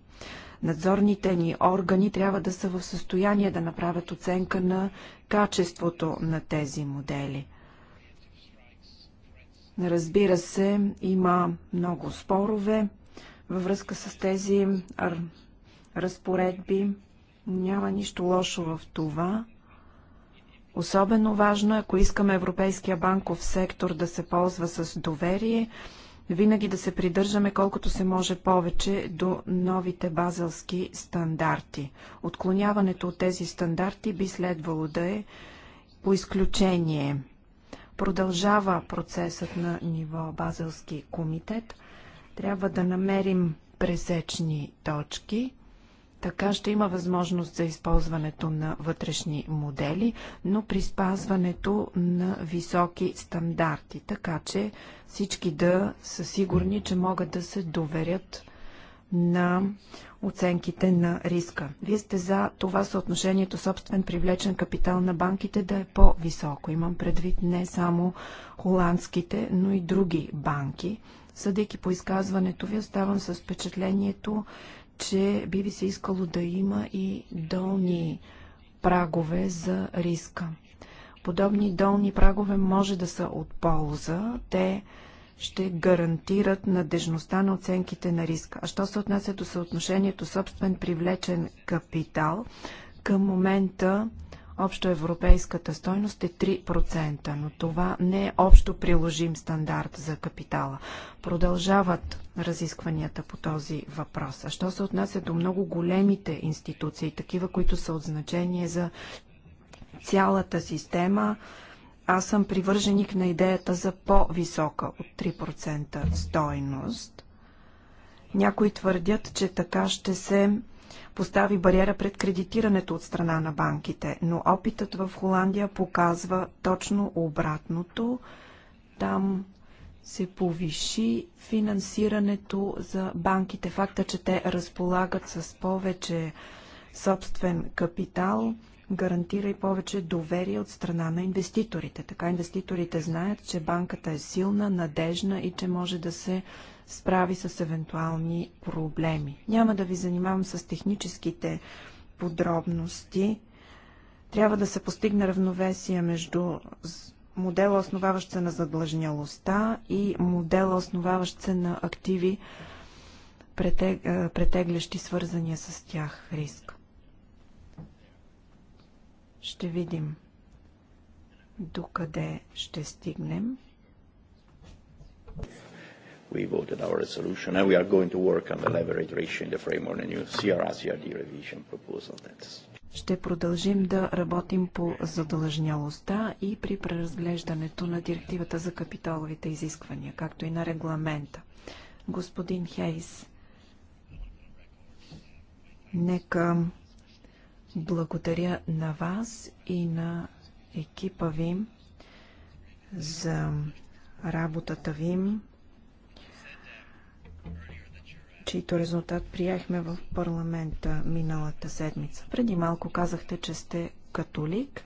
Надзорните ни органи трябва да са в състояние да направят оценка на качеството на тези модели. Разбира се, има много спорове във връзка с тези разпоредби. Няма нищо лошо в това. Особено важно е, ако искаме Европейския банков сектор да се ползва с доверие, винаги да се придържаме колкото се може повече до новите базелски стандарти. Отклоняването от тези стандарти би следвало да е по изключение. Продължава процесът на ниво базелски комитет. Трябва да намерим пресечни точки – така ще има възможност за използването на вътрешни модели, но при спазването на високи стандарти, така че всички да са сигурни, че могат да се доверят на оценките на риска. Вие сте за това съотношението собствен привлечен капитал на банките да е по-високо. Имам предвид не само холандските, но и други банки. Съдейки по изказването ви, оставам с впечатлението, че би ви се искало да има и долни прагове за риска. Подобни долни прагове може да са от полза. Те ще гарантират надежността на оценките на риска. А що се отнася до съотношението собствен привлечен капитал, към момента Общоевропейската стойност е 3%, но това не е общо приложим стандарт за капитала. Продължават разискванията по този въпрос. А що се отнася до много големите институции, такива, които са от значение за цялата система, аз съм привърженик на идеята за по-висока от 3% стойност. Някои твърдят, че така ще се постави бариера пред кредитирането от страна на банките, но опитът в Холандия показва точно обратното. Там се повиши финансирането за банките. Факта, че те разполагат с повече собствен капитал, гарантира и повече доверие от страна на инвеститорите. Така инвеститорите знаят, че банката е силна, надежна и че може да се справи с евентуални проблеми. Няма да ви занимавам с техническите подробности. Трябва да се постигне равновесие между модела, основаващ се на задлъжнялостта и модела, основаващ се на активи, е, претеглящи свързания с тях риск. Ще видим докъде ще стигнем we voted our resolution, and we are going to work on the leverage ratio in the framework and new CRR-CRD revision proposal. That's... Ще продължим да работим по задължнялостта и при преразглеждането на директивата за капиталовите изисквания, както и на регламента. Господин Хейс, нека благодаря на вас и на екипа ви за работата ви чийто резултат приехме в парламента миналата седмица. Преди малко казахте, че сте католик.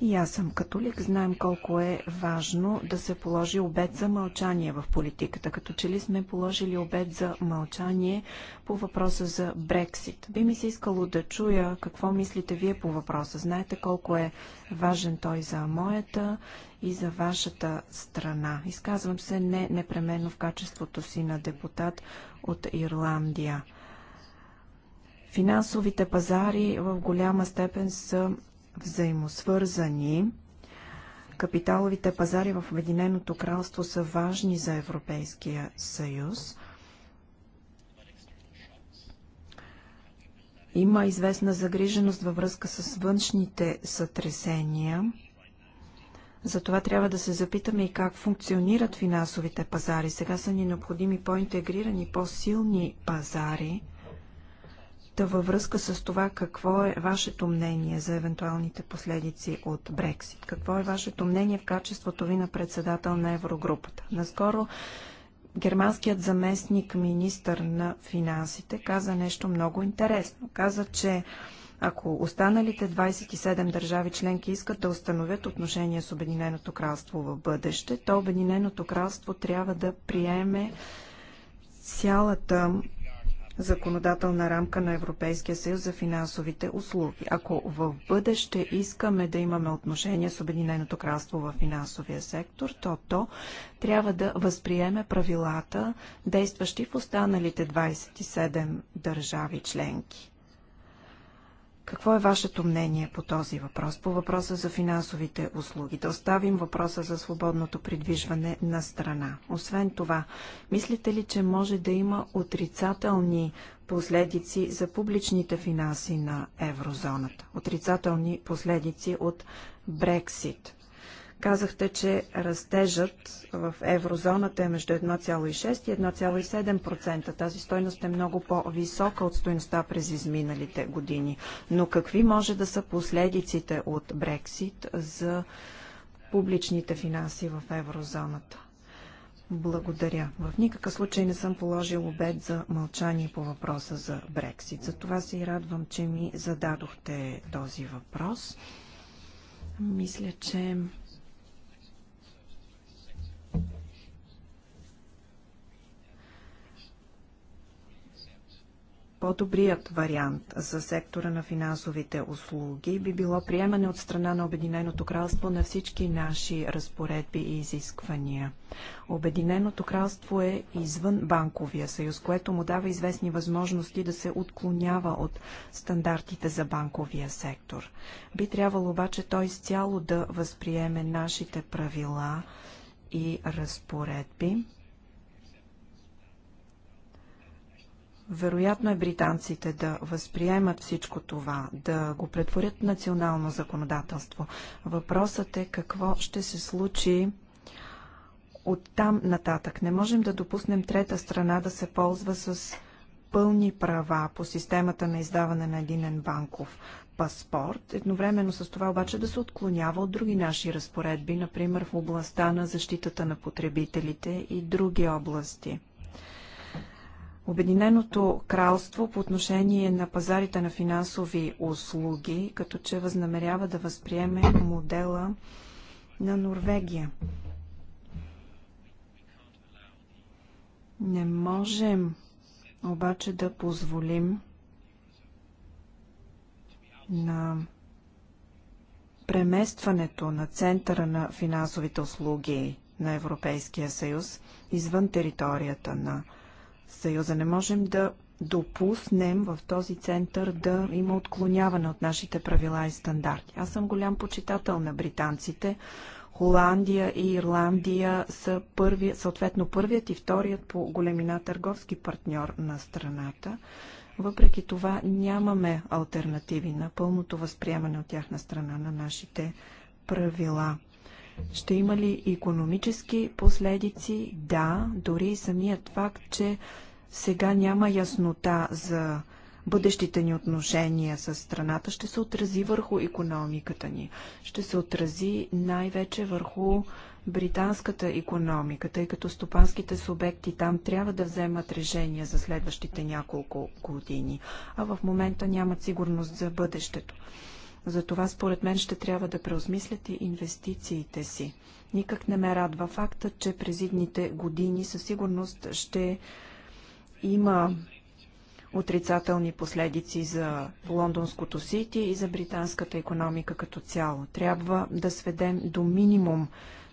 И аз съм католик, знаем колко е важно да се положи обед за мълчание в политиката. Като че ли сме положили обед за мълчание по въпроса за Брексит. Би ми се искало да чуя какво мислите вие по въпроса. Знаете колко е важен той за моята и за вашата страна. Изказвам се не непременно в качеството си на депутат от Ирландия. Финансовите пазари в голяма степен са взаимосвързани. Капиталовите пазари в Обединеното кралство са важни за Европейския съюз. Има известна загриженост във връзка с външните сътресения. Затова трябва да се запитаме и как функционират финансовите пазари. Сега са ни необходими по-интегрирани, по-силни пазари – Та във връзка с това, какво е вашето мнение за евентуалните последици от Брексит? Какво е вашето мнение в качеството ви на председател на Еврогрупата? Наскоро германският заместник министър на финансите каза нещо много интересно. Каза, че ако останалите 27 държави членки искат да установят отношения с Обединеното кралство в бъдеще, то Обединеното кралство трябва да приеме цялата законодателна рамка на Европейския съюз за финансовите услуги. Ако в бъдеще искаме да имаме отношение с Обединеното кралство в финансовия сектор, то то трябва да възприеме правилата, действащи в останалите 27 държави членки. Какво е вашето мнение по този въпрос, по въпроса за финансовите услуги? Да оставим въпроса за свободното придвижване на страна. Освен това, мислите ли, че може да има отрицателни последици за публичните финанси на еврозоната? Отрицателни последици от Брексит? Казахте, че растежът в еврозоната е между 1,6 и 1,7%. Тази стойност е много по-висока от стойността през изминалите години. Но какви може да са последиците от Брексит за публичните финанси в еврозоната? Благодаря. В никакъв случай не съм положил обед за мълчание по въпроса за Брексит. За това се и радвам, че ми зададохте този въпрос. Мисля, че По-добрият вариант за сектора на финансовите услуги би било приемане от страна на Обединеното кралство на всички наши разпоредби и изисквания. Обединеното кралство е извън банковия съюз, което му дава известни възможности да се отклонява от стандартите за банковия сектор. Би трябвало обаче той изцяло да възприеме нашите правила и разпоредби Вероятно е британците да възприемат всичко това, да го претворят национално законодателство. Въпросът е какво ще се случи от там нататък. Не можем да допуснем трета страна да се ползва с пълни права по системата на издаване на единен банков паспорт. Едновременно с това обаче да се отклонява от други наши разпоредби, например в областта на защитата на потребителите и други области – Обединеното кралство по отношение на пазарите на финансови услуги, като че възнамерява да възприеме модела на Норвегия. Не можем обаче да позволим на преместването на центъра на финансовите услуги на Европейския съюз извън територията на съюза. Не можем да допуснем в този център да има отклоняване от нашите правила и стандарти. Аз съм голям почитател на британците. Холандия и Ирландия са първи, съответно първият и вторият по големина търговски партньор на страната. Въпреки това нямаме альтернативи на пълното възприемане от тяхна страна на нашите правила. Ще има ли економически последици? Да, дори самият факт, че сега няма яснота за бъдещите ни отношения с страната, ще се отрази върху економиката ни. Ще се отрази най-вече върху британската економика, тъй като стопанските субекти там трябва да вземат решения за следващите няколко години, а в момента нямат сигурност за бъдещето. Затова според мен ще трябва да преосмислите инвестициите си. Никак не ме радва факта, че през идните години със сигурност ще има отрицателни последици за лондонското сити и за британската економика като цяло. Трябва да сведем до минимум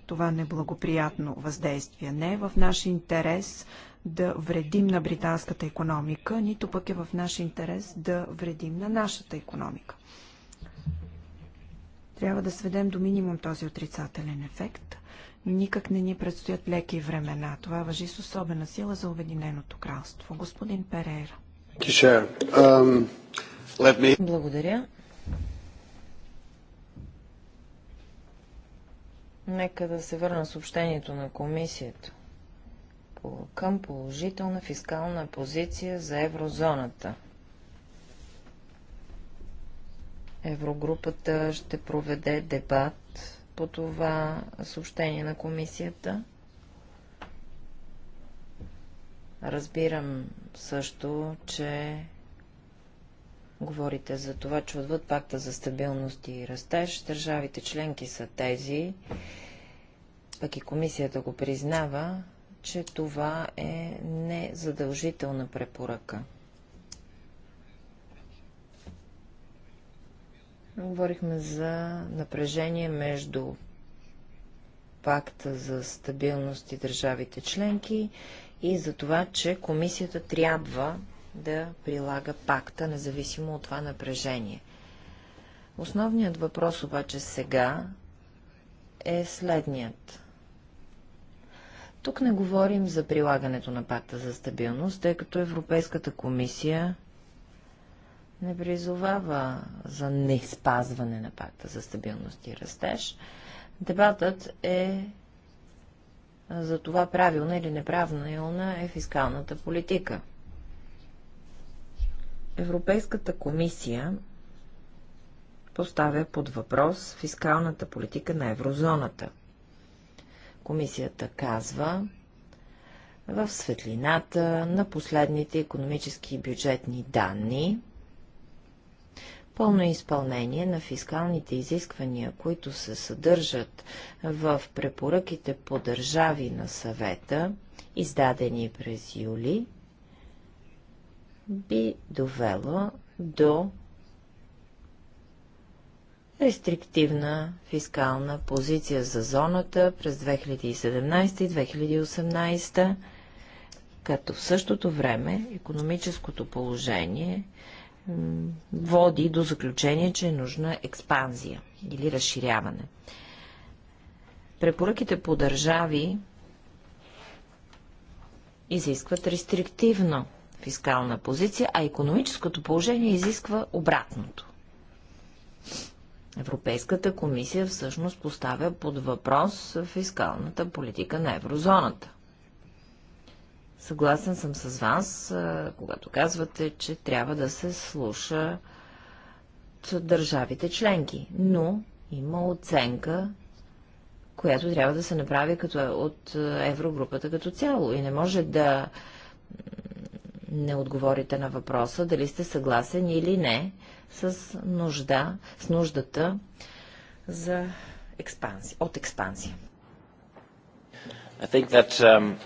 това неблагоприятно въздействие. Не е в наш интерес да вредим на британската економика, нито пък е в наш интерес да вредим на нашата економика. Трябва да сведем до минимум този отрицателен ефект. Никак не ни предстоят леки времена. Това въжи с особена сила за Обединеното кралство. Господин Перейра. Um, Благодаря. Нека да се върна съобщението на комисията към положителна фискална позиция за еврозоната – Еврогрупата ще проведе дебат по това съобщение на комисията. Разбирам също, че говорите за това, че отвъд пакта за стабилност и растеж, държавите членки са тези, пък и комисията го признава, че това е незадължителна препоръка. Говорихме за напрежение между пакта за стабилност и държавите членки и за това, че комисията трябва да прилага пакта, независимо от това напрежение. Основният въпрос обаче сега е следният. Тук не говорим за прилагането на пакта за стабилност, тъй като Европейската комисия не призовава за не спазване на пакта за стабилност и растеж. Дебатът е за това правилна или неправилна е фискалната политика. Европейската комисия поставя под въпрос фискалната политика на еврозоната. Комисията казва, в светлината на последните економически и бюджетни данни, пълно изпълнение на фискалните изисквания, които се съдържат в препоръките по държави на съвета, издадени през юли, би довело до рестриктивна фискална позиция за зоната през 2017 и 2018, като в същото време економическото положение води до заключение, че е нужна експанзия или разширяване. Препоръките по държави изискват рестриктивна фискална позиция, а економическото положение изисква обратното. Европейската комисия всъщност поставя под въпрос фискалната политика на еврозоната. Съгласен съм с вас, когато казвате, че трябва да се слуша от държавите членки, но има оценка, която трябва да се направи като от еврогрупата като цяло и не може да не отговорите на въпроса дали сте съгласен или не с, нужда, с нуждата за експансия, от експансия. I think that, um,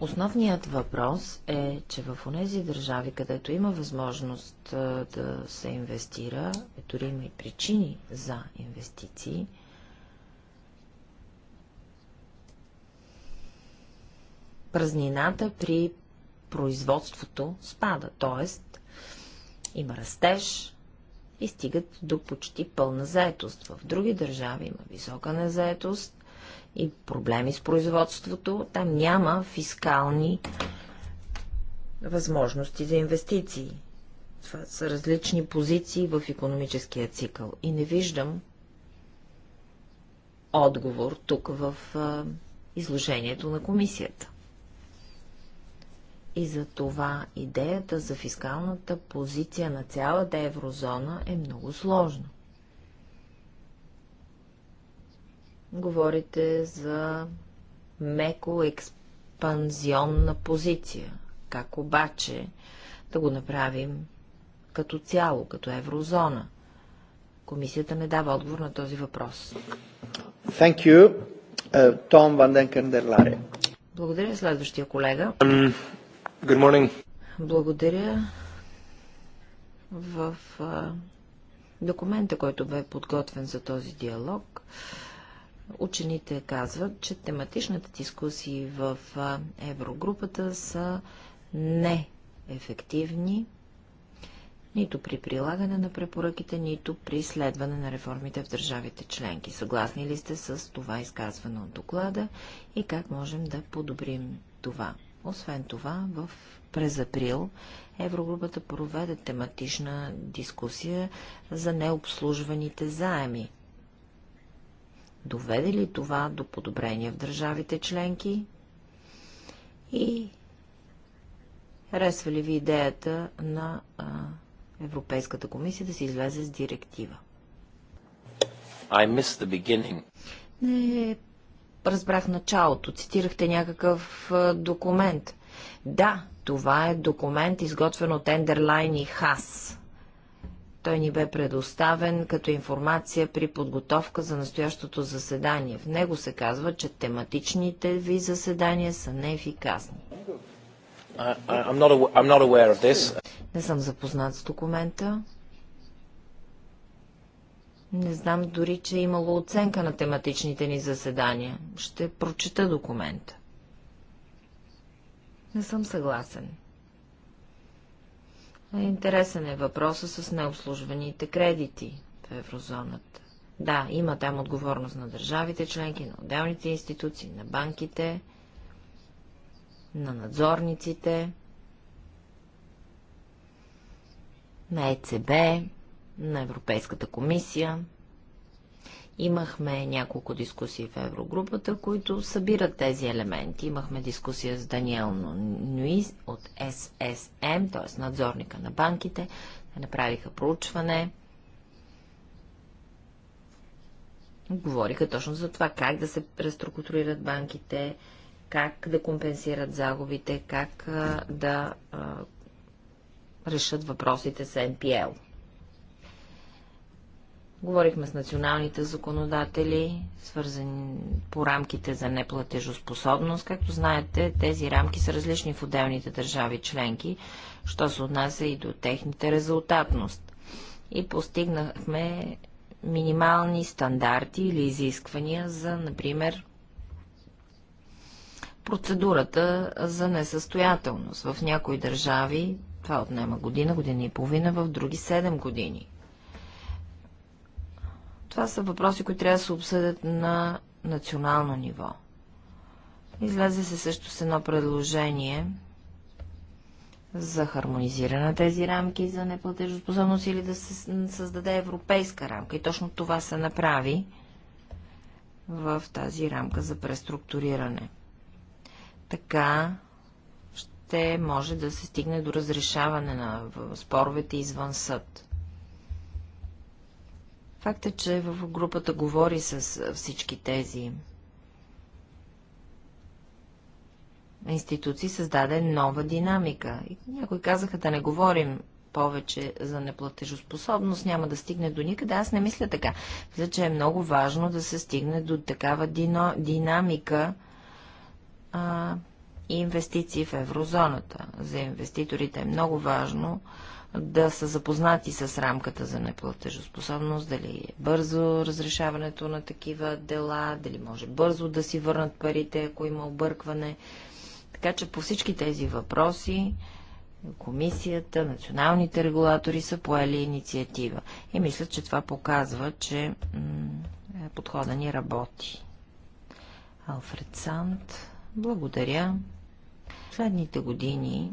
Основният въпрос е, че в тези държави, където има възможност да се инвестира, е, дори има и причини за инвестиции, празнината при производството спада, т.е. има растеж и стигат до почти пълна заетост. В други държави има висока незаетост и проблеми с производството, там няма фискални възможности за инвестиции. Това са различни позиции в економическия цикъл. И не виждам отговор тук в изложението на комисията. И за това идеята за фискалната позиция на цялата еврозона е много сложна. Говорите за меко експанзионна позиция. Как обаче да го направим като цяло, като еврозона? Комисията не дава отговор на този въпрос. Thank you. Том Ванден Кандерларе. Благодаря. Следващия колега. Um, good morning. Благодаря. В документа, който бе подготвен за този диалог, Учените казват, че тематичните дискусии в еврогрупата са неефективни, нито при прилагане на препоръките, нито при следване на реформите в държавите членки. Съгласни ли сте с това изказване от доклада и как можем да подобрим това? Освен това, в през април Еврогрупата проведе тематична дискусия за необслужваните заеми. Доведе ли това до подобрения в държавите членки? И харесва ли ви идеята на а, Европейската комисия да се излезе с директива? I missed the beginning. Не разбрах началото. Цитирахте някакъв а, документ. Да, това е документ, изготвен от Ендерлайн и Хас. Той ни бе предоставен като информация при подготовка за настоящото заседание. В него се казва, че тематичните ви заседания са неефикасни. Не съм запознат с документа. Не знам дори, че е имало оценка на тематичните ни заседания. Ще прочета документа. Не съм съгласен. Интересен е въпроса с необслужваните кредити в еврозоната. Да, има там отговорност на държавите членки, на отделните институции, на банките, на надзорниците, на ЕЦБ, на Европейската комисия. Имахме няколко дискусии в Еврогрупата, които събират тези елементи. Имахме дискусия с Даниел Нуиз от ССМ, т.е. надзорника на банките. Те направиха проучване. Говориха точно за това как да се преструктурират банките, как да компенсират загубите, как да а, решат въпросите с НПЛ. Говорихме с националните законодатели, свързани по рамките за неплатежоспособност. Както знаете, тези рамки са различни в отделните държави членки, що се отнася и до техните резултатност. И постигнахме минимални стандарти или изисквания за, например, процедурата за несъстоятелност. В някои държави това отнема година, година и половина, в други 7 години. Това са въпроси, които трябва да се обсъдят на национално ниво. Излезе се също с едно предложение за хармонизиране на тези рамки за неплатежоспособност или да се създаде европейска рамка. И точно това се направи в тази рамка за преструктуриране. Така ще може да се стигне до разрешаване на споровете извън съд. Факт е, че в групата говори с всички тези институции, създаде нова динамика. И някои казаха да не говорим повече за неплатежоспособност, няма да стигне до никъде. Аз не мисля така. Мисля, че е много важно да се стигне до такава дино, динамика а, и инвестиции в еврозоната. За инвеститорите е много важно а, да са запознати с рамката за неплатежоспособност, дали е бързо разрешаването на такива дела, дали може бързо да си върнат парите, ако има объркване. Така че по всички тези въпроси комисията, националните регулатори са поели инициатива. И мисля, че това показва, че подхода ни работи. Алфред Санд, благодаря. Следните години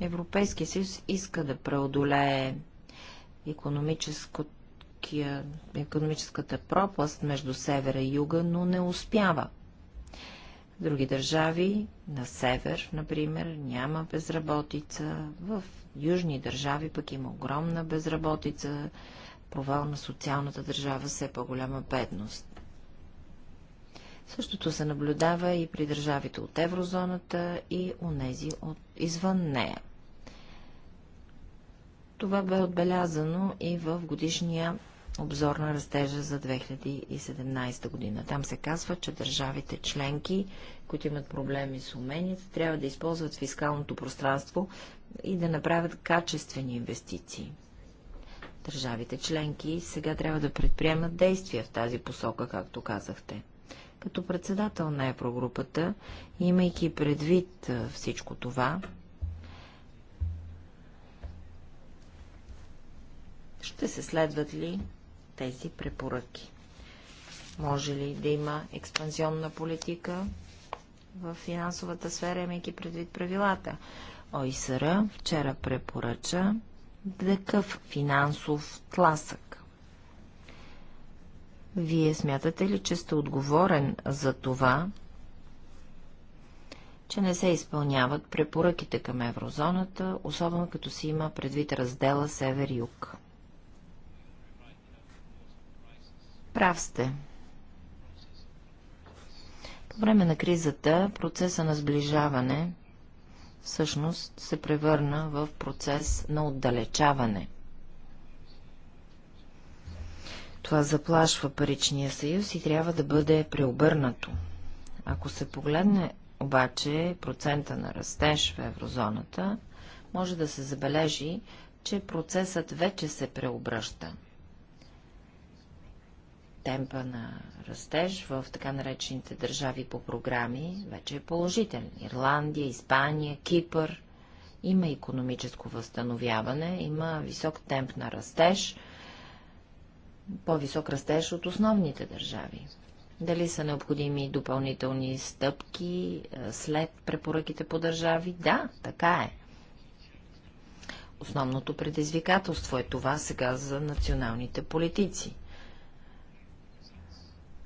Европейския съюз иска да преодолее економическата пропаст между севера и юга, но не успява. Други държави, на север, например, няма безработица, в южни държави пък има огромна безработица, провал на социалната държава, все по-голяма бедност. Същото се наблюдава и при държавите от еврозоната и нези от извън нея. Това бе отбелязано и в годишния обзор на растежа за 2017 година. Там се казва, че държавите членки, които имат проблеми с уменията, трябва да използват фискалното пространство и да направят качествени инвестиции. Държавите членки сега трябва да предприемат действия в тази посока, както казахте. Като председател на Еврогрупата, имайки предвид всичко това, ще се следват ли тези препоръки? Може ли да има експанзионна политика в финансовата сфера, имайки предвид правилата? ОИСР вчера препоръча такъв финансов тласък. Вие смятате ли, че сте отговорен за това, че не се изпълняват препоръките към еврозоната, особено като си има предвид раздела Север-Юг? Прав сте. По време на кризата процеса на сближаване всъщност се превърна в процес на отдалечаване. Това заплашва паричния съюз и трябва да бъде преобърнато. Ако се погледне обаче процента на растеж в еврозоната, може да се забележи, че процесът вече се преобръща – темпа на растеж в така наречените държави по програми вече е положителен. Ирландия, Испания, Кипър. Има економическо възстановяване, има висок темп на растеж, по-висок растеж от основните държави. Дали са необходими допълнителни стъпки е, след препоръките по държави? Да, така е. Основното предизвикателство е това сега за националните политици –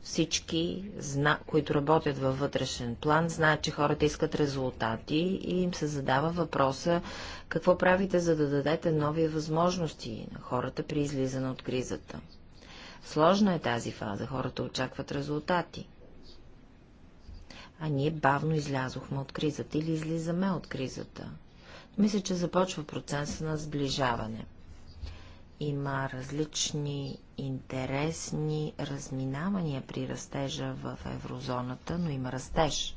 всички, зна... които работят във вътрешен план, знаят, че хората искат резултати и им се задава въпроса какво правите, за да дадете нови възможности на хората при излизане от кризата. Сложна е тази фаза, хората очакват резултати. А ние бавно излязохме от кризата или излизаме от кризата. Мисля, че започва процеса на сближаване – има различни интересни разминавания при растежа в еврозоната, но има растеж.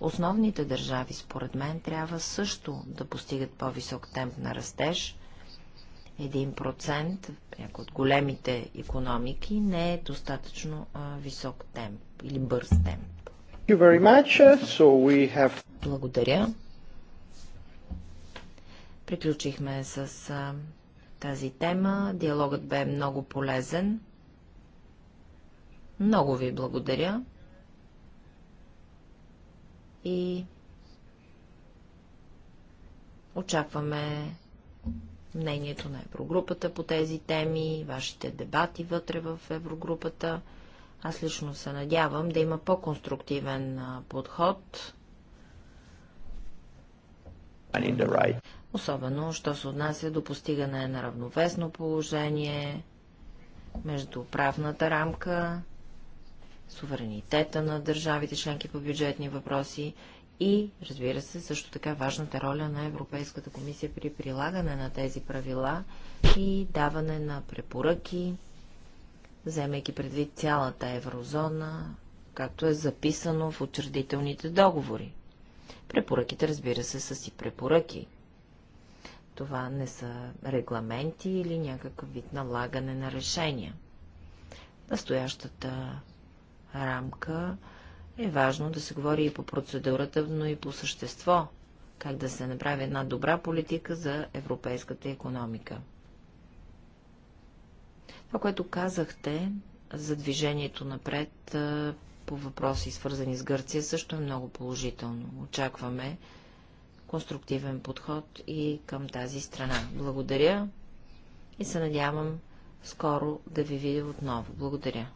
Основните държави, според мен, трябва също да постигат по-висок темп на растеж. 1% процент от големите економики не е достатъчно висок темп или бърз темп. Благодаря. Приключихме с тази тема. Диалогът бе много полезен. Много ви благодаря. И очакваме мнението на Еврогрупата по тези теми, вашите дебати вътре в Еврогрупата. Аз лично се надявам да има по-конструктивен подход. Right особено, що се отнася до постигане на равновесно положение между правната рамка, суверенитета на държавите членки по бюджетни въпроси и, разбира се, също така важната роля на Европейската комисия при прилагане на тези правила и даване на препоръки, вземайки предвид цялата еврозона, както е записано в учредителните договори. Препоръките, разбира се, са си препоръки – това не са регламенти или някакъв вид налагане на решения. Настоящата рамка е важно да се говори и по процедурата, но и по същество, как да се направи една добра политика за европейската економика. Това, което казахте за движението напред по въпроси, свързани с Гърция, също е много положително. Очакваме конструктивен подход и към тази страна. Благодаря и се надявам скоро да ви видя отново. Благодаря.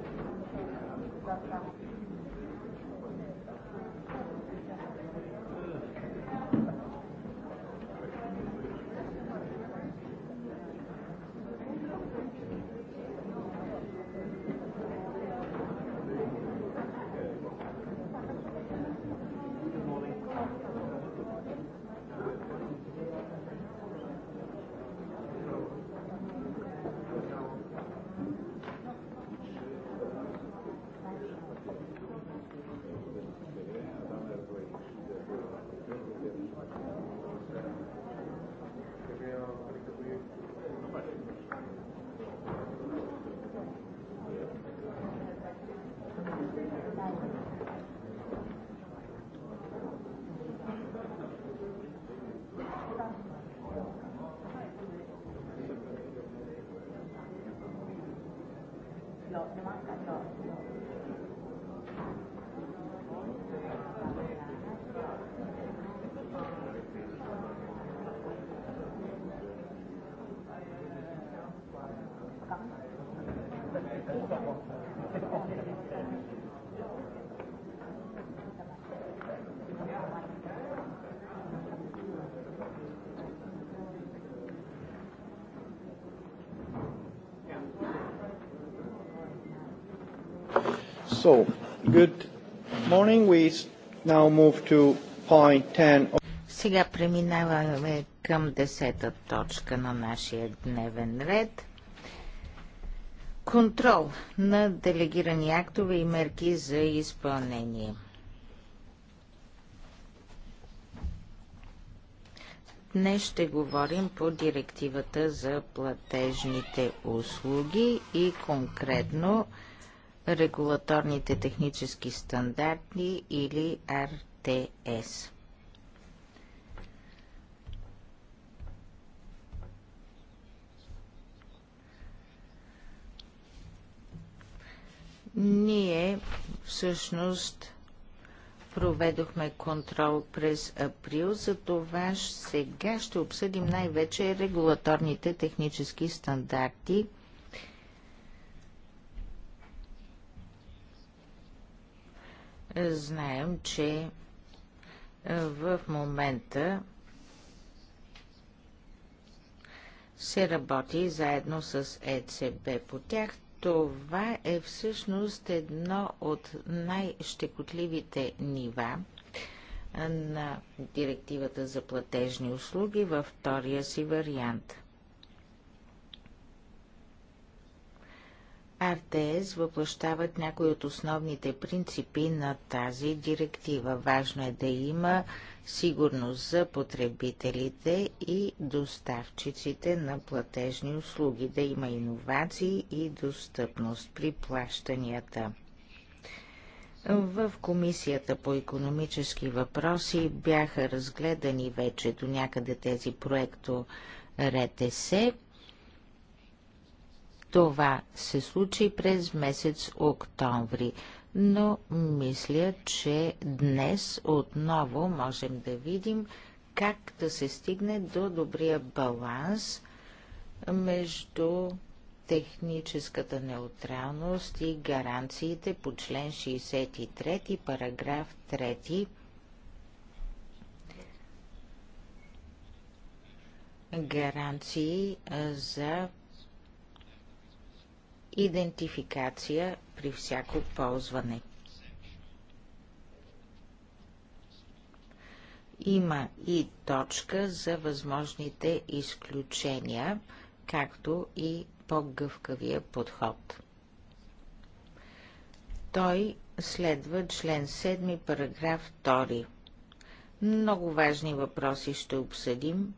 Thank you. So, good morning. We now move to point 10. Сега преминаваме към десета точка на нашия дневен ред. Контрол на делегирани актове и мерки за изпълнение. Днес ще говорим по директивата за платежните услуги и конкретно регулаторните технически стандарти или РТС. Ние всъщност проведохме контрол през април, за това сега ще обсъдим най-вече регулаторните технически стандарти – Знаем, че в момента се работи заедно с ЕЦБ по тях. Това е всъщност едно от най-щекотливите нива на директивата за платежни услуги във втория си вариант. АРТС въплащават някои от основните принципи на тази директива. Важно е да има сигурност за потребителите и доставчиците на платежни услуги, да има иновации и достъпност при плащанията. В Комисията по економически въпроси бяха разгледани вече до някъде тези проекто РТС. Това се случи през месец октомври, но мисля, че днес отново можем да видим как да се стигне до добрия баланс между техническата неутралност и гаранциите по член 63, параграф 3. Гаранции за идентификация при всяко ползване. Има и точка за възможните изключения, както и по-гъвкавия подход. Той следва член 7, параграф 2. Много важни въпроси ще обсъдим.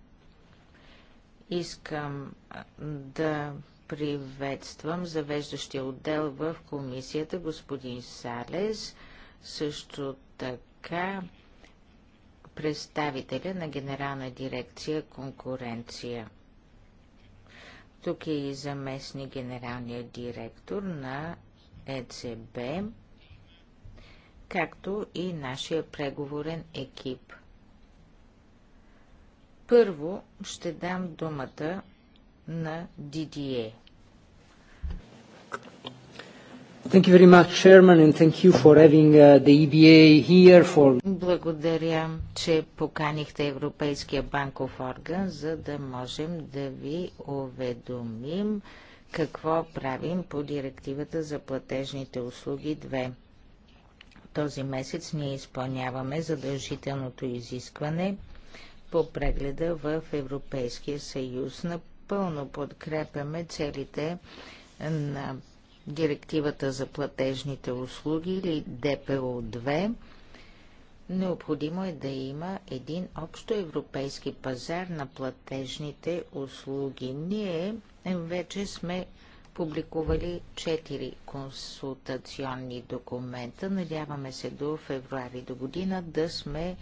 Искам да Приветствам завеждащия отдел в комисията господин Салес, също така представителя на Генерална дирекция конкуренция. Тук е и заместник генералния директор на ЕЦБ, както и нашия преговорен екип. Първо ще дам думата на DDA. Thank you very much, Chairman, and thank you for having uh, the EBA here for... Благодаря, че поканихте Европейския банков орган, за да можем да ви уведомим какво правим по директивата за платежните услуги 2. Този месец ние изпълняваме задължителното изискване по прегледа в Европейския съюз на напълно подкрепяме целите на Директивата за платежните услуги или ДПО-2. Необходимо е да има един общо европейски пазар на платежните услуги. Ние вече сме публикували 4 консултационни документа. Надяваме се до февруари до година да сме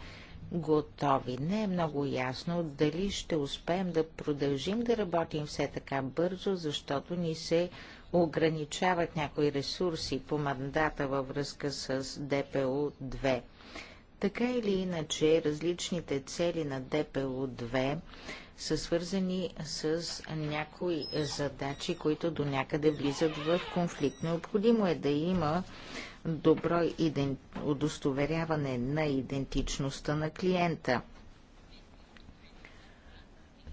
готови. Не е много ясно дали ще успеем да продължим да работим все така бързо, защото ни се ограничават някои ресурси по мандата във връзка с ДПО-2. Така или иначе, различните цели на ДПО-2 са свързани с някои задачи, които до някъде влизат в конфликт. Необходимо е да има добро иден... удостоверяване на идентичността на клиента.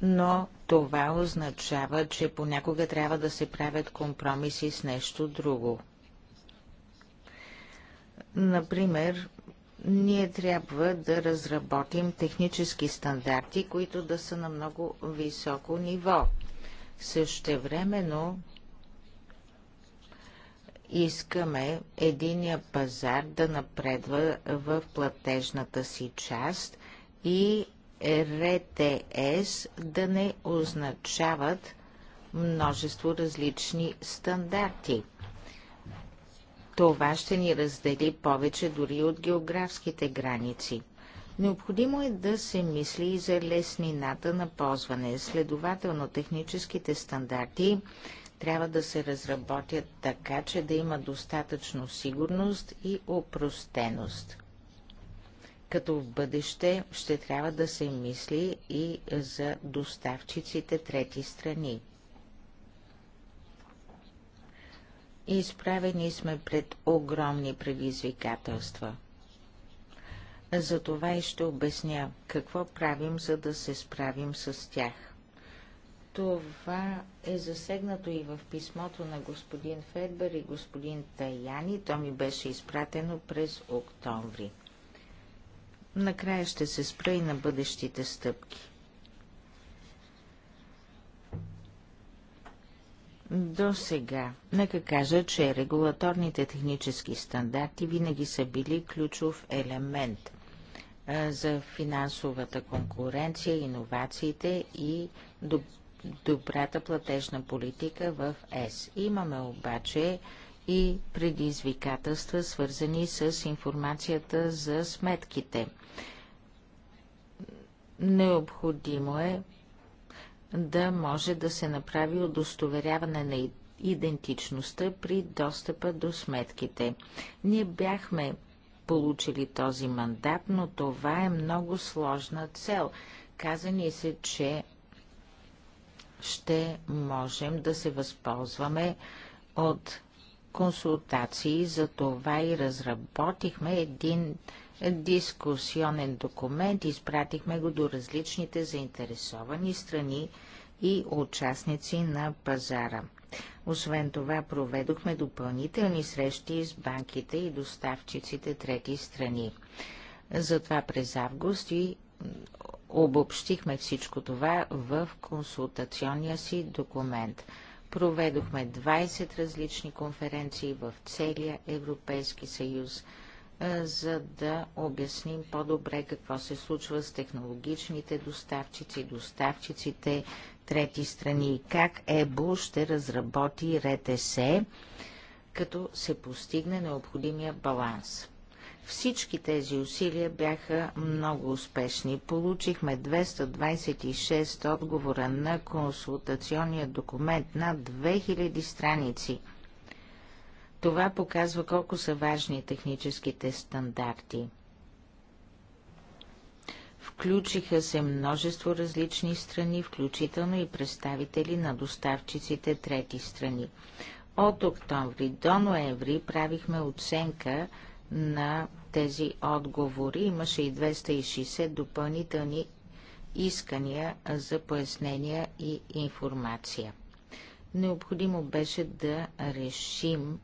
Но това означава, че понякога трябва да се правят компромиси с нещо друго. Например, ние трябва да разработим технически стандарти, които да са на много високо ниво. Същевременно искаме единия пазар да напредва в платежната си част и РТС да не означават множество различни стандарти. Това ще ни раздели повече дори от географските граници. Необходимо е да се мисли и за леснината на ползване. Следователно, техническите стандарти трябва да се разработят така, че да има достатъчно сигурност и опростеност. Като в бъдеще ще трябва да се мисли и за доставчиците трети страни. Изправени сме пред огромни предизвикателства. Затова и ще обясня какво правим, за да се справим с тях. Това е засегнато и в писмото на господин Федбер и господин Таяни. То ми беше изпратено през октомври. Накрая ще се спра и на бъдещите стъпки. До сега, нека кажа, че регулаторните технически стандарти винаги са били ключов елемент за финансовата конкуренция, иновациите и добрата платежна политика в ЕС. Имаме обаче и предизвикателства, свързани с информацията за сметките. Необходимо е да може да се направи удостоверяване на идентичността при достъпа до сметките. Ние бяхме получили този мандат, но това е много сложна цел. Каза ни се, че ще можем да се възползваме от консултации. За това и разработихме един дискусионен документ, изпратихме го до различните заинтересовани страни и участници на пазара. Освен това, проведохме допълнителни срещи с банките и доставчиците трети страни. Затова през август и Обобщихме всичко това в консултационния си документ. Проведохме 20 различни конференции в целия Европейски съюз, за да обясним по-добре какво се случва с технологичните доставчици, доставчиците трети страни и как ЕБО ще разработи РТС, като се постигне необходимия баланс. Всички тези усилия бяха много успешни. Получихме 226 отговора на консултационния документ на 2000 страници. Това показва колко са важни техническите стандарти. Включиха се множество различни страни, включително и представители на доставчиците трети страни. От октомври до ноември правихме оценка на тези отговори. Имаше и 260 допълнителни искания за пояснения и информация. Необходимо беше да решим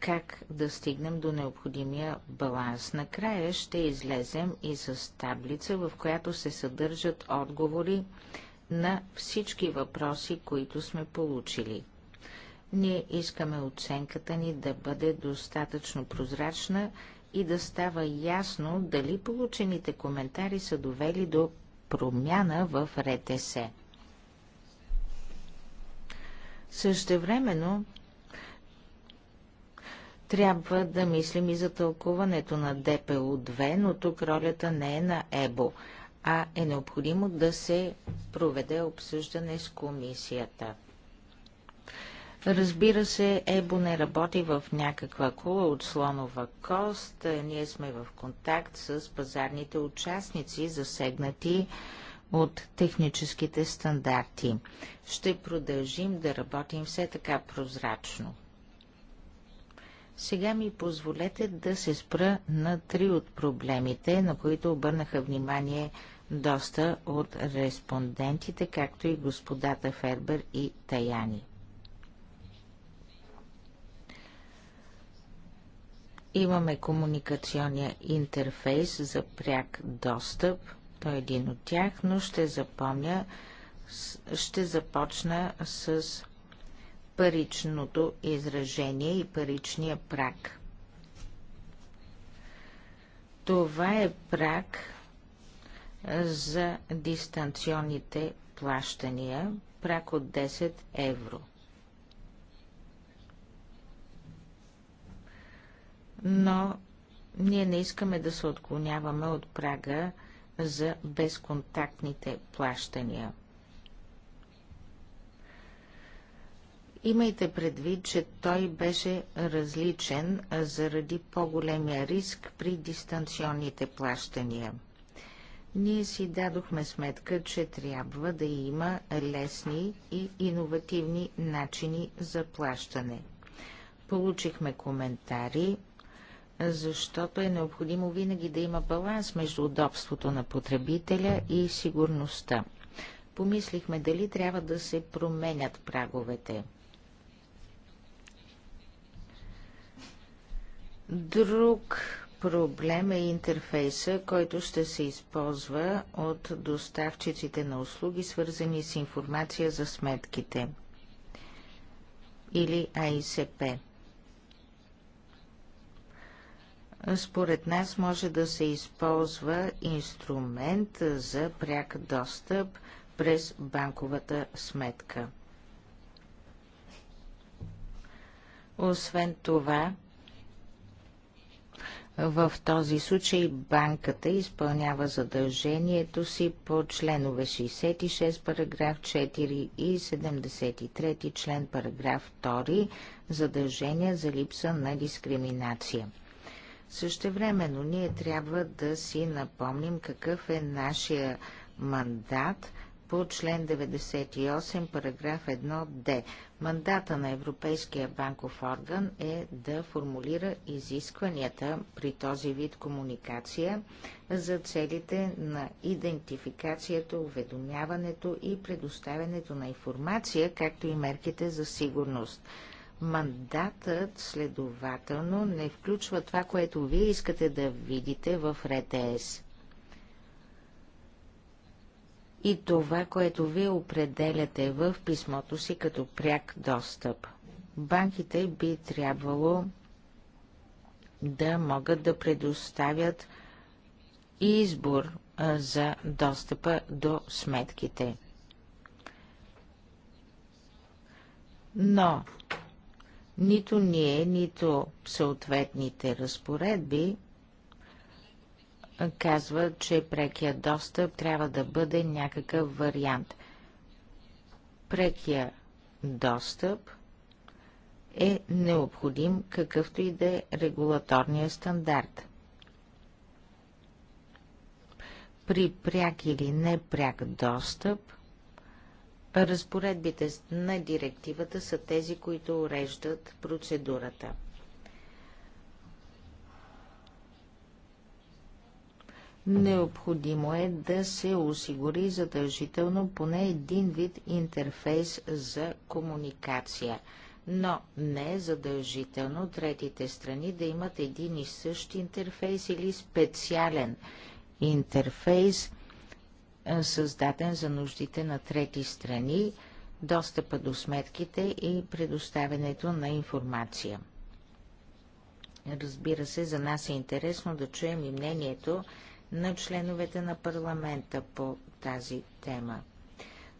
как да стигнем до необходимия баланс. Накрая ще излезем и с таблица, в която се съдържат отговори на всички въпроси, които сме получили. Ние искаме оценката ни да бъде достатъчно прозрачна и да става ясно дали получените коментари са довели до промяна в РТС. Същевременно трябва да мислим и за тълкуването на ДПО-2, но тук ролята не е на ЕБО, а е необходимо да се проведе обсъждане с комисията. Разбира се, Ебо не работи в някаква кула от слонова кост. Ние сме в контакт с пазарните участници, засегнати от техническите стандарти. Ще продължим да работим все така прозрачно. Сега ми позволете да се спра на три от проблемите, на които обърнаха внимание доста от респондентите, както и господата Фербер и Таяни. Имаме комуникационния интерфейс за пряк достъп. Той е един от тях, но ще запомня, ще започна с паричното изражение и паричния прак. Това е прак за дистанционните плащания, прак от 10 евро – но ние не искаме да се отклоняваме от прага за безконтактните плащания. Имайте предвид, че той беше различен заради по-големия риск при дистанционните плащания. Ние си дадохме сметка, че трябва да има лесни и иновативни начини за плащане. Получихме коментари защото е необходимо винаги да има баланс между удобството на потребителя и сигурността. Помислихме дали трябва да се променят праговете. Друг проблем е интерфейса, който ще се използва от доставчиците на услуги, свързани с информация за сметките или АИСП. според нас може да се използва инструмент за пряк достъп през банковата сметка. Освен това, в този случай банката изпълнява задължението си по членове 66 параграф 4 и 73 член параграф 2 задължения за липса на дискриминация. Същевременно ние трябва да си напомним какъв е нашия мандат по член 98, параграф 1д. Мандата на Европейския банков орган е да формулира изискванията при този вид комуникация за целите на идентификацията, уведомяването и предоставянето на информация, както и мерките за сигурност. Мандатът следователно не включва това, което вие искате да видите в РТС. И това, което вие определяте в писмото си като пряк достъп. Банките би трябвало да могат да предоставят избор за достъпа до сметките. Но нито ние, нито съответните разпоредби казва, че прекия достъп трябва да бъде някакъв вариант. Прекия достъп е необходим какъвто и да е регулаторния стандарт. При пряк или непряк достъп – Разпоредбите на директивата са тези, които уреждат процедурата. Необходимо е да се осигури задължително поне един вид интерфейс за комуникация, но не е задължително третите страни да имат един и същ интерфейс или специален интерфейс – е, създаден за нуждите на трети страни, достъпа до сметките и предоставянето на информация. Разбира се, за нас е интересно да чуем и мнението на членовете на парламента по тази тема.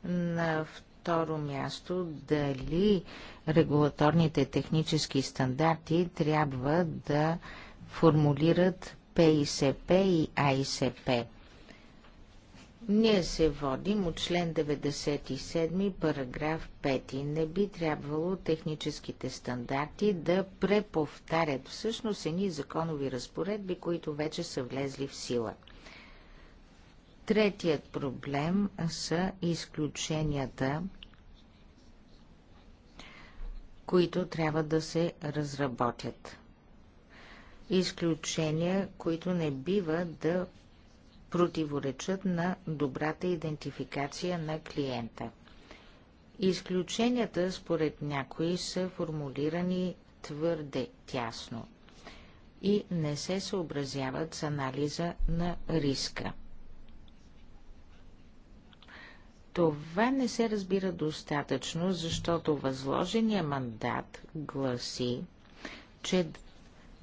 На второ място, дали регулаторните технически стандарти трябва да формулират ПИСП и АИСП. Ние се водим от член 97, параграф 5. Не би трябвало техническите стандарти да преповтарят всъщност едни законови разпоредби, които вече са влезли в сила. Третият проблем са изключенията, които трябва да се разработят. Изключения, които не бива да противоречат на добрата идентификация на клиента. Изключенията според някои са формулирани твърде тясно и не се съобразяват с анализа на риска. Това не се разбира достатъчно, защото възложения мандат гласи, че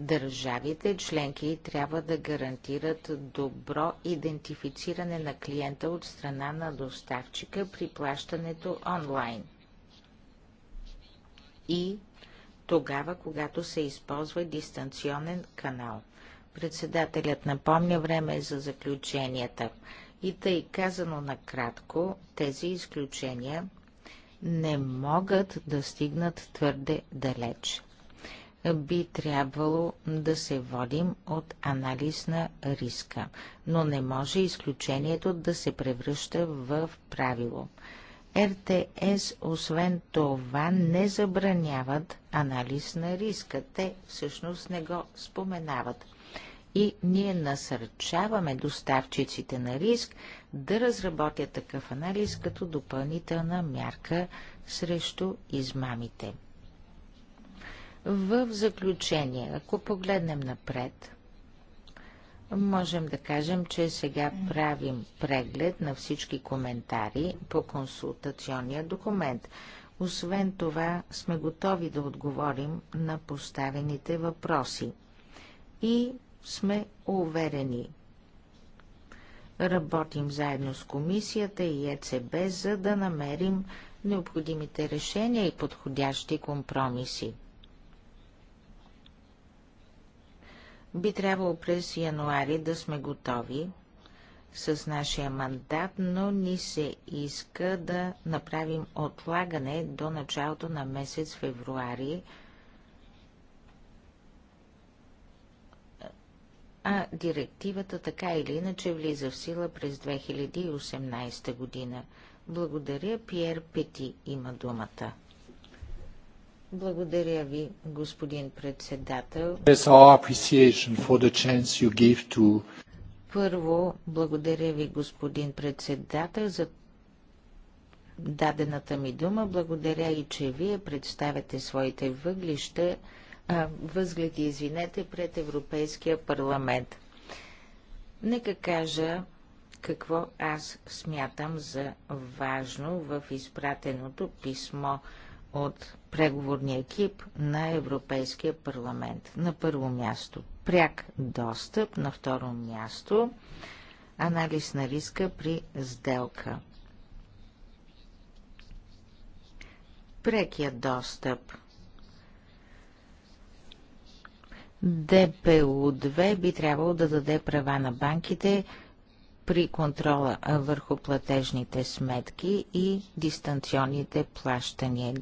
Държавите членки трябва да гарантират добро идентифициране на клиента от страна на доставчика при плащането онлайн. И тогава, когато се използва дистанционен канал. Председателят напомня време за заключенията. И тъй казано накратко, тези изключения не могат да стигнат твърде далеч би трябвало да се водим от анализ на риска, но не може изключението да се превръща в правило. РТС освен това не забраняват анализ на риска. Те всъщност не го споменават. И ние насърчаваме доставчиците на риск да разработят такъв анализ като допълнителна мярка срещу измамите. В заключение, ако погледнем напред, можем да кажем, че сега правим преглед на всички коментари по консултационния документ. Освен това, сме готови да отговорим на поставените въпроси. И сме уверени. Работим заедно с комисията и ЕЦБ, за да намерим необходимите решения и подходящи компромиси. Би трябвало през януари да сме готови с нашия мандат, но ни се иска да направим отлагане до началото на месец февруари, а директивата така или иначе влиза в сила през 2018 година. Благодаря, Пьер Пети има думата. Благодаря ви, господин председател. Първо, благодаря ви, господин председател, за дадената ми дума. Благодаря и, че вие представяте своите въглища, а, възгледи, извинете, пред Европейския парламент. Нека кажа какво аз смятам за важно в изпратеното писмо от преговорния екип на Европейския парламент. На първо място пряк достъп, на второ място анализ на риска при сделка. Прекият достъп ДПУ-2 би трябвало да даде права на банките при контрола върху платежните сметки и дистанционните плащания.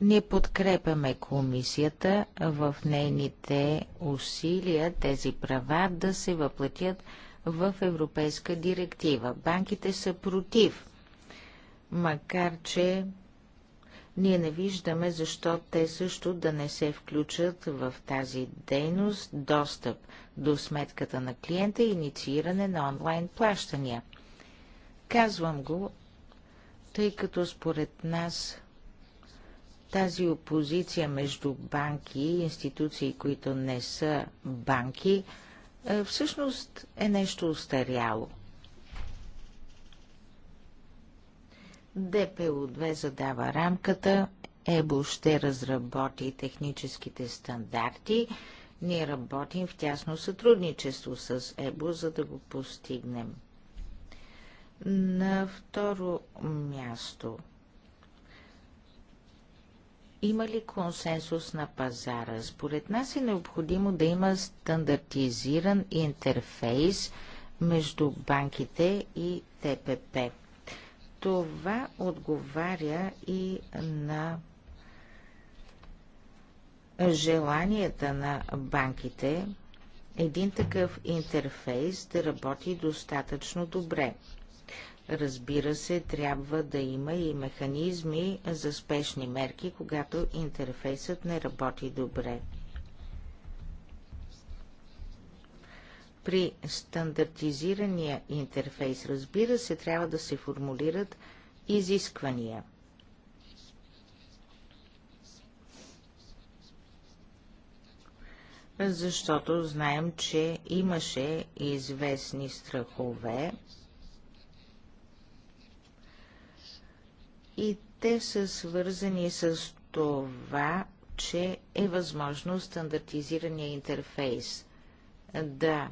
Ние подкрепяме комисията в нейните усилия тези права да се въплатят в Европейска директива. Банките са против, макар че ние не виждаме защо те също да не се включат в тази дейност достъп до сметката на клиента и иницииране на онлайн плащания. Казвам го, тъй като според нас тази опозиция между банки и институции, които не са банки, е, всъщност е нещо устаряло. ДПО-2 задава рамката, ЕБО ще разработи техническите стандарти. Ние работим в тясно сътрудничество с ЕБО, за да го постигнем. На второ място – има ли консенсус на пазара? Според нас е необходимо да има стандартизиран интерфейс между банките и ТПП. Това отговаря и на желанията на банките един такъв интерфейс да работи достатъчно добре. Разбира се, трябва да има и механизми за спешни мерки, когато интерфейсът не работи добре. При стандартизирания интерфейс, разбира се, трябва да се формулират изисквания. Защото знаем, че имаше известни страхове и те са свързани с това, че е възможно стандартизирания интерфейс да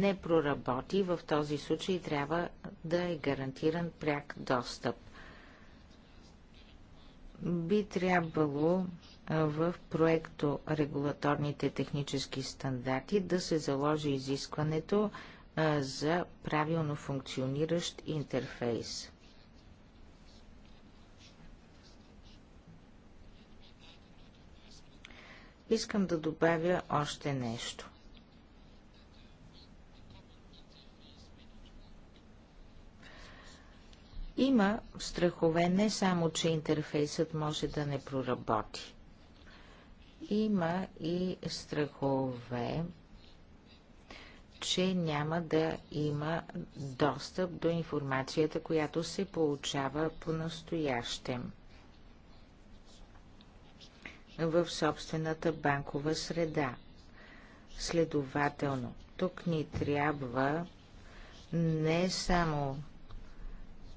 не проработи, в този случай трябва да е гарантиран пряк достъп. Би трябвало в проекто регулаторните технически стандарти да се заложи изискването за правилно функциониращ интерфейс. Искам да добавя още нещо. Има страхове не само, че интерфейсът може да не проработи. Има и страхове, че няма да има достъп до информацията, която се получава по-настоящем в собствената банкова среда. Следователно, тук ни трябва не само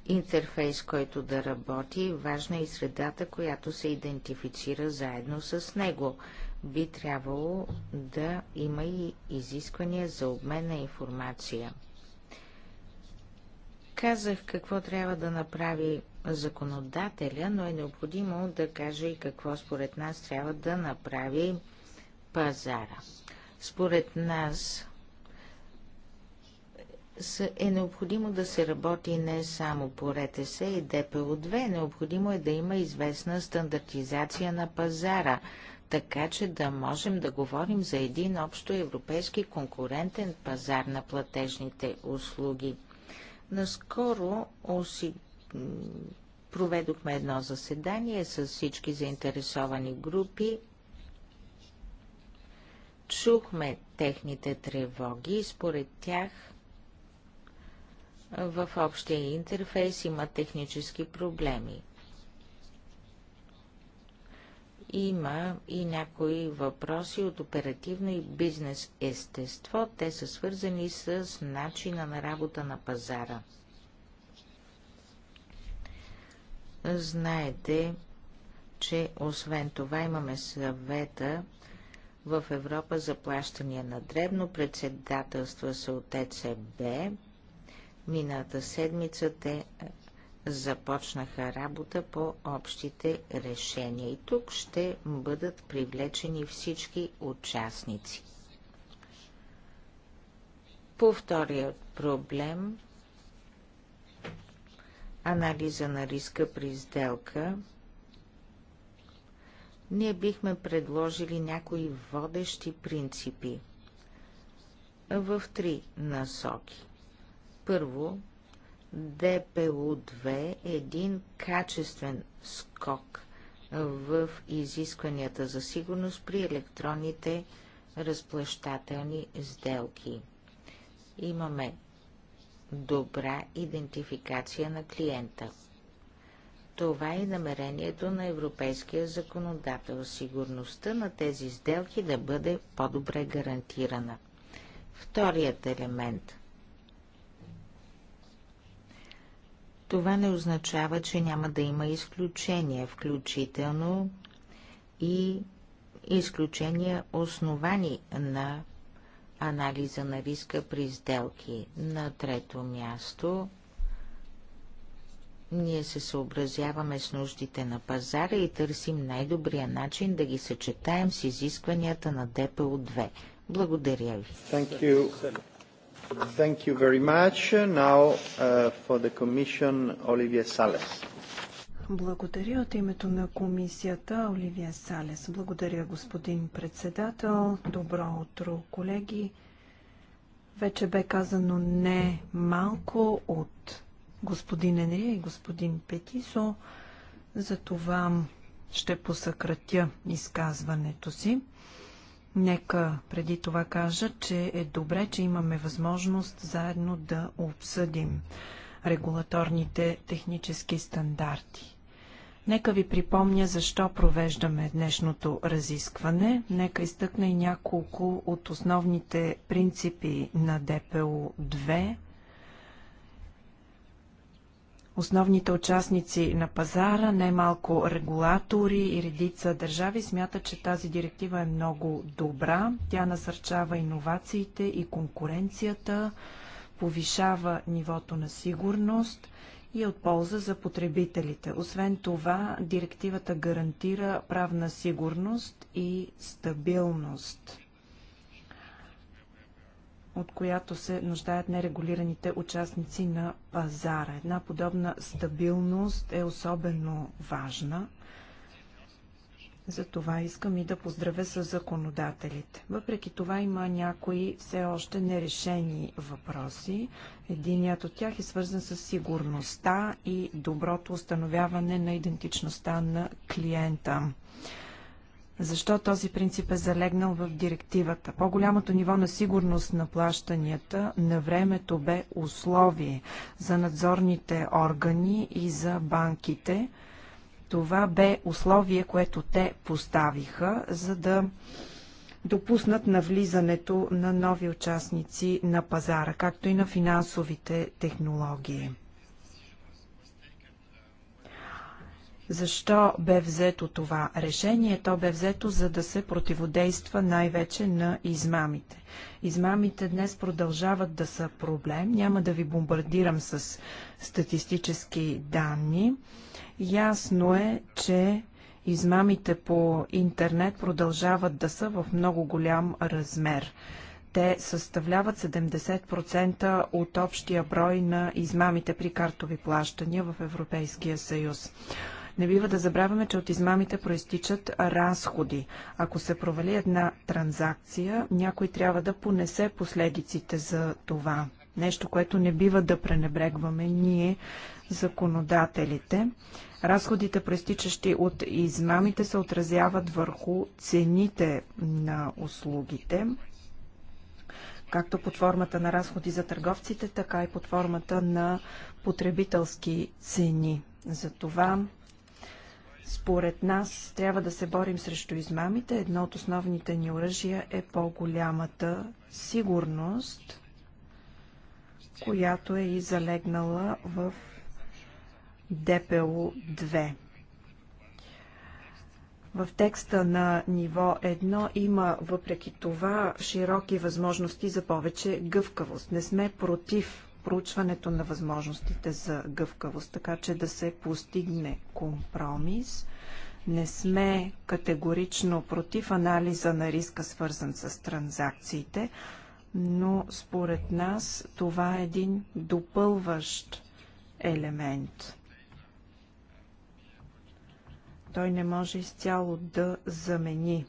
интерфейс, който да работи, важна е и средата, която се идентифицира заедно с него. Би трябвало да има и изисквания за обмен на информация. Казах какво трябва да направи законодателя, но е необходимо да каже и какво според нас трябва да направи пазара. Според нас е необходимо да се работи не само по РТС и ДПО-2, необходимо е да има известна стандартизация на пазара, така че да можем да говорим за един общо европейски конкурентен пазар на платежните услуги. Наскоро осигурим проведохме едно заседание с всички заинтересовани групи. Чухме техните тревоги и според тях в общия интерфейс има технически проблеми. Има и някои въпроси от оперативно и бизнес естество. Те са свързани с начина на работа на пазара – Знаете, че освен това имаме съвета в Европа за плащания на дребно председателства се от ЕЦБ. Мината седмица те е, започнаха работа по общите решения и тук ще бъдат привлечени всички участници. По вторият проблем анализа на риска при сделка, ние бихме предложили някои водещи принципи в три насоки. Първо, ДПУ-2 е един качествен скок в изискванията за сигурност при електронните разплащателни сделки. Имаме добра идентификация на клиента. Това е намерението на европейския законодател – сигурността на тези сделки да бъде по-добре гарантирана. Вторият елемент Това не означава, че няма да има изключения, включително и изключения основани на анализа на риска при сделки. На трето място ние се съобразяваме с нуждите на пазара и търсим най-добрия начин да ги съчетаем с изискванията на ДПО-2. Благодаря ви. Thank you. Thank you very much. Now uh, for the Commission, Sales. Благодаря от името на комисията Оливия Салес. Благодаря, господин председател. Добро утро, колеги. Вече бе казано не малко от господин Енрия и господин Петисо. За това ще посъкратя изказването си. Нека преди това кажа, че е добре, че имаме възможност заедно да обсъдим регулаторните технически стандарти. Нека ви припомня защо провеждаме днешното разискване. Нека изтъкна и няколко от основните принципи на ДПО-2. Основните участници на пазара, най-малко регулатори и редица държави смятат, че тази директива е много добра. Тя насърчава иновациите и конкуренцията, повишава нивото на сигурност – и от полза за потребителите. Освен това, директивата гарантира правна сигурност и стабилност от която се нуждаят нерегулираните участници на пазара. Една подобна стабилност е особено важна за това искам и да поздравя с законодателите. Въпреки това има някои все още нерешени въпроси. Единият от тях е свързан с сигурността и доброто установяване на идентичността на клиента. Защо този принцип е залегнал в директивата? По-голямото ниво на сигурност на плащанията на времето бе условие за надзорните органи и за банките – това бе условие, което те поставиха, за да допуснат навлизането на нови участници на пазара, както и на финансовите технологии. Защо бе взето това решение? То бе взето за да се противодейства най-вече на измамите. Измамите днес продължават да са проблем. Няма да ви бомбардирам с статистически данни. Ясно е, че измамите по интернет продължават да са в много голям размер. Те съставляват 70% от общия брой на измамите при картови плащания в Европейския съюз. Не бива да забравяме, че от измамите проистичат разходи. Ако се провали една транзакция, някой трябва да понесе последиците за това. Нещо, което не бива да пренебрегваме ние, законодателите. Разходите, проистичащи от измамите, се отразяват върху цените на услугите, както под формата на разходи за търговците, така и под формата на потребителски цени. Затова според нас трябва да се борим срещу измамите. Едно от основните ни оръжия е по-голямата сигурност която е и залегнала в ДПО-2. В текста на ниво 1 има въпреки това широки възможности за повече гъвкавост. Не сме против проучването на възможностите за гъвкавост, така че да се постигне компромис. Не сме категорично против анализа на риска, свързан с транзакциите, но според нас това е един допълващ елемент. Той не може изцяло да замени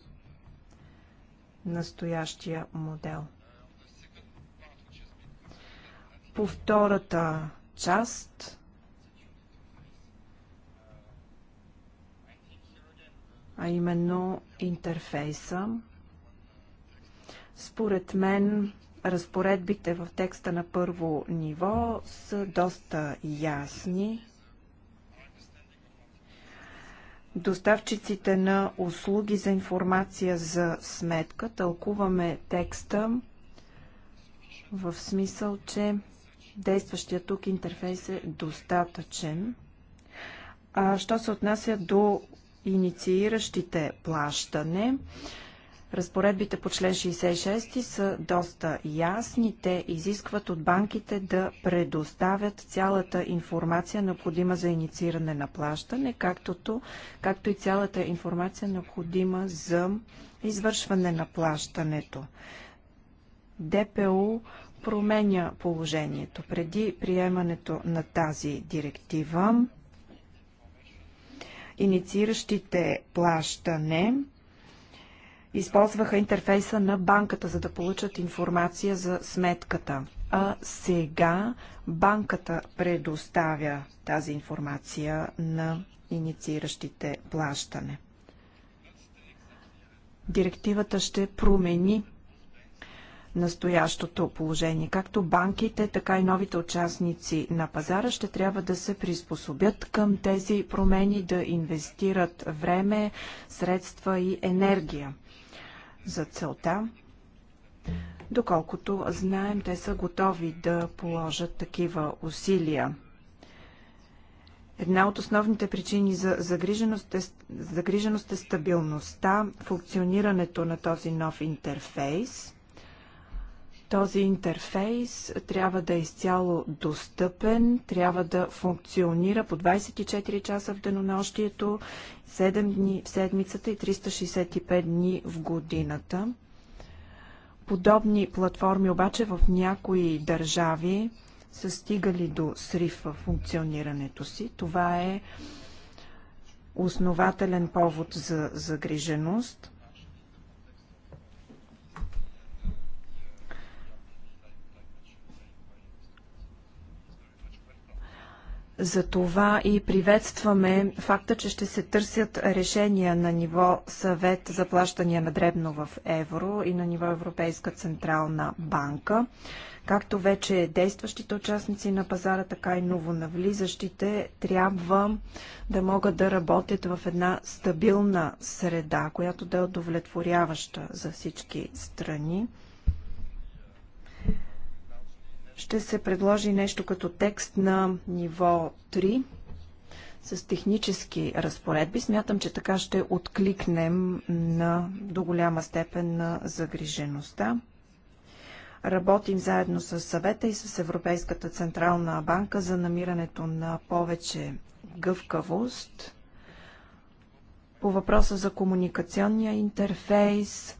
настоящия модел. По втората част а именно интерфейса. Според мен разпоредбите в текста на първо ниво са доста ясни. Доставчиците на услуги за информация за сметка тълкуваме текста в смисъл, че действащия тук интерфейс е достатъчен. А що се отнася до иницииращите плащане, Разпоредбите по член 66 са доста ясни. Те изискват от банките да предоставят цялата информация необходима за иницииране на плащане, както, както и цялата информация необходима за извършване на плащането. ДПУ променя положението. Преди приемането на тази директива, иницииращите плащане – използваха интерфейса на банката, за да получат информация за сметката. А сега банката предоставя тази информация на иницииращите плащане. Директивата ще промени настоящото положение. Както банките, така и новите участници на пазара ще трябва да се приспособят към тези промени, да инвестират време, средства и енергия за целта, доколкото знаем, те са готови да положат такива усилия. Една от основните причини за загриженост е, загриженост е стабилността, функционирането на този нов интерфейс – този интерфейс трябва да е изцяло достъпен, трябва да функционира по 24 часа в денонощието, 7 дни в седмицата и 365 дни в годината. Подобни платформи обаче в някои държави са стигали до срив в функционирането си. Това е основателен повод за загриженост – За това и приветстваме факта, че ще се търсят решения на ниво съвет за плащания на дребно в евро и на ниво Европейска централна банка. Както вече действащите участници на пазара, така и новонавлизащите трябва да могат да работят в една стабилна среда, която да е удовлетворяваща за всички страни ще се предложи нещо като текст на ниво 3 с технически разпоредби. Смятам, че така ще откликнем на, до голяма степен на загрижеността. Работим заедно с съвета и с Европейската централна банка за намирането на повече гъвкавост. По въпроса за комуникационния интерфейс,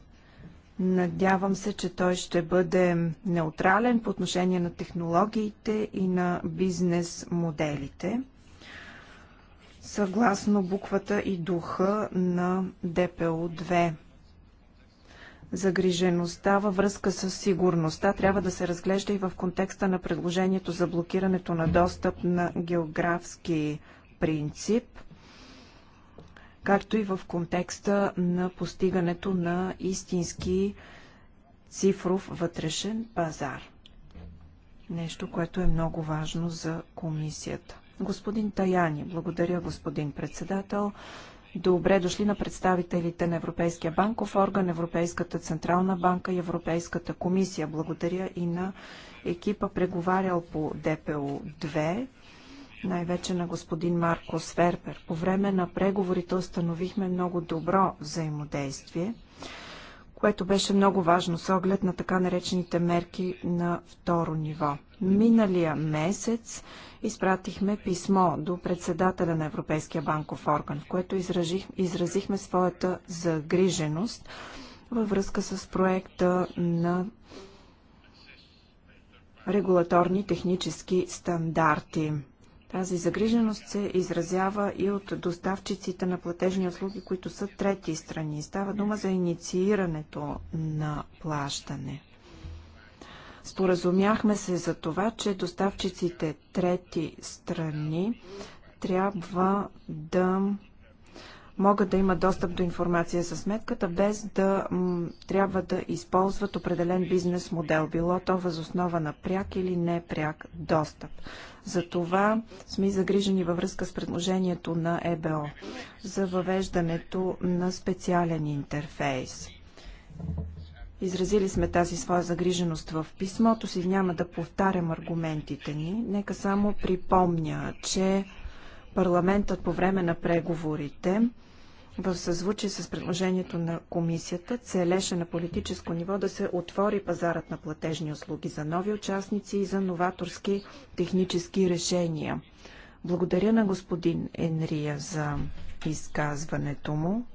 Надявам се, че той ще бъде неутрален по отношение на технологиите и на бизнес моделите, съгласно буквата и духа на ДПО-2. Загрижеността във връзка с сигурността трябва да се разглежда и в контекста на предложението за блокирането на достъп на географски принцип както и в контекста на постигането на истински цифров вътрешен пазар. Нещо, което е много важно за комисията. Господин Таяни, благодаря господин председател. Добре дошли на представителите на Европейския банков орган, Европейската централна банка и Европейската комисия. Благодаря и на екипа преговарял по ДПО-2 най-вече на господин Марко Свербер. По време на преговорите установихме много добро взаимодействие, което беше много важно с оглед на така наречените мерки на второ ниво. Миналия месец изпратихме писмо до председателя на Европейския банков орган, в което изразих, изразихме своята загриженост във връзка с проекта на регулаторни технически стандарти. Тази загриженост се изразява и от доставчиците на платежни услуги, които са трети страни. Става дума за инициирането на плащане. Споразумяхме се за това, че доставчиците трети страни трябва да могат да имат достъп до информация за сметката, без да трябва да използват определен бизнес модел, било то възоснова на пряк или непряк достъп. Затова сме загрижени във връзка с предложението на ЕБО за въвеждането на специален интерфейс. Изразили сме тази своя загриженост в писмото си, няма да повтарям аргументите ни. Нека само припомня, че парламентът по време на преговорите в съзвучие с предложението на комисията целеше на политическо ниво да се отвори пазарът на платежни услуги за нови участници и за новаторски технически решения. Благодаря на господин Енрия за изказването му.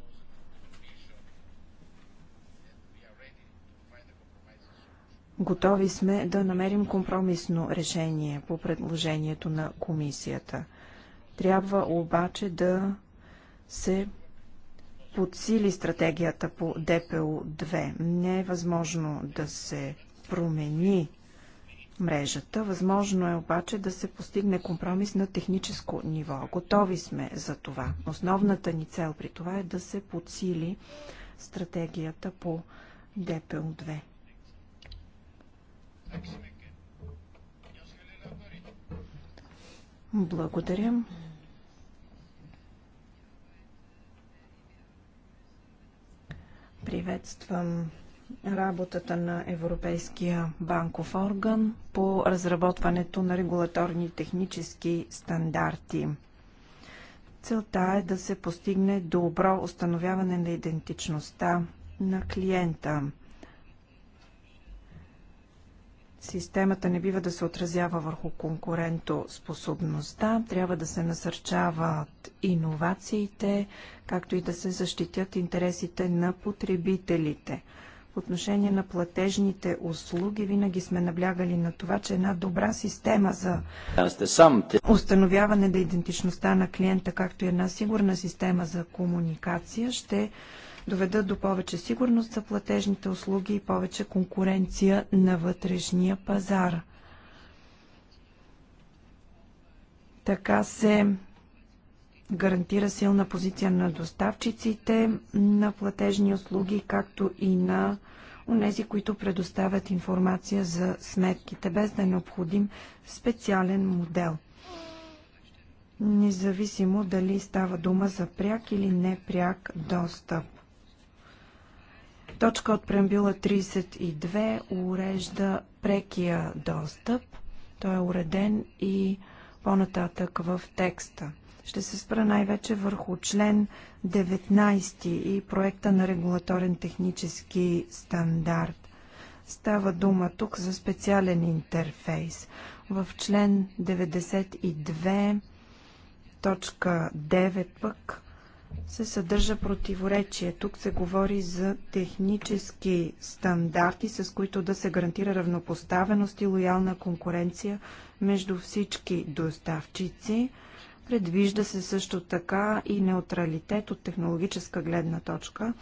Готови сме да намерим компромисно решение по предложението на комисията. Трябва обаче да се подсили стратегията по ДПО-2. Не е възможно да се промени мрежата. Възможно е обаче да се постигне компромис на техническо ниво. Готови сме за това. Основната ни цел при това е да се подсили стратегията по ДПО-2. Благодаря. Приветствам работата на Европейския банков орган по разработването на регулаторни технически стандарти. Целта е да се постигне добро установяване на идентичността на клиента. Системата не бива да се отразява върху конкурентоспособността, трябва да се насърчават иновациите, както и да се защитят интересите на потребителите. По отношение на платежните услуги винаги сме наблягали на това, че една добра система за установяване на идентичността на клиента, както и една сигурна система за комуникация ще доведат до повече сигурност за платежните услуги и повече конкуренция на вътрешния пазар. Така се гарантира силна позиция на доставчиците на платежни услуги, както и на унези, които предоставят информация за сметките, без да е необходим специален модел. Независимо дали става дума за пряк или непряк достъп. Точка от преамбюла 32 урежда прекия достъп. Той е уреден и по-нататък в текста. Ще се спра най-вече върху член 19 и проекта на регулаторен технически стандарт. Става дума тук за специален интерфейс. В член 92 точка 9 пък се съдържа противоречие. Тук се говори за технически стандарти, с които да се гарантира равнопоставеност и лоялна конкуренция между всички доставчици. Предвижда се също така и неутралитет от технологическа гледна точка,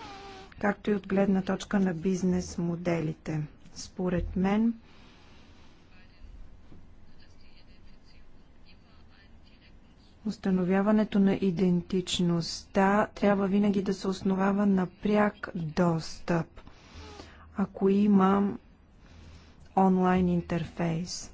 както и от гледна точка на бизнес моделите. Според мен, Установяването на идентичността трябва винаги да се основава на пряк достъп, ако има онлайн интерфейс.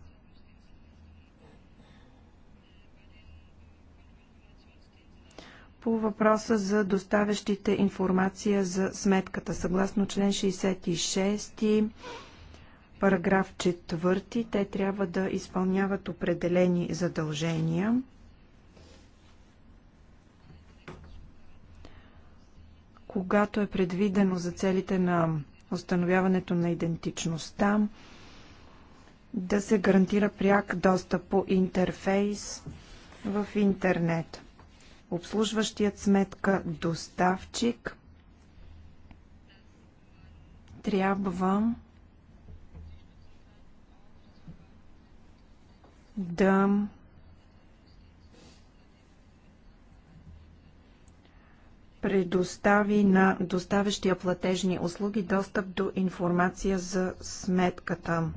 По въпроса за доставящите информация за сметката, съгласно член 66 параграф 4, те трябва да изпълняват определени задължения. когато е предвидено за целите на установяването на идентичността, да се гарантира пряк достъп по интерфейс в интернет. Обслужващият сметка доставчик трябва да предостави на доставящия платежни услуги достъп до информация за сметката.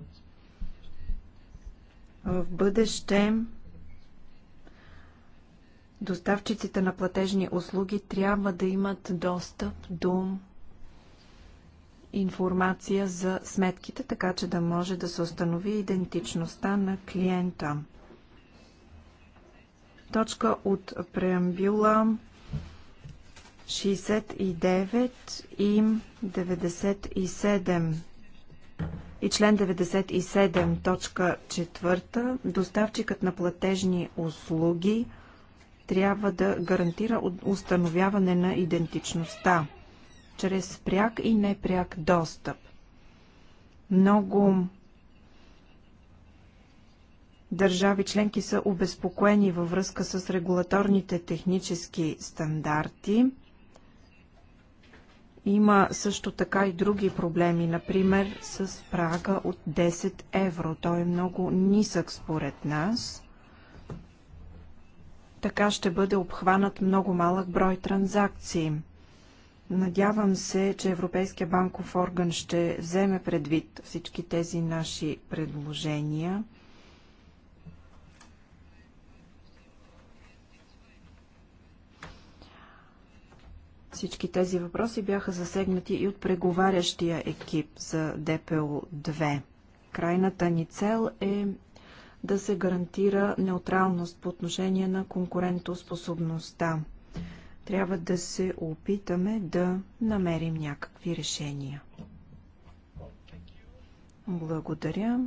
В бъдеще доставчиците на платежни услуги трябва да имат достъп до информация за сметките, така че да може да се установи идентичността на клиента. Точка от преамбюла 69 и 97 и член 97, точка 4, доставчикът на платежни услуги трябва да гарантира установяване на идентичността чрез пряк и непряк достъп. Много държави членки са обезпокоени във връзка с регулаторните технически стандарти – има също така и други проблеми, например с прага от 10 евро. Той е много нисък според нас. Така ще бъде обхванат много малък брой транзакции. Надявам се, че Европейския банков орган ще вземе предвид всички тези наши предложения. Всички тези въпроси бяха засегнати и от преговарящия екип за ДПО-2. Крайната ни цел е да се гарантира неутралност по отношение на конкурентоспособността. Трябва да се опитаме да намерим някакви решения. Благодаря.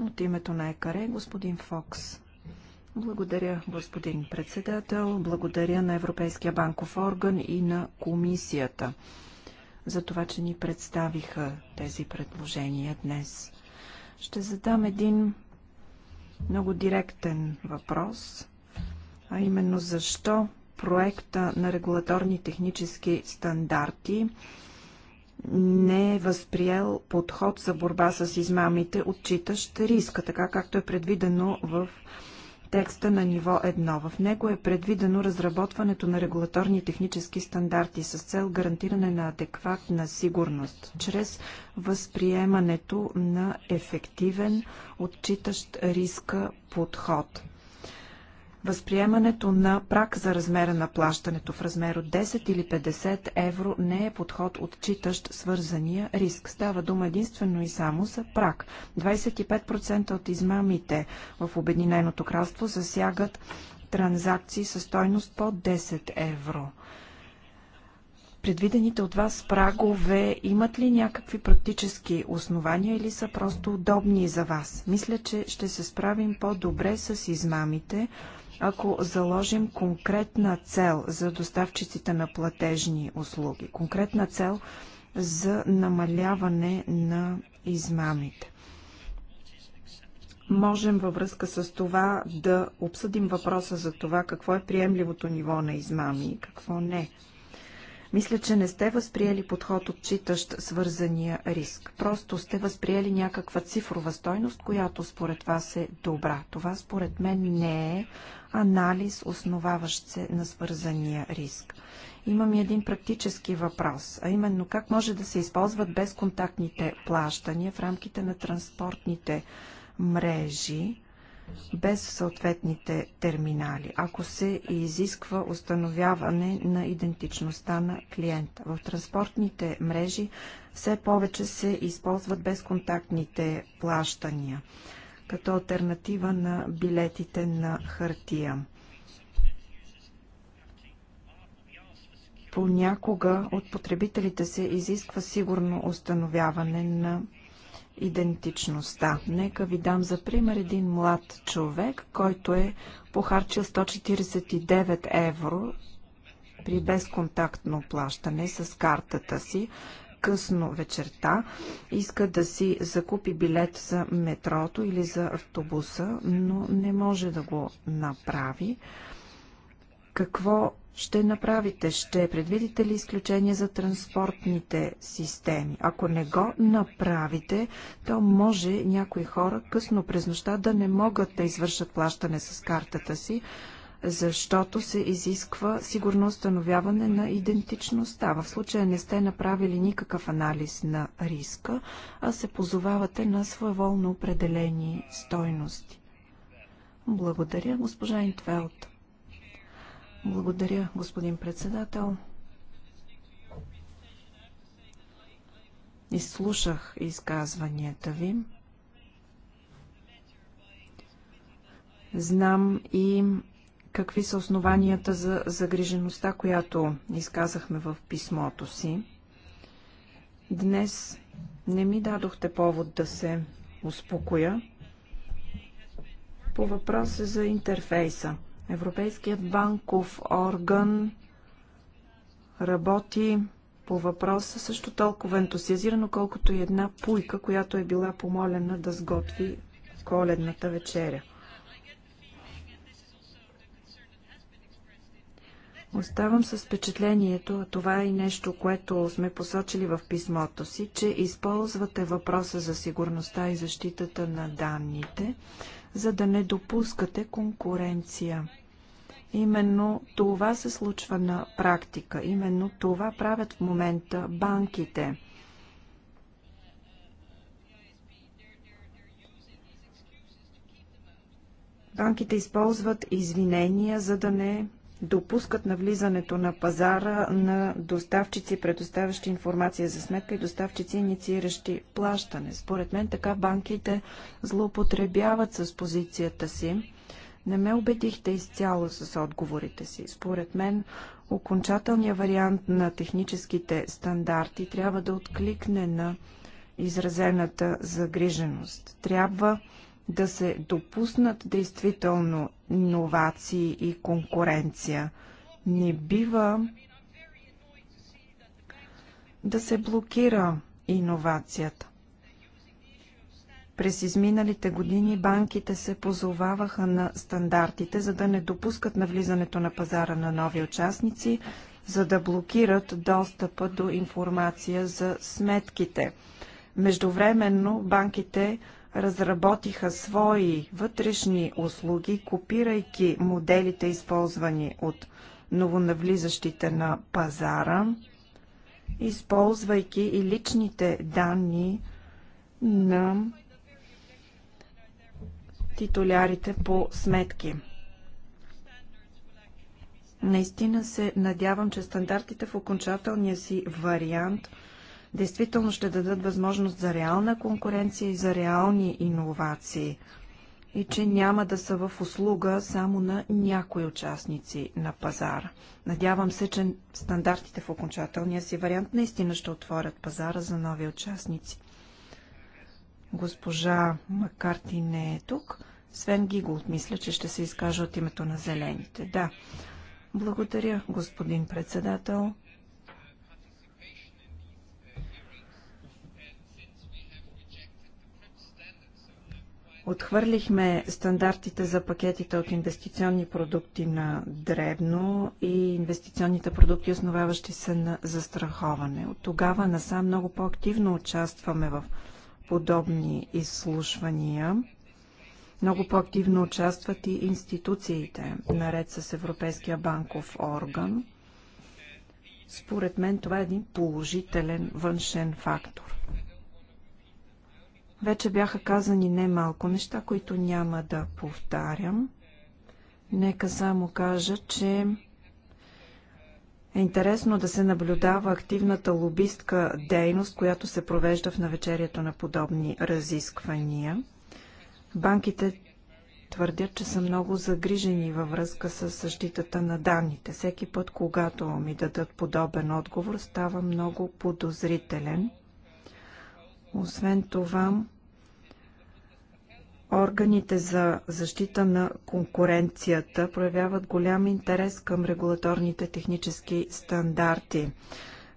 От името на ЕКАРЕ, господин Фокс. Благодаря, господин председател. Благодаря на Европейския банков орган и на комисията за това, че ни представиха тези предложения днес. Ще задам един много директен въпрос, а именно защо проекта на регулаторни технически стандарти не е възприел подход за борба с измамите, отчитащ риска, така както е предвидено в текста на ниво 1. В него е предвидено разработването на регулаторни технически стандарти с цел гарантиране на адекватна сигурност чрез възприемането на ефективен, отчитащ риска подход. Възприемането на прак за размера на плащането в размер от 10 или 50 евро не е подход отчитащ свързания риск. Става дума единствено и само за прак. 25% от измамите в Обединеното кралство засягат транзакции със стойност под 10 евро предвидените от вас прагове имат ли някакви практически основания или са просто удобни за вас? Мисля, че ще се справим по-добре с измамите, ако заложим конкретна цел за доставчиците на платежни услуги, конкретна цел за намаляване на измамите. Можем във връзка с това да обсъдим въпроса за това какво е приемливото ниво на измами и какво не. Мисля, че не сте възприели подход отчитащ свързания риск. Просто сте възприели някаква цифрова стойност, която според вас е добра. Това според мен не е анализ, основаващ се на свързания риск. Имам и един практически въпрос, а именно как може да се използват безконтактните плащания в рамките на транспортните мрежи, без съответните терминали, ако се изисква установяване на идентичността на клиента. В транспортните мрежи все повече се използват безконтактните плащания като альтернатива на билетите на хартия. Понякога от потребителите се изисква сигурно установяване на идентичността. Нека ви дам за пример един млад човек, който е похарчил 149 евро при безконтактно плащане с картата си късно вечерта, иска да си закупи билет за метрото или за автобуса, но не може да го направи. Какво ще направите? Ще предвидите ли изключение за транспортните системи? Ако не го направите, то може някои хора късно през нощта да не могат да извършат плащане с картата си, защото се изисква сигурно установяване на идентичността. В случая не сте направили никакъв анализ на риска, а се позовавате на своеволно определени стойности. Благодаря, госпожа Интвелт. Благодаря, господин председател. Изслушах изказванията ви. Знам и какви са основанията за загрижеността, която изказахме в писмото си. Днес не ми дадохте повод да се успокоя. По въпроса за интерфейса. Европейският банков орган работи по въпроса също толкова ентусиазирано, колкото и една пуйка, която е била помолена да сготви коледната вечеря. Оставам с впечатлението, това е нещо, което сме посочили в писмото си, че използвате въпроса за сигурността и защитата на данните, за да не допускате конкуренция. Именно това се случва на практика, именно това правят в момента банките. Банките използват извинения, за да не допускат навлизането на пазара на доставчици, предоставящи информация за сметка и доставчици, иницииращи плащане. Според мен така банките злоупотребяват с позицията си. Не ме убедихте изцяло с отговорите си. Според мен окончателният вариант на техническите стандарти трябва да откликне на изразената загриженост. Трябва да се допуснат действително иновации и конкуренция. Не бива да се блокира иновацията. През изминалите години банките се позоваваха на стандартите, за да не допускат навлизането на пазара на нови участници, за да блокират достъпа до информация за сметките. Междувременно банките разработиха свои вътрешни услуги, копирайки моделите, използвани от новонавлизащите на пазара, използвайки и личните данни на титулярите по сметки. Наистина се надявам, че стандартите в окончателния си вариант – действително ще дадат възможност за реална конкуренция и за реални иновации и че няма да са в услуга само на някои участници на пазара. Надявам се, че стандартите в окончателния си вариант наистина ще отворят пазара за нови участници. Госпожа Макарти не е тук. Свен Гигулт мисля, че ще се изкаже от името на зелените. Да. Благодаря, господин председател. Отхвърлихме стандартите за пакетите от инвестиционни продукти на дребно и инвестиционните продукти, основаващи се на застраховане. От тогава насам много по-активно участваме в подобни изслушвания. Много по-активно участват и институциите, наред с Европейския банков орган. Според мен това е един положителен външен фактор. Вече бяха казани немалко неща, които няма да повтарям. Нека само кажа, че е интересно да се наблюдава активната лобистка дейност, която се провежда в навечерието на подобни разисквания. Банките твърдят, че са много загрижени във връзка с защитата на данните. Всеки път, когато ми дадат подобен отговор, става много подозрителен – освен това, органите за защита на конкуренцията проявяват голям интерес към регулаторните технически стандарти.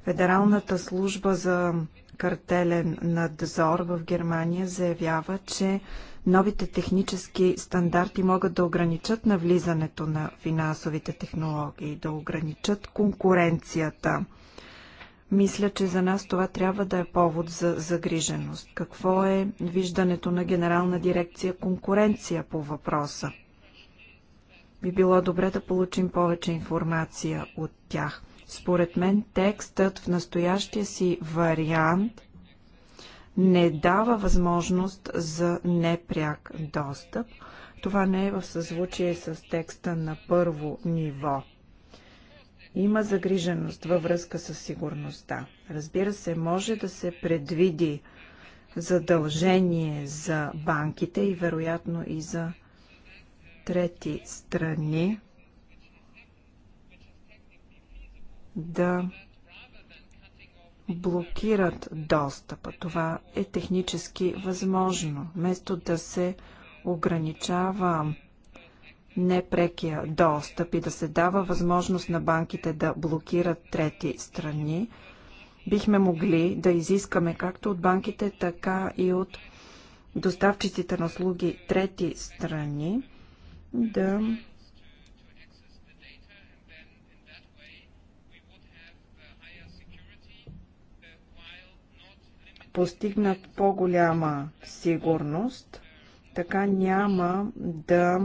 Федералната служба за картелен надзор в Германия заявява, че новите технически стандарти могат да ограничат навлизането на финансовите технологии, да ограничат конкуренцията. Мисля, че за нас това трябва да е повод за загриженост. Какво е виждането на Генерална дирекция конкуренция по въпроса? Би било добре да получим повече информация от тях. Според мен текстът в настоящия си вариант не дава възможност за непряк достъп. Това не е в съзвучие с текста на първо ниво. Има загриженост във връзка с сигурността. Разбира се, може да се предвиди задължение за банките и вероятно и за трети страни да блокират достъпа. Това е технически възможно. Вместо да се ограничава непрекия достъп и да се дава възможност на банките да блокират трети страни, бихме могли да изискаме както от банките, така и от доставчиците на услуги трети страни да постигнат по-голяма сигурност, така няма да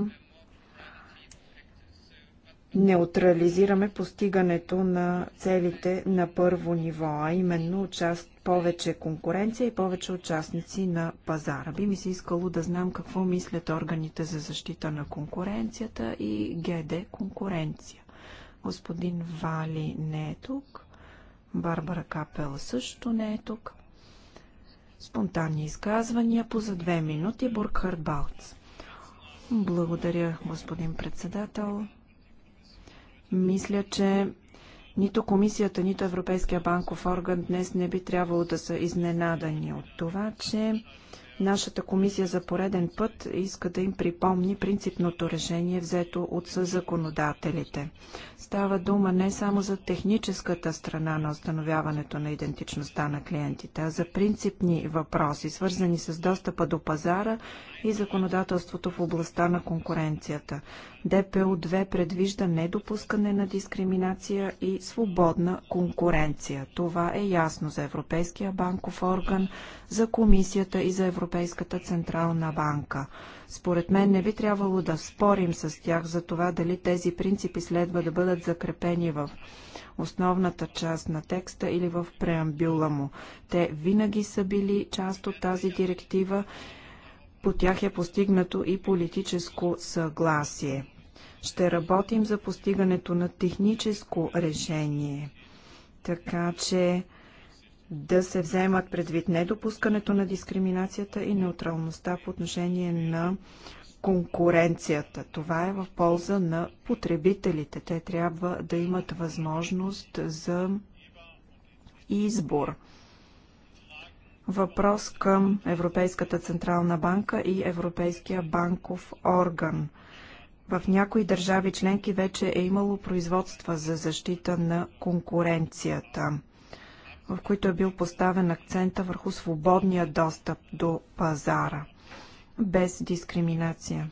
неутрализираме постигането на целите на първо ниво, а именно част, повече конкуренция и повече участници на пазара. Би ми се искало да знам какво мислят органите за защита на конкуренцията и ГД конкуренция. Господин Вали не е тук, Барбара Капел също не е тук. Спонтанни изказвания по за две минути Бургхард Балц. Благодаря, господин председател. Мисля, че нито комисията, нито Европейския банков орган днес не би трябвало да са изненадани от това, че нашата комисия за пореден път иска да им припомни принципното решение, взето от законодателите. Става дума не само за техническата страна на установяването на идентичността на клиентите, а за принципни въпроси, свързани с достъпа до пазара и законодателството в областта на конкуренцията. ДПО-2 предвижда недопускане на дискриминация и свободна конкуренция. Това е ясно за Европейския банков орган, за комисията и за Европейската централна банка. Според мен не би трябвало да спорим с тях за това дали тези принципи следва да бъдат закрепени в основната част на текста или в преамбюла му. Те винаги са били част от тази директива по тях е постигнато и политическо съгласие. Ще работим за постигането на техническо решение, така че да се вземат предвид недопускането на дискриминацията и неутралността по отношение на конкуренцията. Това е в полза на потребителите. Те трябва да имат възможност за избор. Въпрос към Европейската Централна банка и Европейския банков орган. В някои държави членки вече е имало производства за защита на конкуренцията, в които е бил поставен акцента върху свободния достъп до пазара, без дискриминация.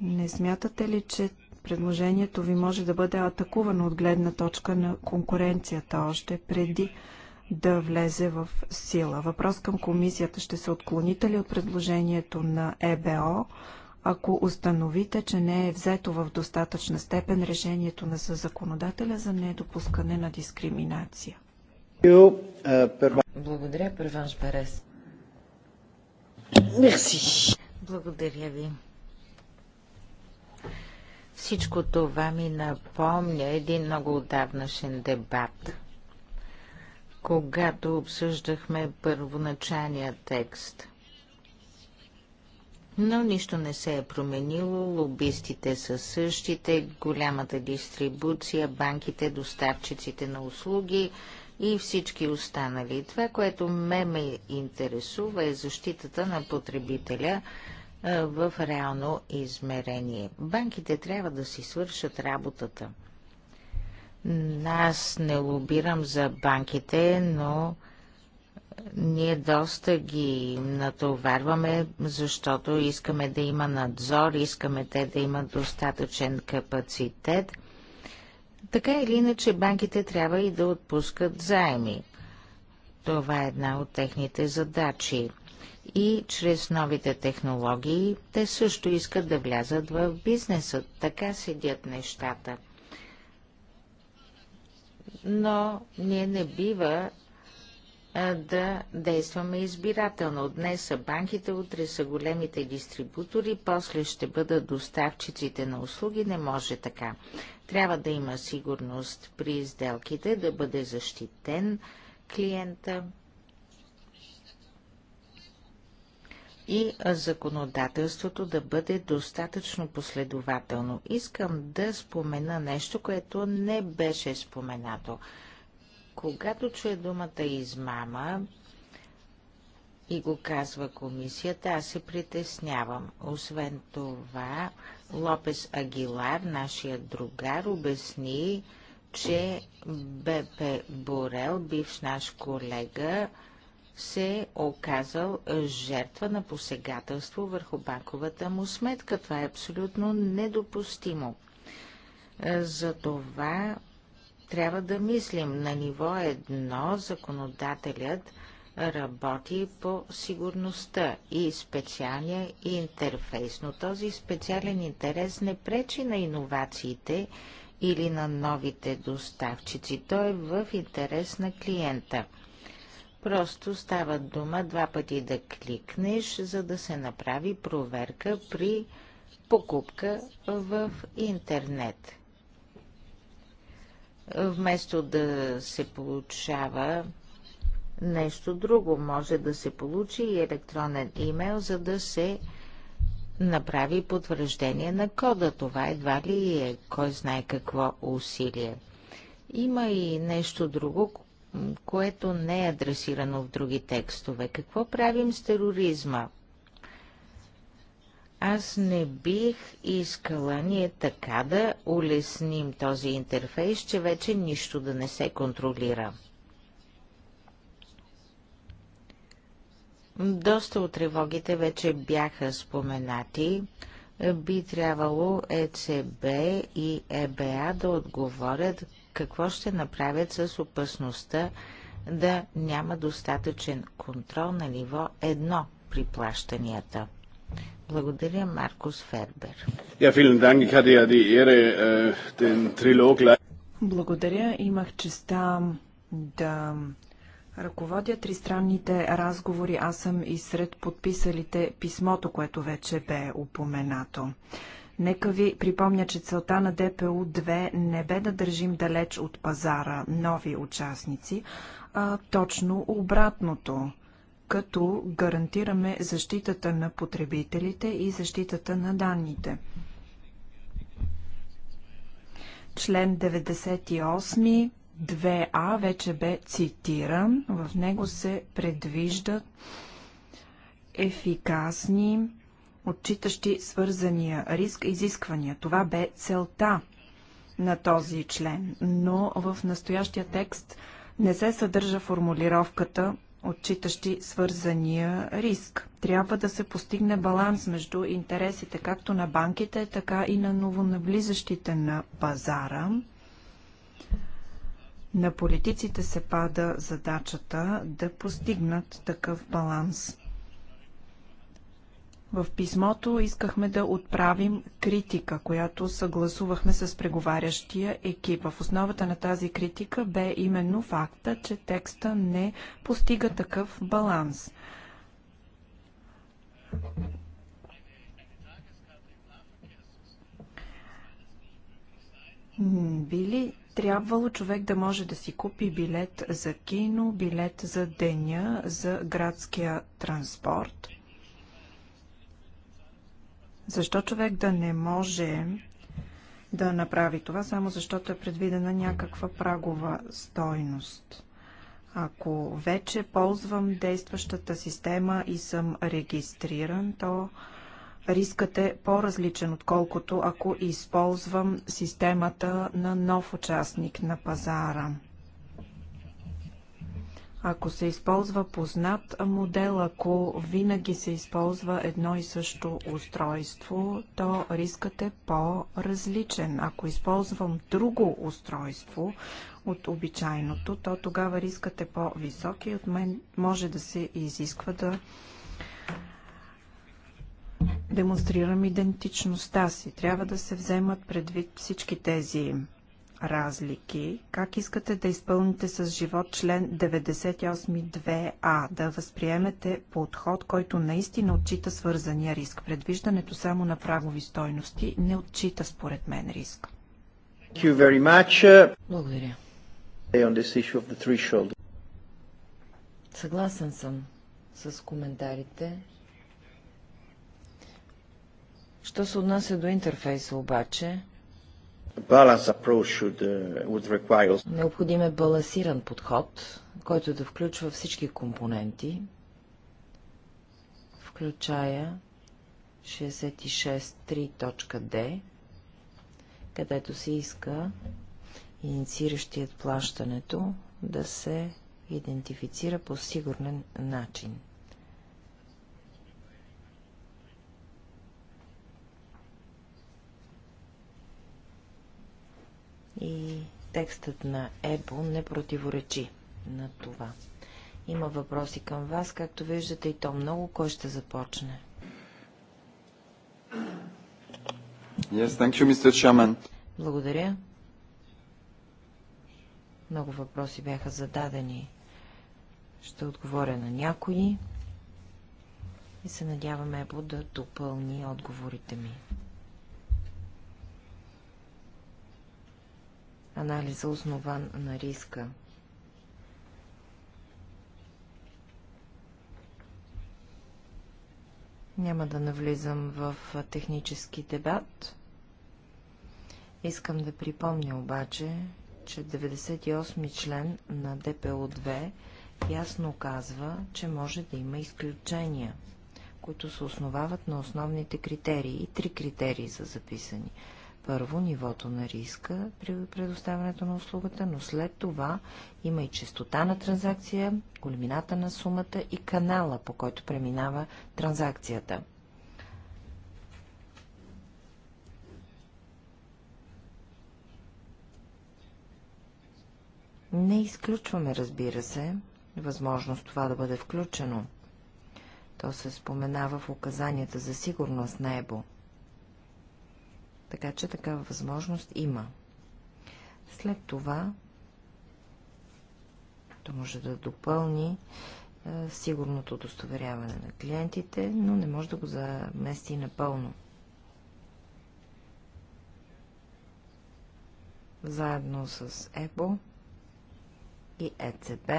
Не смятате ли, че предложението ви може да бъде атакувано от гледна точка на конкуренцията още преди да влезе в сила. Въпрос към комисията. Ще се отклоните ли от предложението на ЕБО, ако установите, че не е взето в достатъчна степен решението на законодателя за недопускане на дискриминация? Благодаря, Първанш Берес. Мерси. Благодаря ви. Всичко това ми напомня един много отдавнашен дебат – когато обсъждахме първоначалния текст. Но нищо не се е променило, лобистите са същите, голямата дистрибуция, банките, доставчиците на услуги и всички останали. Това, което ме ме интересува е защитата на потребителя в реално измерение. Банките трябва да си свършат работата. Аз не лобирам за банките, но ние доста ги натоварваме, защото искаме да има надзор, искаме те да имат достатъчен капацитет. Така или иначе банките трябва и да отпускат заеми. Това е една от техните задачи. И чрез новите технологии те също искат да влязат в бизнеса. Така седят нещата но ние не бива да действаме избирателно. Днес са банките, утре са големите дистрибутори, после ще бъдат доставчиците на услуги. Не може така. Трябва да има сигурност при изделките, да бъде защитен клиента. и законодателството да бъде достатъчно последователно. Искам да спомена нещо, което не беше споменато. Когато чуе думата измама и го казва комисията, аз се притеснявам. Освен това, Лопес Агилар, нашия другар, обясни, че БП Борел, бивш наш колега, се е оказал е, жертва на посегателство върху банковата му сметка. Това е абсолютно недопустимо. Е, за това трябва да мислим на ниво едно законодателят работи по сигурността и специалния интерфейс, но този специален интерес не пречи на иновациите или на новите доставчици. Той е в интерес на клиента. Просто става дума два пъти да кликнеш, за да се направи проверка при покупка в интернет. Вместо да се получава нещо друго, може да се получи и електронен имейл, за да се направи потвърждение на кода. Това едва ли е кой знае какво усилие. Има и нещо друго, което не е адресирано в други текстове. Какво правим с тероризма? Аз не бих искала ние така да улесним този интерфейс, че вече нищо да не се контролира. Доста от тревогите вече бяха споменати. Би трябвало ЕЦБ и ЕБА да отговорят какво ще направят с опасността да няма достатъчен контрол на ниво едно при плащанията. Благодаря, Маркус Фербер. Äh, Благодаря. Имах честа да ръководя тристранните разговори. Аз съм и сред подписалите писмото, което вече бе упоменато. Нека ви припомня, че целта на ДПУ-2 не бе да държим далеч от пазара нови участници, а точно обратното като гарантираме защитата на потребителите и защитата на данните. Член 98 2а вече бе цитиран. В него се предвиждат ефикасни отчитащи свързания риск изисквания. Това бе целта на този член, но в настоящия текст не се съдържа формулировката отчитащи свързания риск. Трябва да се постигне баланс между интересите както на банките, така и на новонаблизащите на пазара. На политиците се пада задачата да постигнат такъв баланс. В писмото искахме да отправим критика, която съгласувахме с преговарящия екип. В основата на тази критика бе именно факта, че текста не постига такъв баланс. Били трябвало човек да може да си купи билет за кино, билет за деня, за градския транспорт – защо човек да не може да направи това, само защото е предвидена някаква прагова стойност? Ако вече ползвам действащата система и съм регистриран, то рискът е по-различен, отколкото ако използвам системата на нов участник на пазара ако се използва познат модел, ако винаги се използва едно и също устройство, то рискът е по-различен. Ако използвам друго устройство от обичайното, то тогава рискът е по-висок и от мен може да се изисква да демонстрирам идентичността си. Трябва да се вземат предвид всички тези разлики, как искате да изпълните с живот член 98.2а, да възприемете подход, който наистина отчита свързания риск? Предвиждането само на прагови стойности не отчита според мен риск. Благодаря. Съгласен съм с коментарите. Що се отнася до интерфейса обаче, Uh, Необходим е балансиран подход, който да включва всички компоненти, включая 66.3.d, където се иска иницииращият плащането да се идентифицира по сигурен начин. и текстът на ЕБО не противоречи на това. Има въпроси към вас, както виждате и то много. Кой ще започне? Yes, thank you, Mr. Chairman. Благодаря. Много въпроси бяха зададени. Ще отговоря на някои и се надяваме Ебо да допълни отговорите ми. анализа, основан на риска. Няма да навлизам в технически дебат. Искам да припомня обаче, че 98 член на ДПО-2 ясно казва, че може да има изключения, които се основават на основните критерии. И три критерии са записани – първо нивото на риска при предоставянето на услугата, но след това има и частота на транзакция, големината на сумата и канала, по който преминава транзакцията. Не изключваме, разбира се, възможност това да бъде включено. То се споменава в указанията за сигурност на ЕБО. Така че такава възможност има. След това, то може да допълни е, сигурното удостоверяване на клиентите, но не може да го замести напълно. Заедно с ЕБО и ЕЦБ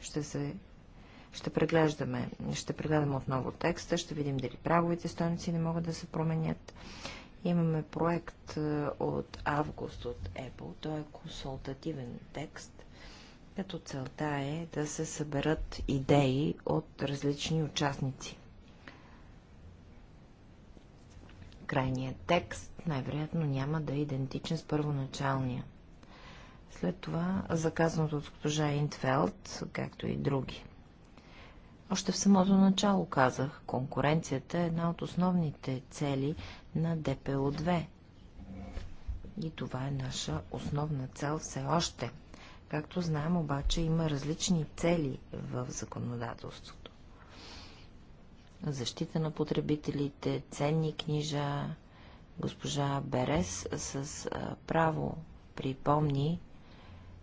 ще се ще преглеждаме, ще прегледаме отново текста, ще видим дали правовите стойници не могат да се променят Имаме проект е, от август от Apple. Той е консултативен текст, като целта е да се съберат идеи от различни участници. Крайният текст най-вероятно няма да е идентичен с първоначалния. След това заказаното от госпожа Интфелд, както и други. Още в самото начало казах, конкуренцията е една от основните цели на ДПО-2. И това е наша основна цел все още. Както знаем, обаче има различни цели в законодателството. Защита на потребителите, ценни книжа. Госпожа Берес с право припомни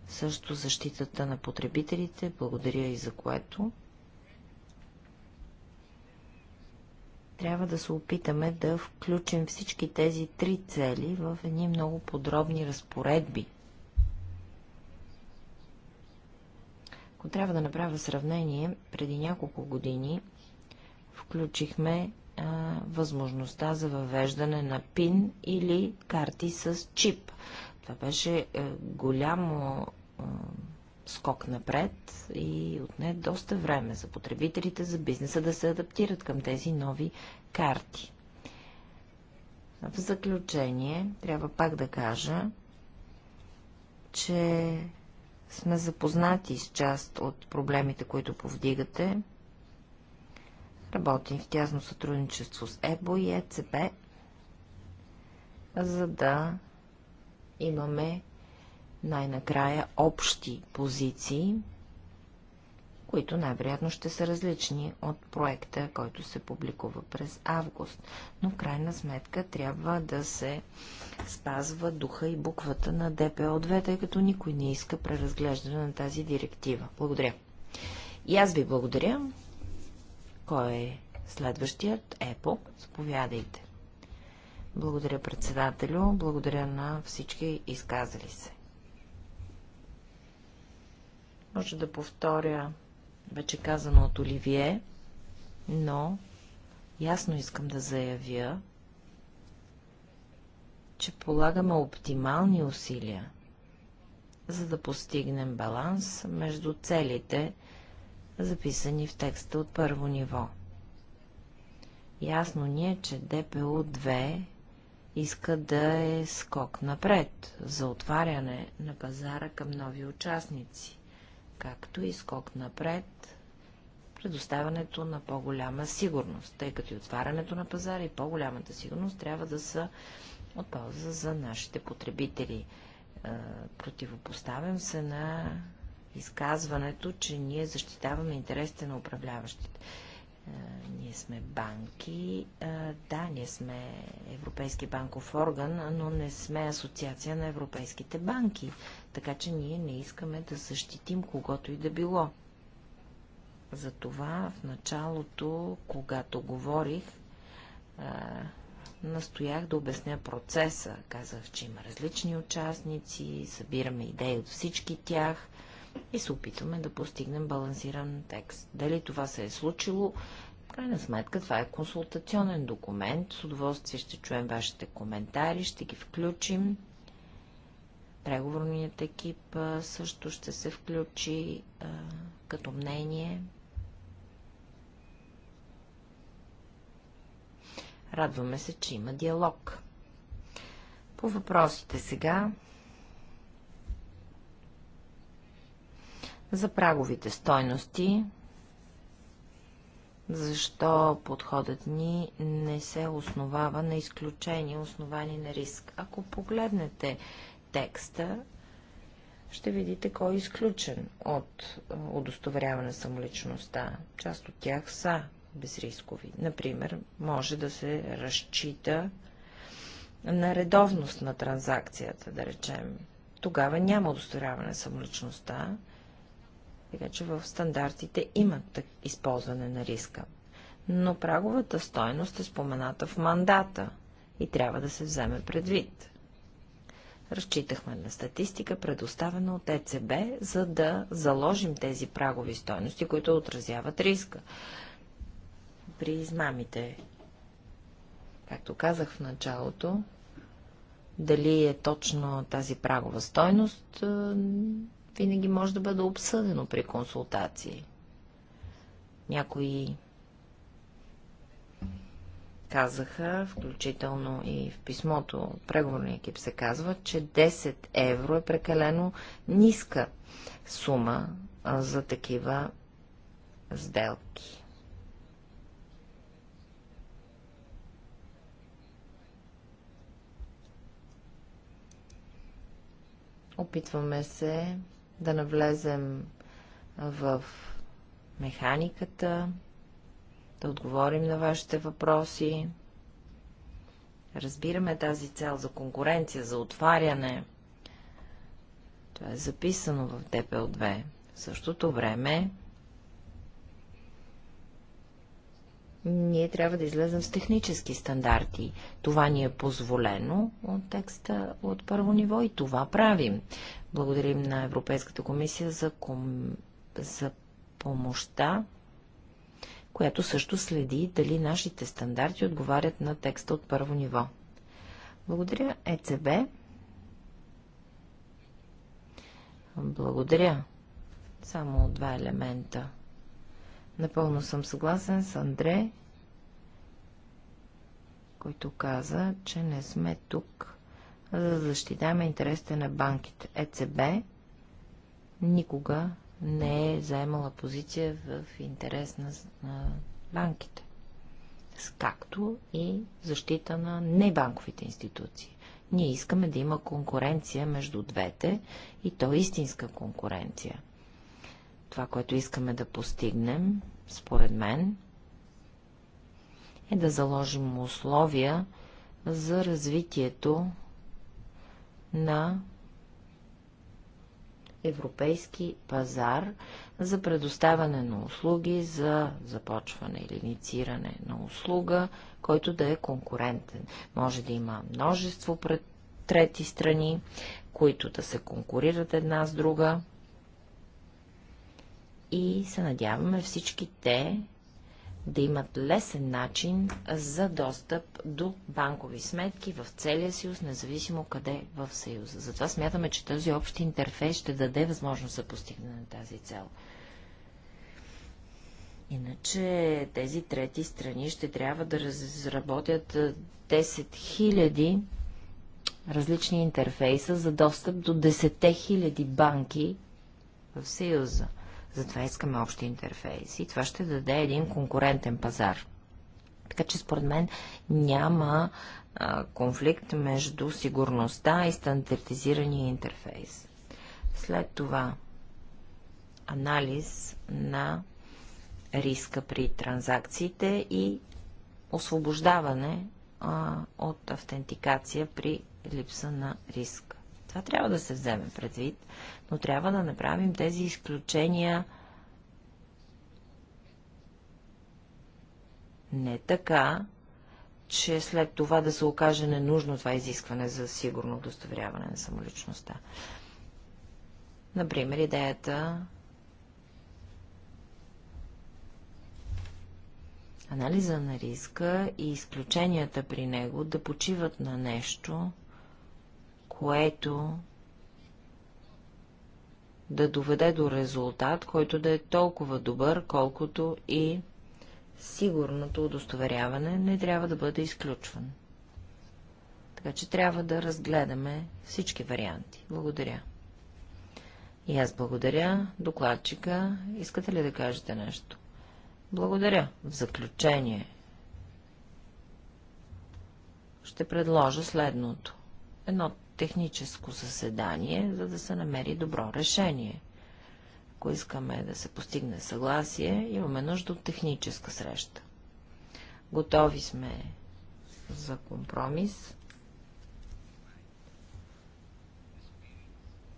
също защитата на потребителите, благодаря и за което. трябва да се опитаме да включим всички тези три цели в едни много подробни разпоредби. Ако трябва да направя сравнение, преди няколко години включихме а, възможността за въвеждане на пин или карти с чип. Това беше е, голямо е, скок напред и отне доста време за потребителите, за бизнеса да се адаптират към тези нови карти. В заключение, трябва пак да кажа, че сме запознати с част от проблемите, които повдигате. Работим в тясно сътрудничество с ЕБО и ЕЦП, за да имаме най-накрая общи позиции, които най-вероятно ще са различни от проекта, който се публикува през август. Но в крайна сметка трябва да се спазва духа и буквата на ДПО-2, тъй като никой не иска преразглеждане на тази директива. Благодаря. И аз ви благодаря. Кой е следващият? Епо. Заповядайте. Благодаря председателю, благодаря на всички изказали се. Може да повторя вече казано от Оливие, но ясно искам да заявя, че полагаме оптимални усилия, за да постигнем баланс между целите, записани в текста от първо ниво. Ясно ни е, че ДПО-2 иска да е скок напред за отваряне на пазара към нови участници както и скок напред предоставянето на по-голяма сигурност, тъй като и отварянето на пазара и по-голямата сигурност трябва да са от полза за нашите потребители. Е, противопоставям се на изказването, че ние защитаваме интересите на управляващите. Е, ние сме банки, е, да, ние сме Европейски банков орган, но не сме асоциация на европейските банки. Така че ние не искаме да защитим когото и да било. Затова в началото, когато говорих, настоях да обясня процеса. Казах, че има различни участници, събираме идеи от всички тях и се опитваме да постигнем балансиран текст. Дали това се е случило, крайна сметка това е консултационен документ. С удоволствие ще чуем вашите коментари, ще ги включим Преговорният екип също ще се включи като мнение. Радваме се, че има диалог. По въпросите сега. За праговите стойности. Защо подходът ни не се основава на изключение, основани на риск? Ако погледнете текста, ще видите кой е изключен от удостоверяване самоличността. Част от тях са безрискови. Например, може да се разчита на редовност на транзакцията, да речем. Тогава няма удостоверяване самоличността, така че в стандартите имат използване на риска. Но праговата стойност е спомената в мандата и трябва да се вземе предвид. Разчитахме на статистика, предоставена от ЕЦБ, за да заложим тези прагови стойности, които отразяват риска. При измамите, както казах в началото, дали е точно тази прагова стойност, е, винаги може да бъде обсъдено при консултации. Някои казаха, включително и в писмото от преговорния екип се казва, че 10 евро е прекалено ниска сума за такива сделки. Опитваме се да навлезем в механиката, да отговорим на вашите въпроси. Разбираме тази цел за конкуренция, за отваряне. Това е записано в ДПО-2. В същото време ние трябва да излезем с технически стандарти. Това ни е позволено от текста от първо ниво и това правим. Благодарим на Европейската комисия за, ком... за помощта която също следи дали нашите стандарти отговарят на текста от първо ниво. Благодаря, ЕЦБ. Благодаря. Само два елемента. Напълно съм съгласен с Андре, който каза, че не сме тук, за да защитаваме интересите на банките. ЕЦБ никога не е заемала позиция в интерес на, на банките, както и защита на небанковите институции. Ние искаме да има конкуренция между двете и то истинска конкуренция. Това, което искаме да постигнем, според мен, е да заложим условия за развитието на европейски пазар за предоставяне на услуги, за започване или иницииране на услуга, който да е конкурентен. Може да има множество пред трети страни, които да се конкурират една с друга. И се надяваме всички те да имат лесен начин за достъп до банкови сметки в целия съюз, независимо къде в съюза. Затова смятаме, че този общ интерфейс ще даде възможност за постигане на тази цел. Иначе тези трети страни ще трябва да разработят 10 000 различни интерфейса за достъп до 10 000 банки в Съюза – затова искаме общи интерфейси. Това ще даде един конкурентен пазар. Така че според мен няма а, конфликт между сигурността и стандартизирания интерфейс. След това анализ на риска при транзакциите и освобождаване а, от автентикация при липса на риск. Това трябва да се вземе предвид, но трябва да направим тези изключения не така, че след това да се окаже ненужно това изискване за сигурно удостоверяване на самоличността. Например, идеята анализа на риска и изключенията при него да почиват на нещо, което да доведе до резултат, който да е толкова добър, колкото и сигурното удостоверяване не трябва да бъде изключван. Така че трябва да разгледаме всички варианти. Благодаря. И аз благодаря. Докладчика, искате ли да кажете нещо? Благодаря. В заключение ще предложа следното. Едно техническо заседание, за да се намери добро решение. Ако искаме да се постигне съгласие, имаме нужда от техническа среща. Готови сме за компромис.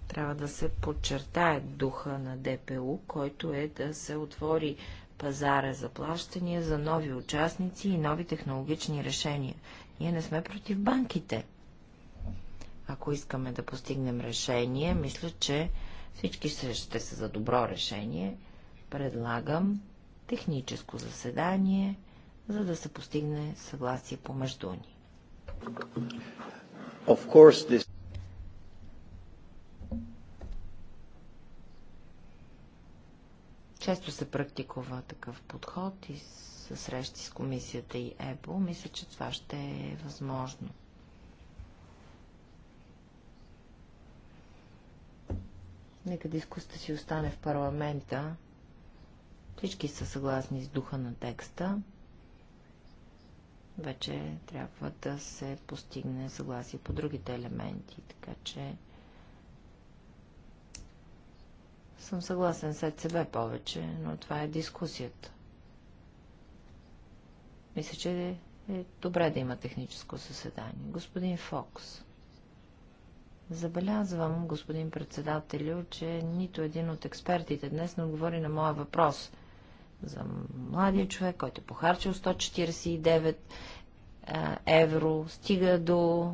Трябва да се подчертае духа на ДПУ, който е да се отвори пазара за плащания за нови участници и нови технологични решения. Ние не сме против банките. Ако искаме да постигнем решение, мисля, че всички ще са за добро решение. Предлагам техническо заседание, за да се постигне съгласие помежду ни. This... Често се практикува такъв подход и със срещи с комисията и ЕБО. Мисля, че това ще е възможно. Нека дискусията си остане в парламента. Всички са съгласни с духа на текста. Вече трябва да се постигне съгласие по другите елементи, така че съм съгласен след себе повече, но това е дискусията. Мисля, че е добре да има техническо съседание. Господин Фокс. Забелязвам, господин председателю, че нито един от експертите днес не отговори на моя въпрос за младия човек, който е похарчил 149 евро, стига до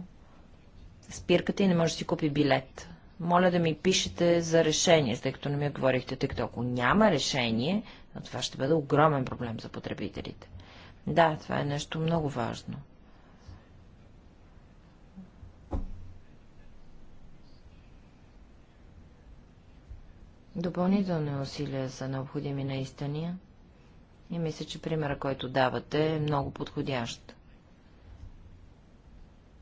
спирката и не може да си купи билет. Моля да ми пишете за решение, тъй като не ми говорихте, тъй като ако няма решение, това ще бъде огромен проблем за потребителите. Да, това е нещо много важно. Допълнителни усилия са необходими наистина и мисля, че примера, който давате, е много подходящ.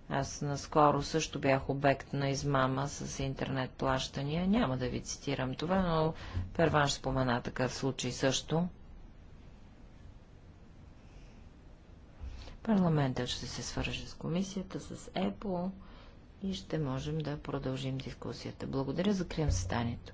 Аз наскоро също бях обект на измама с интернет плащания. Няма да ви цитирам това, но ще спомена такъв случай също. Парламентът ще се свърже с комисията, с ЕПО и ще можем да продължим дискусията. Благодаря, закрием състанието.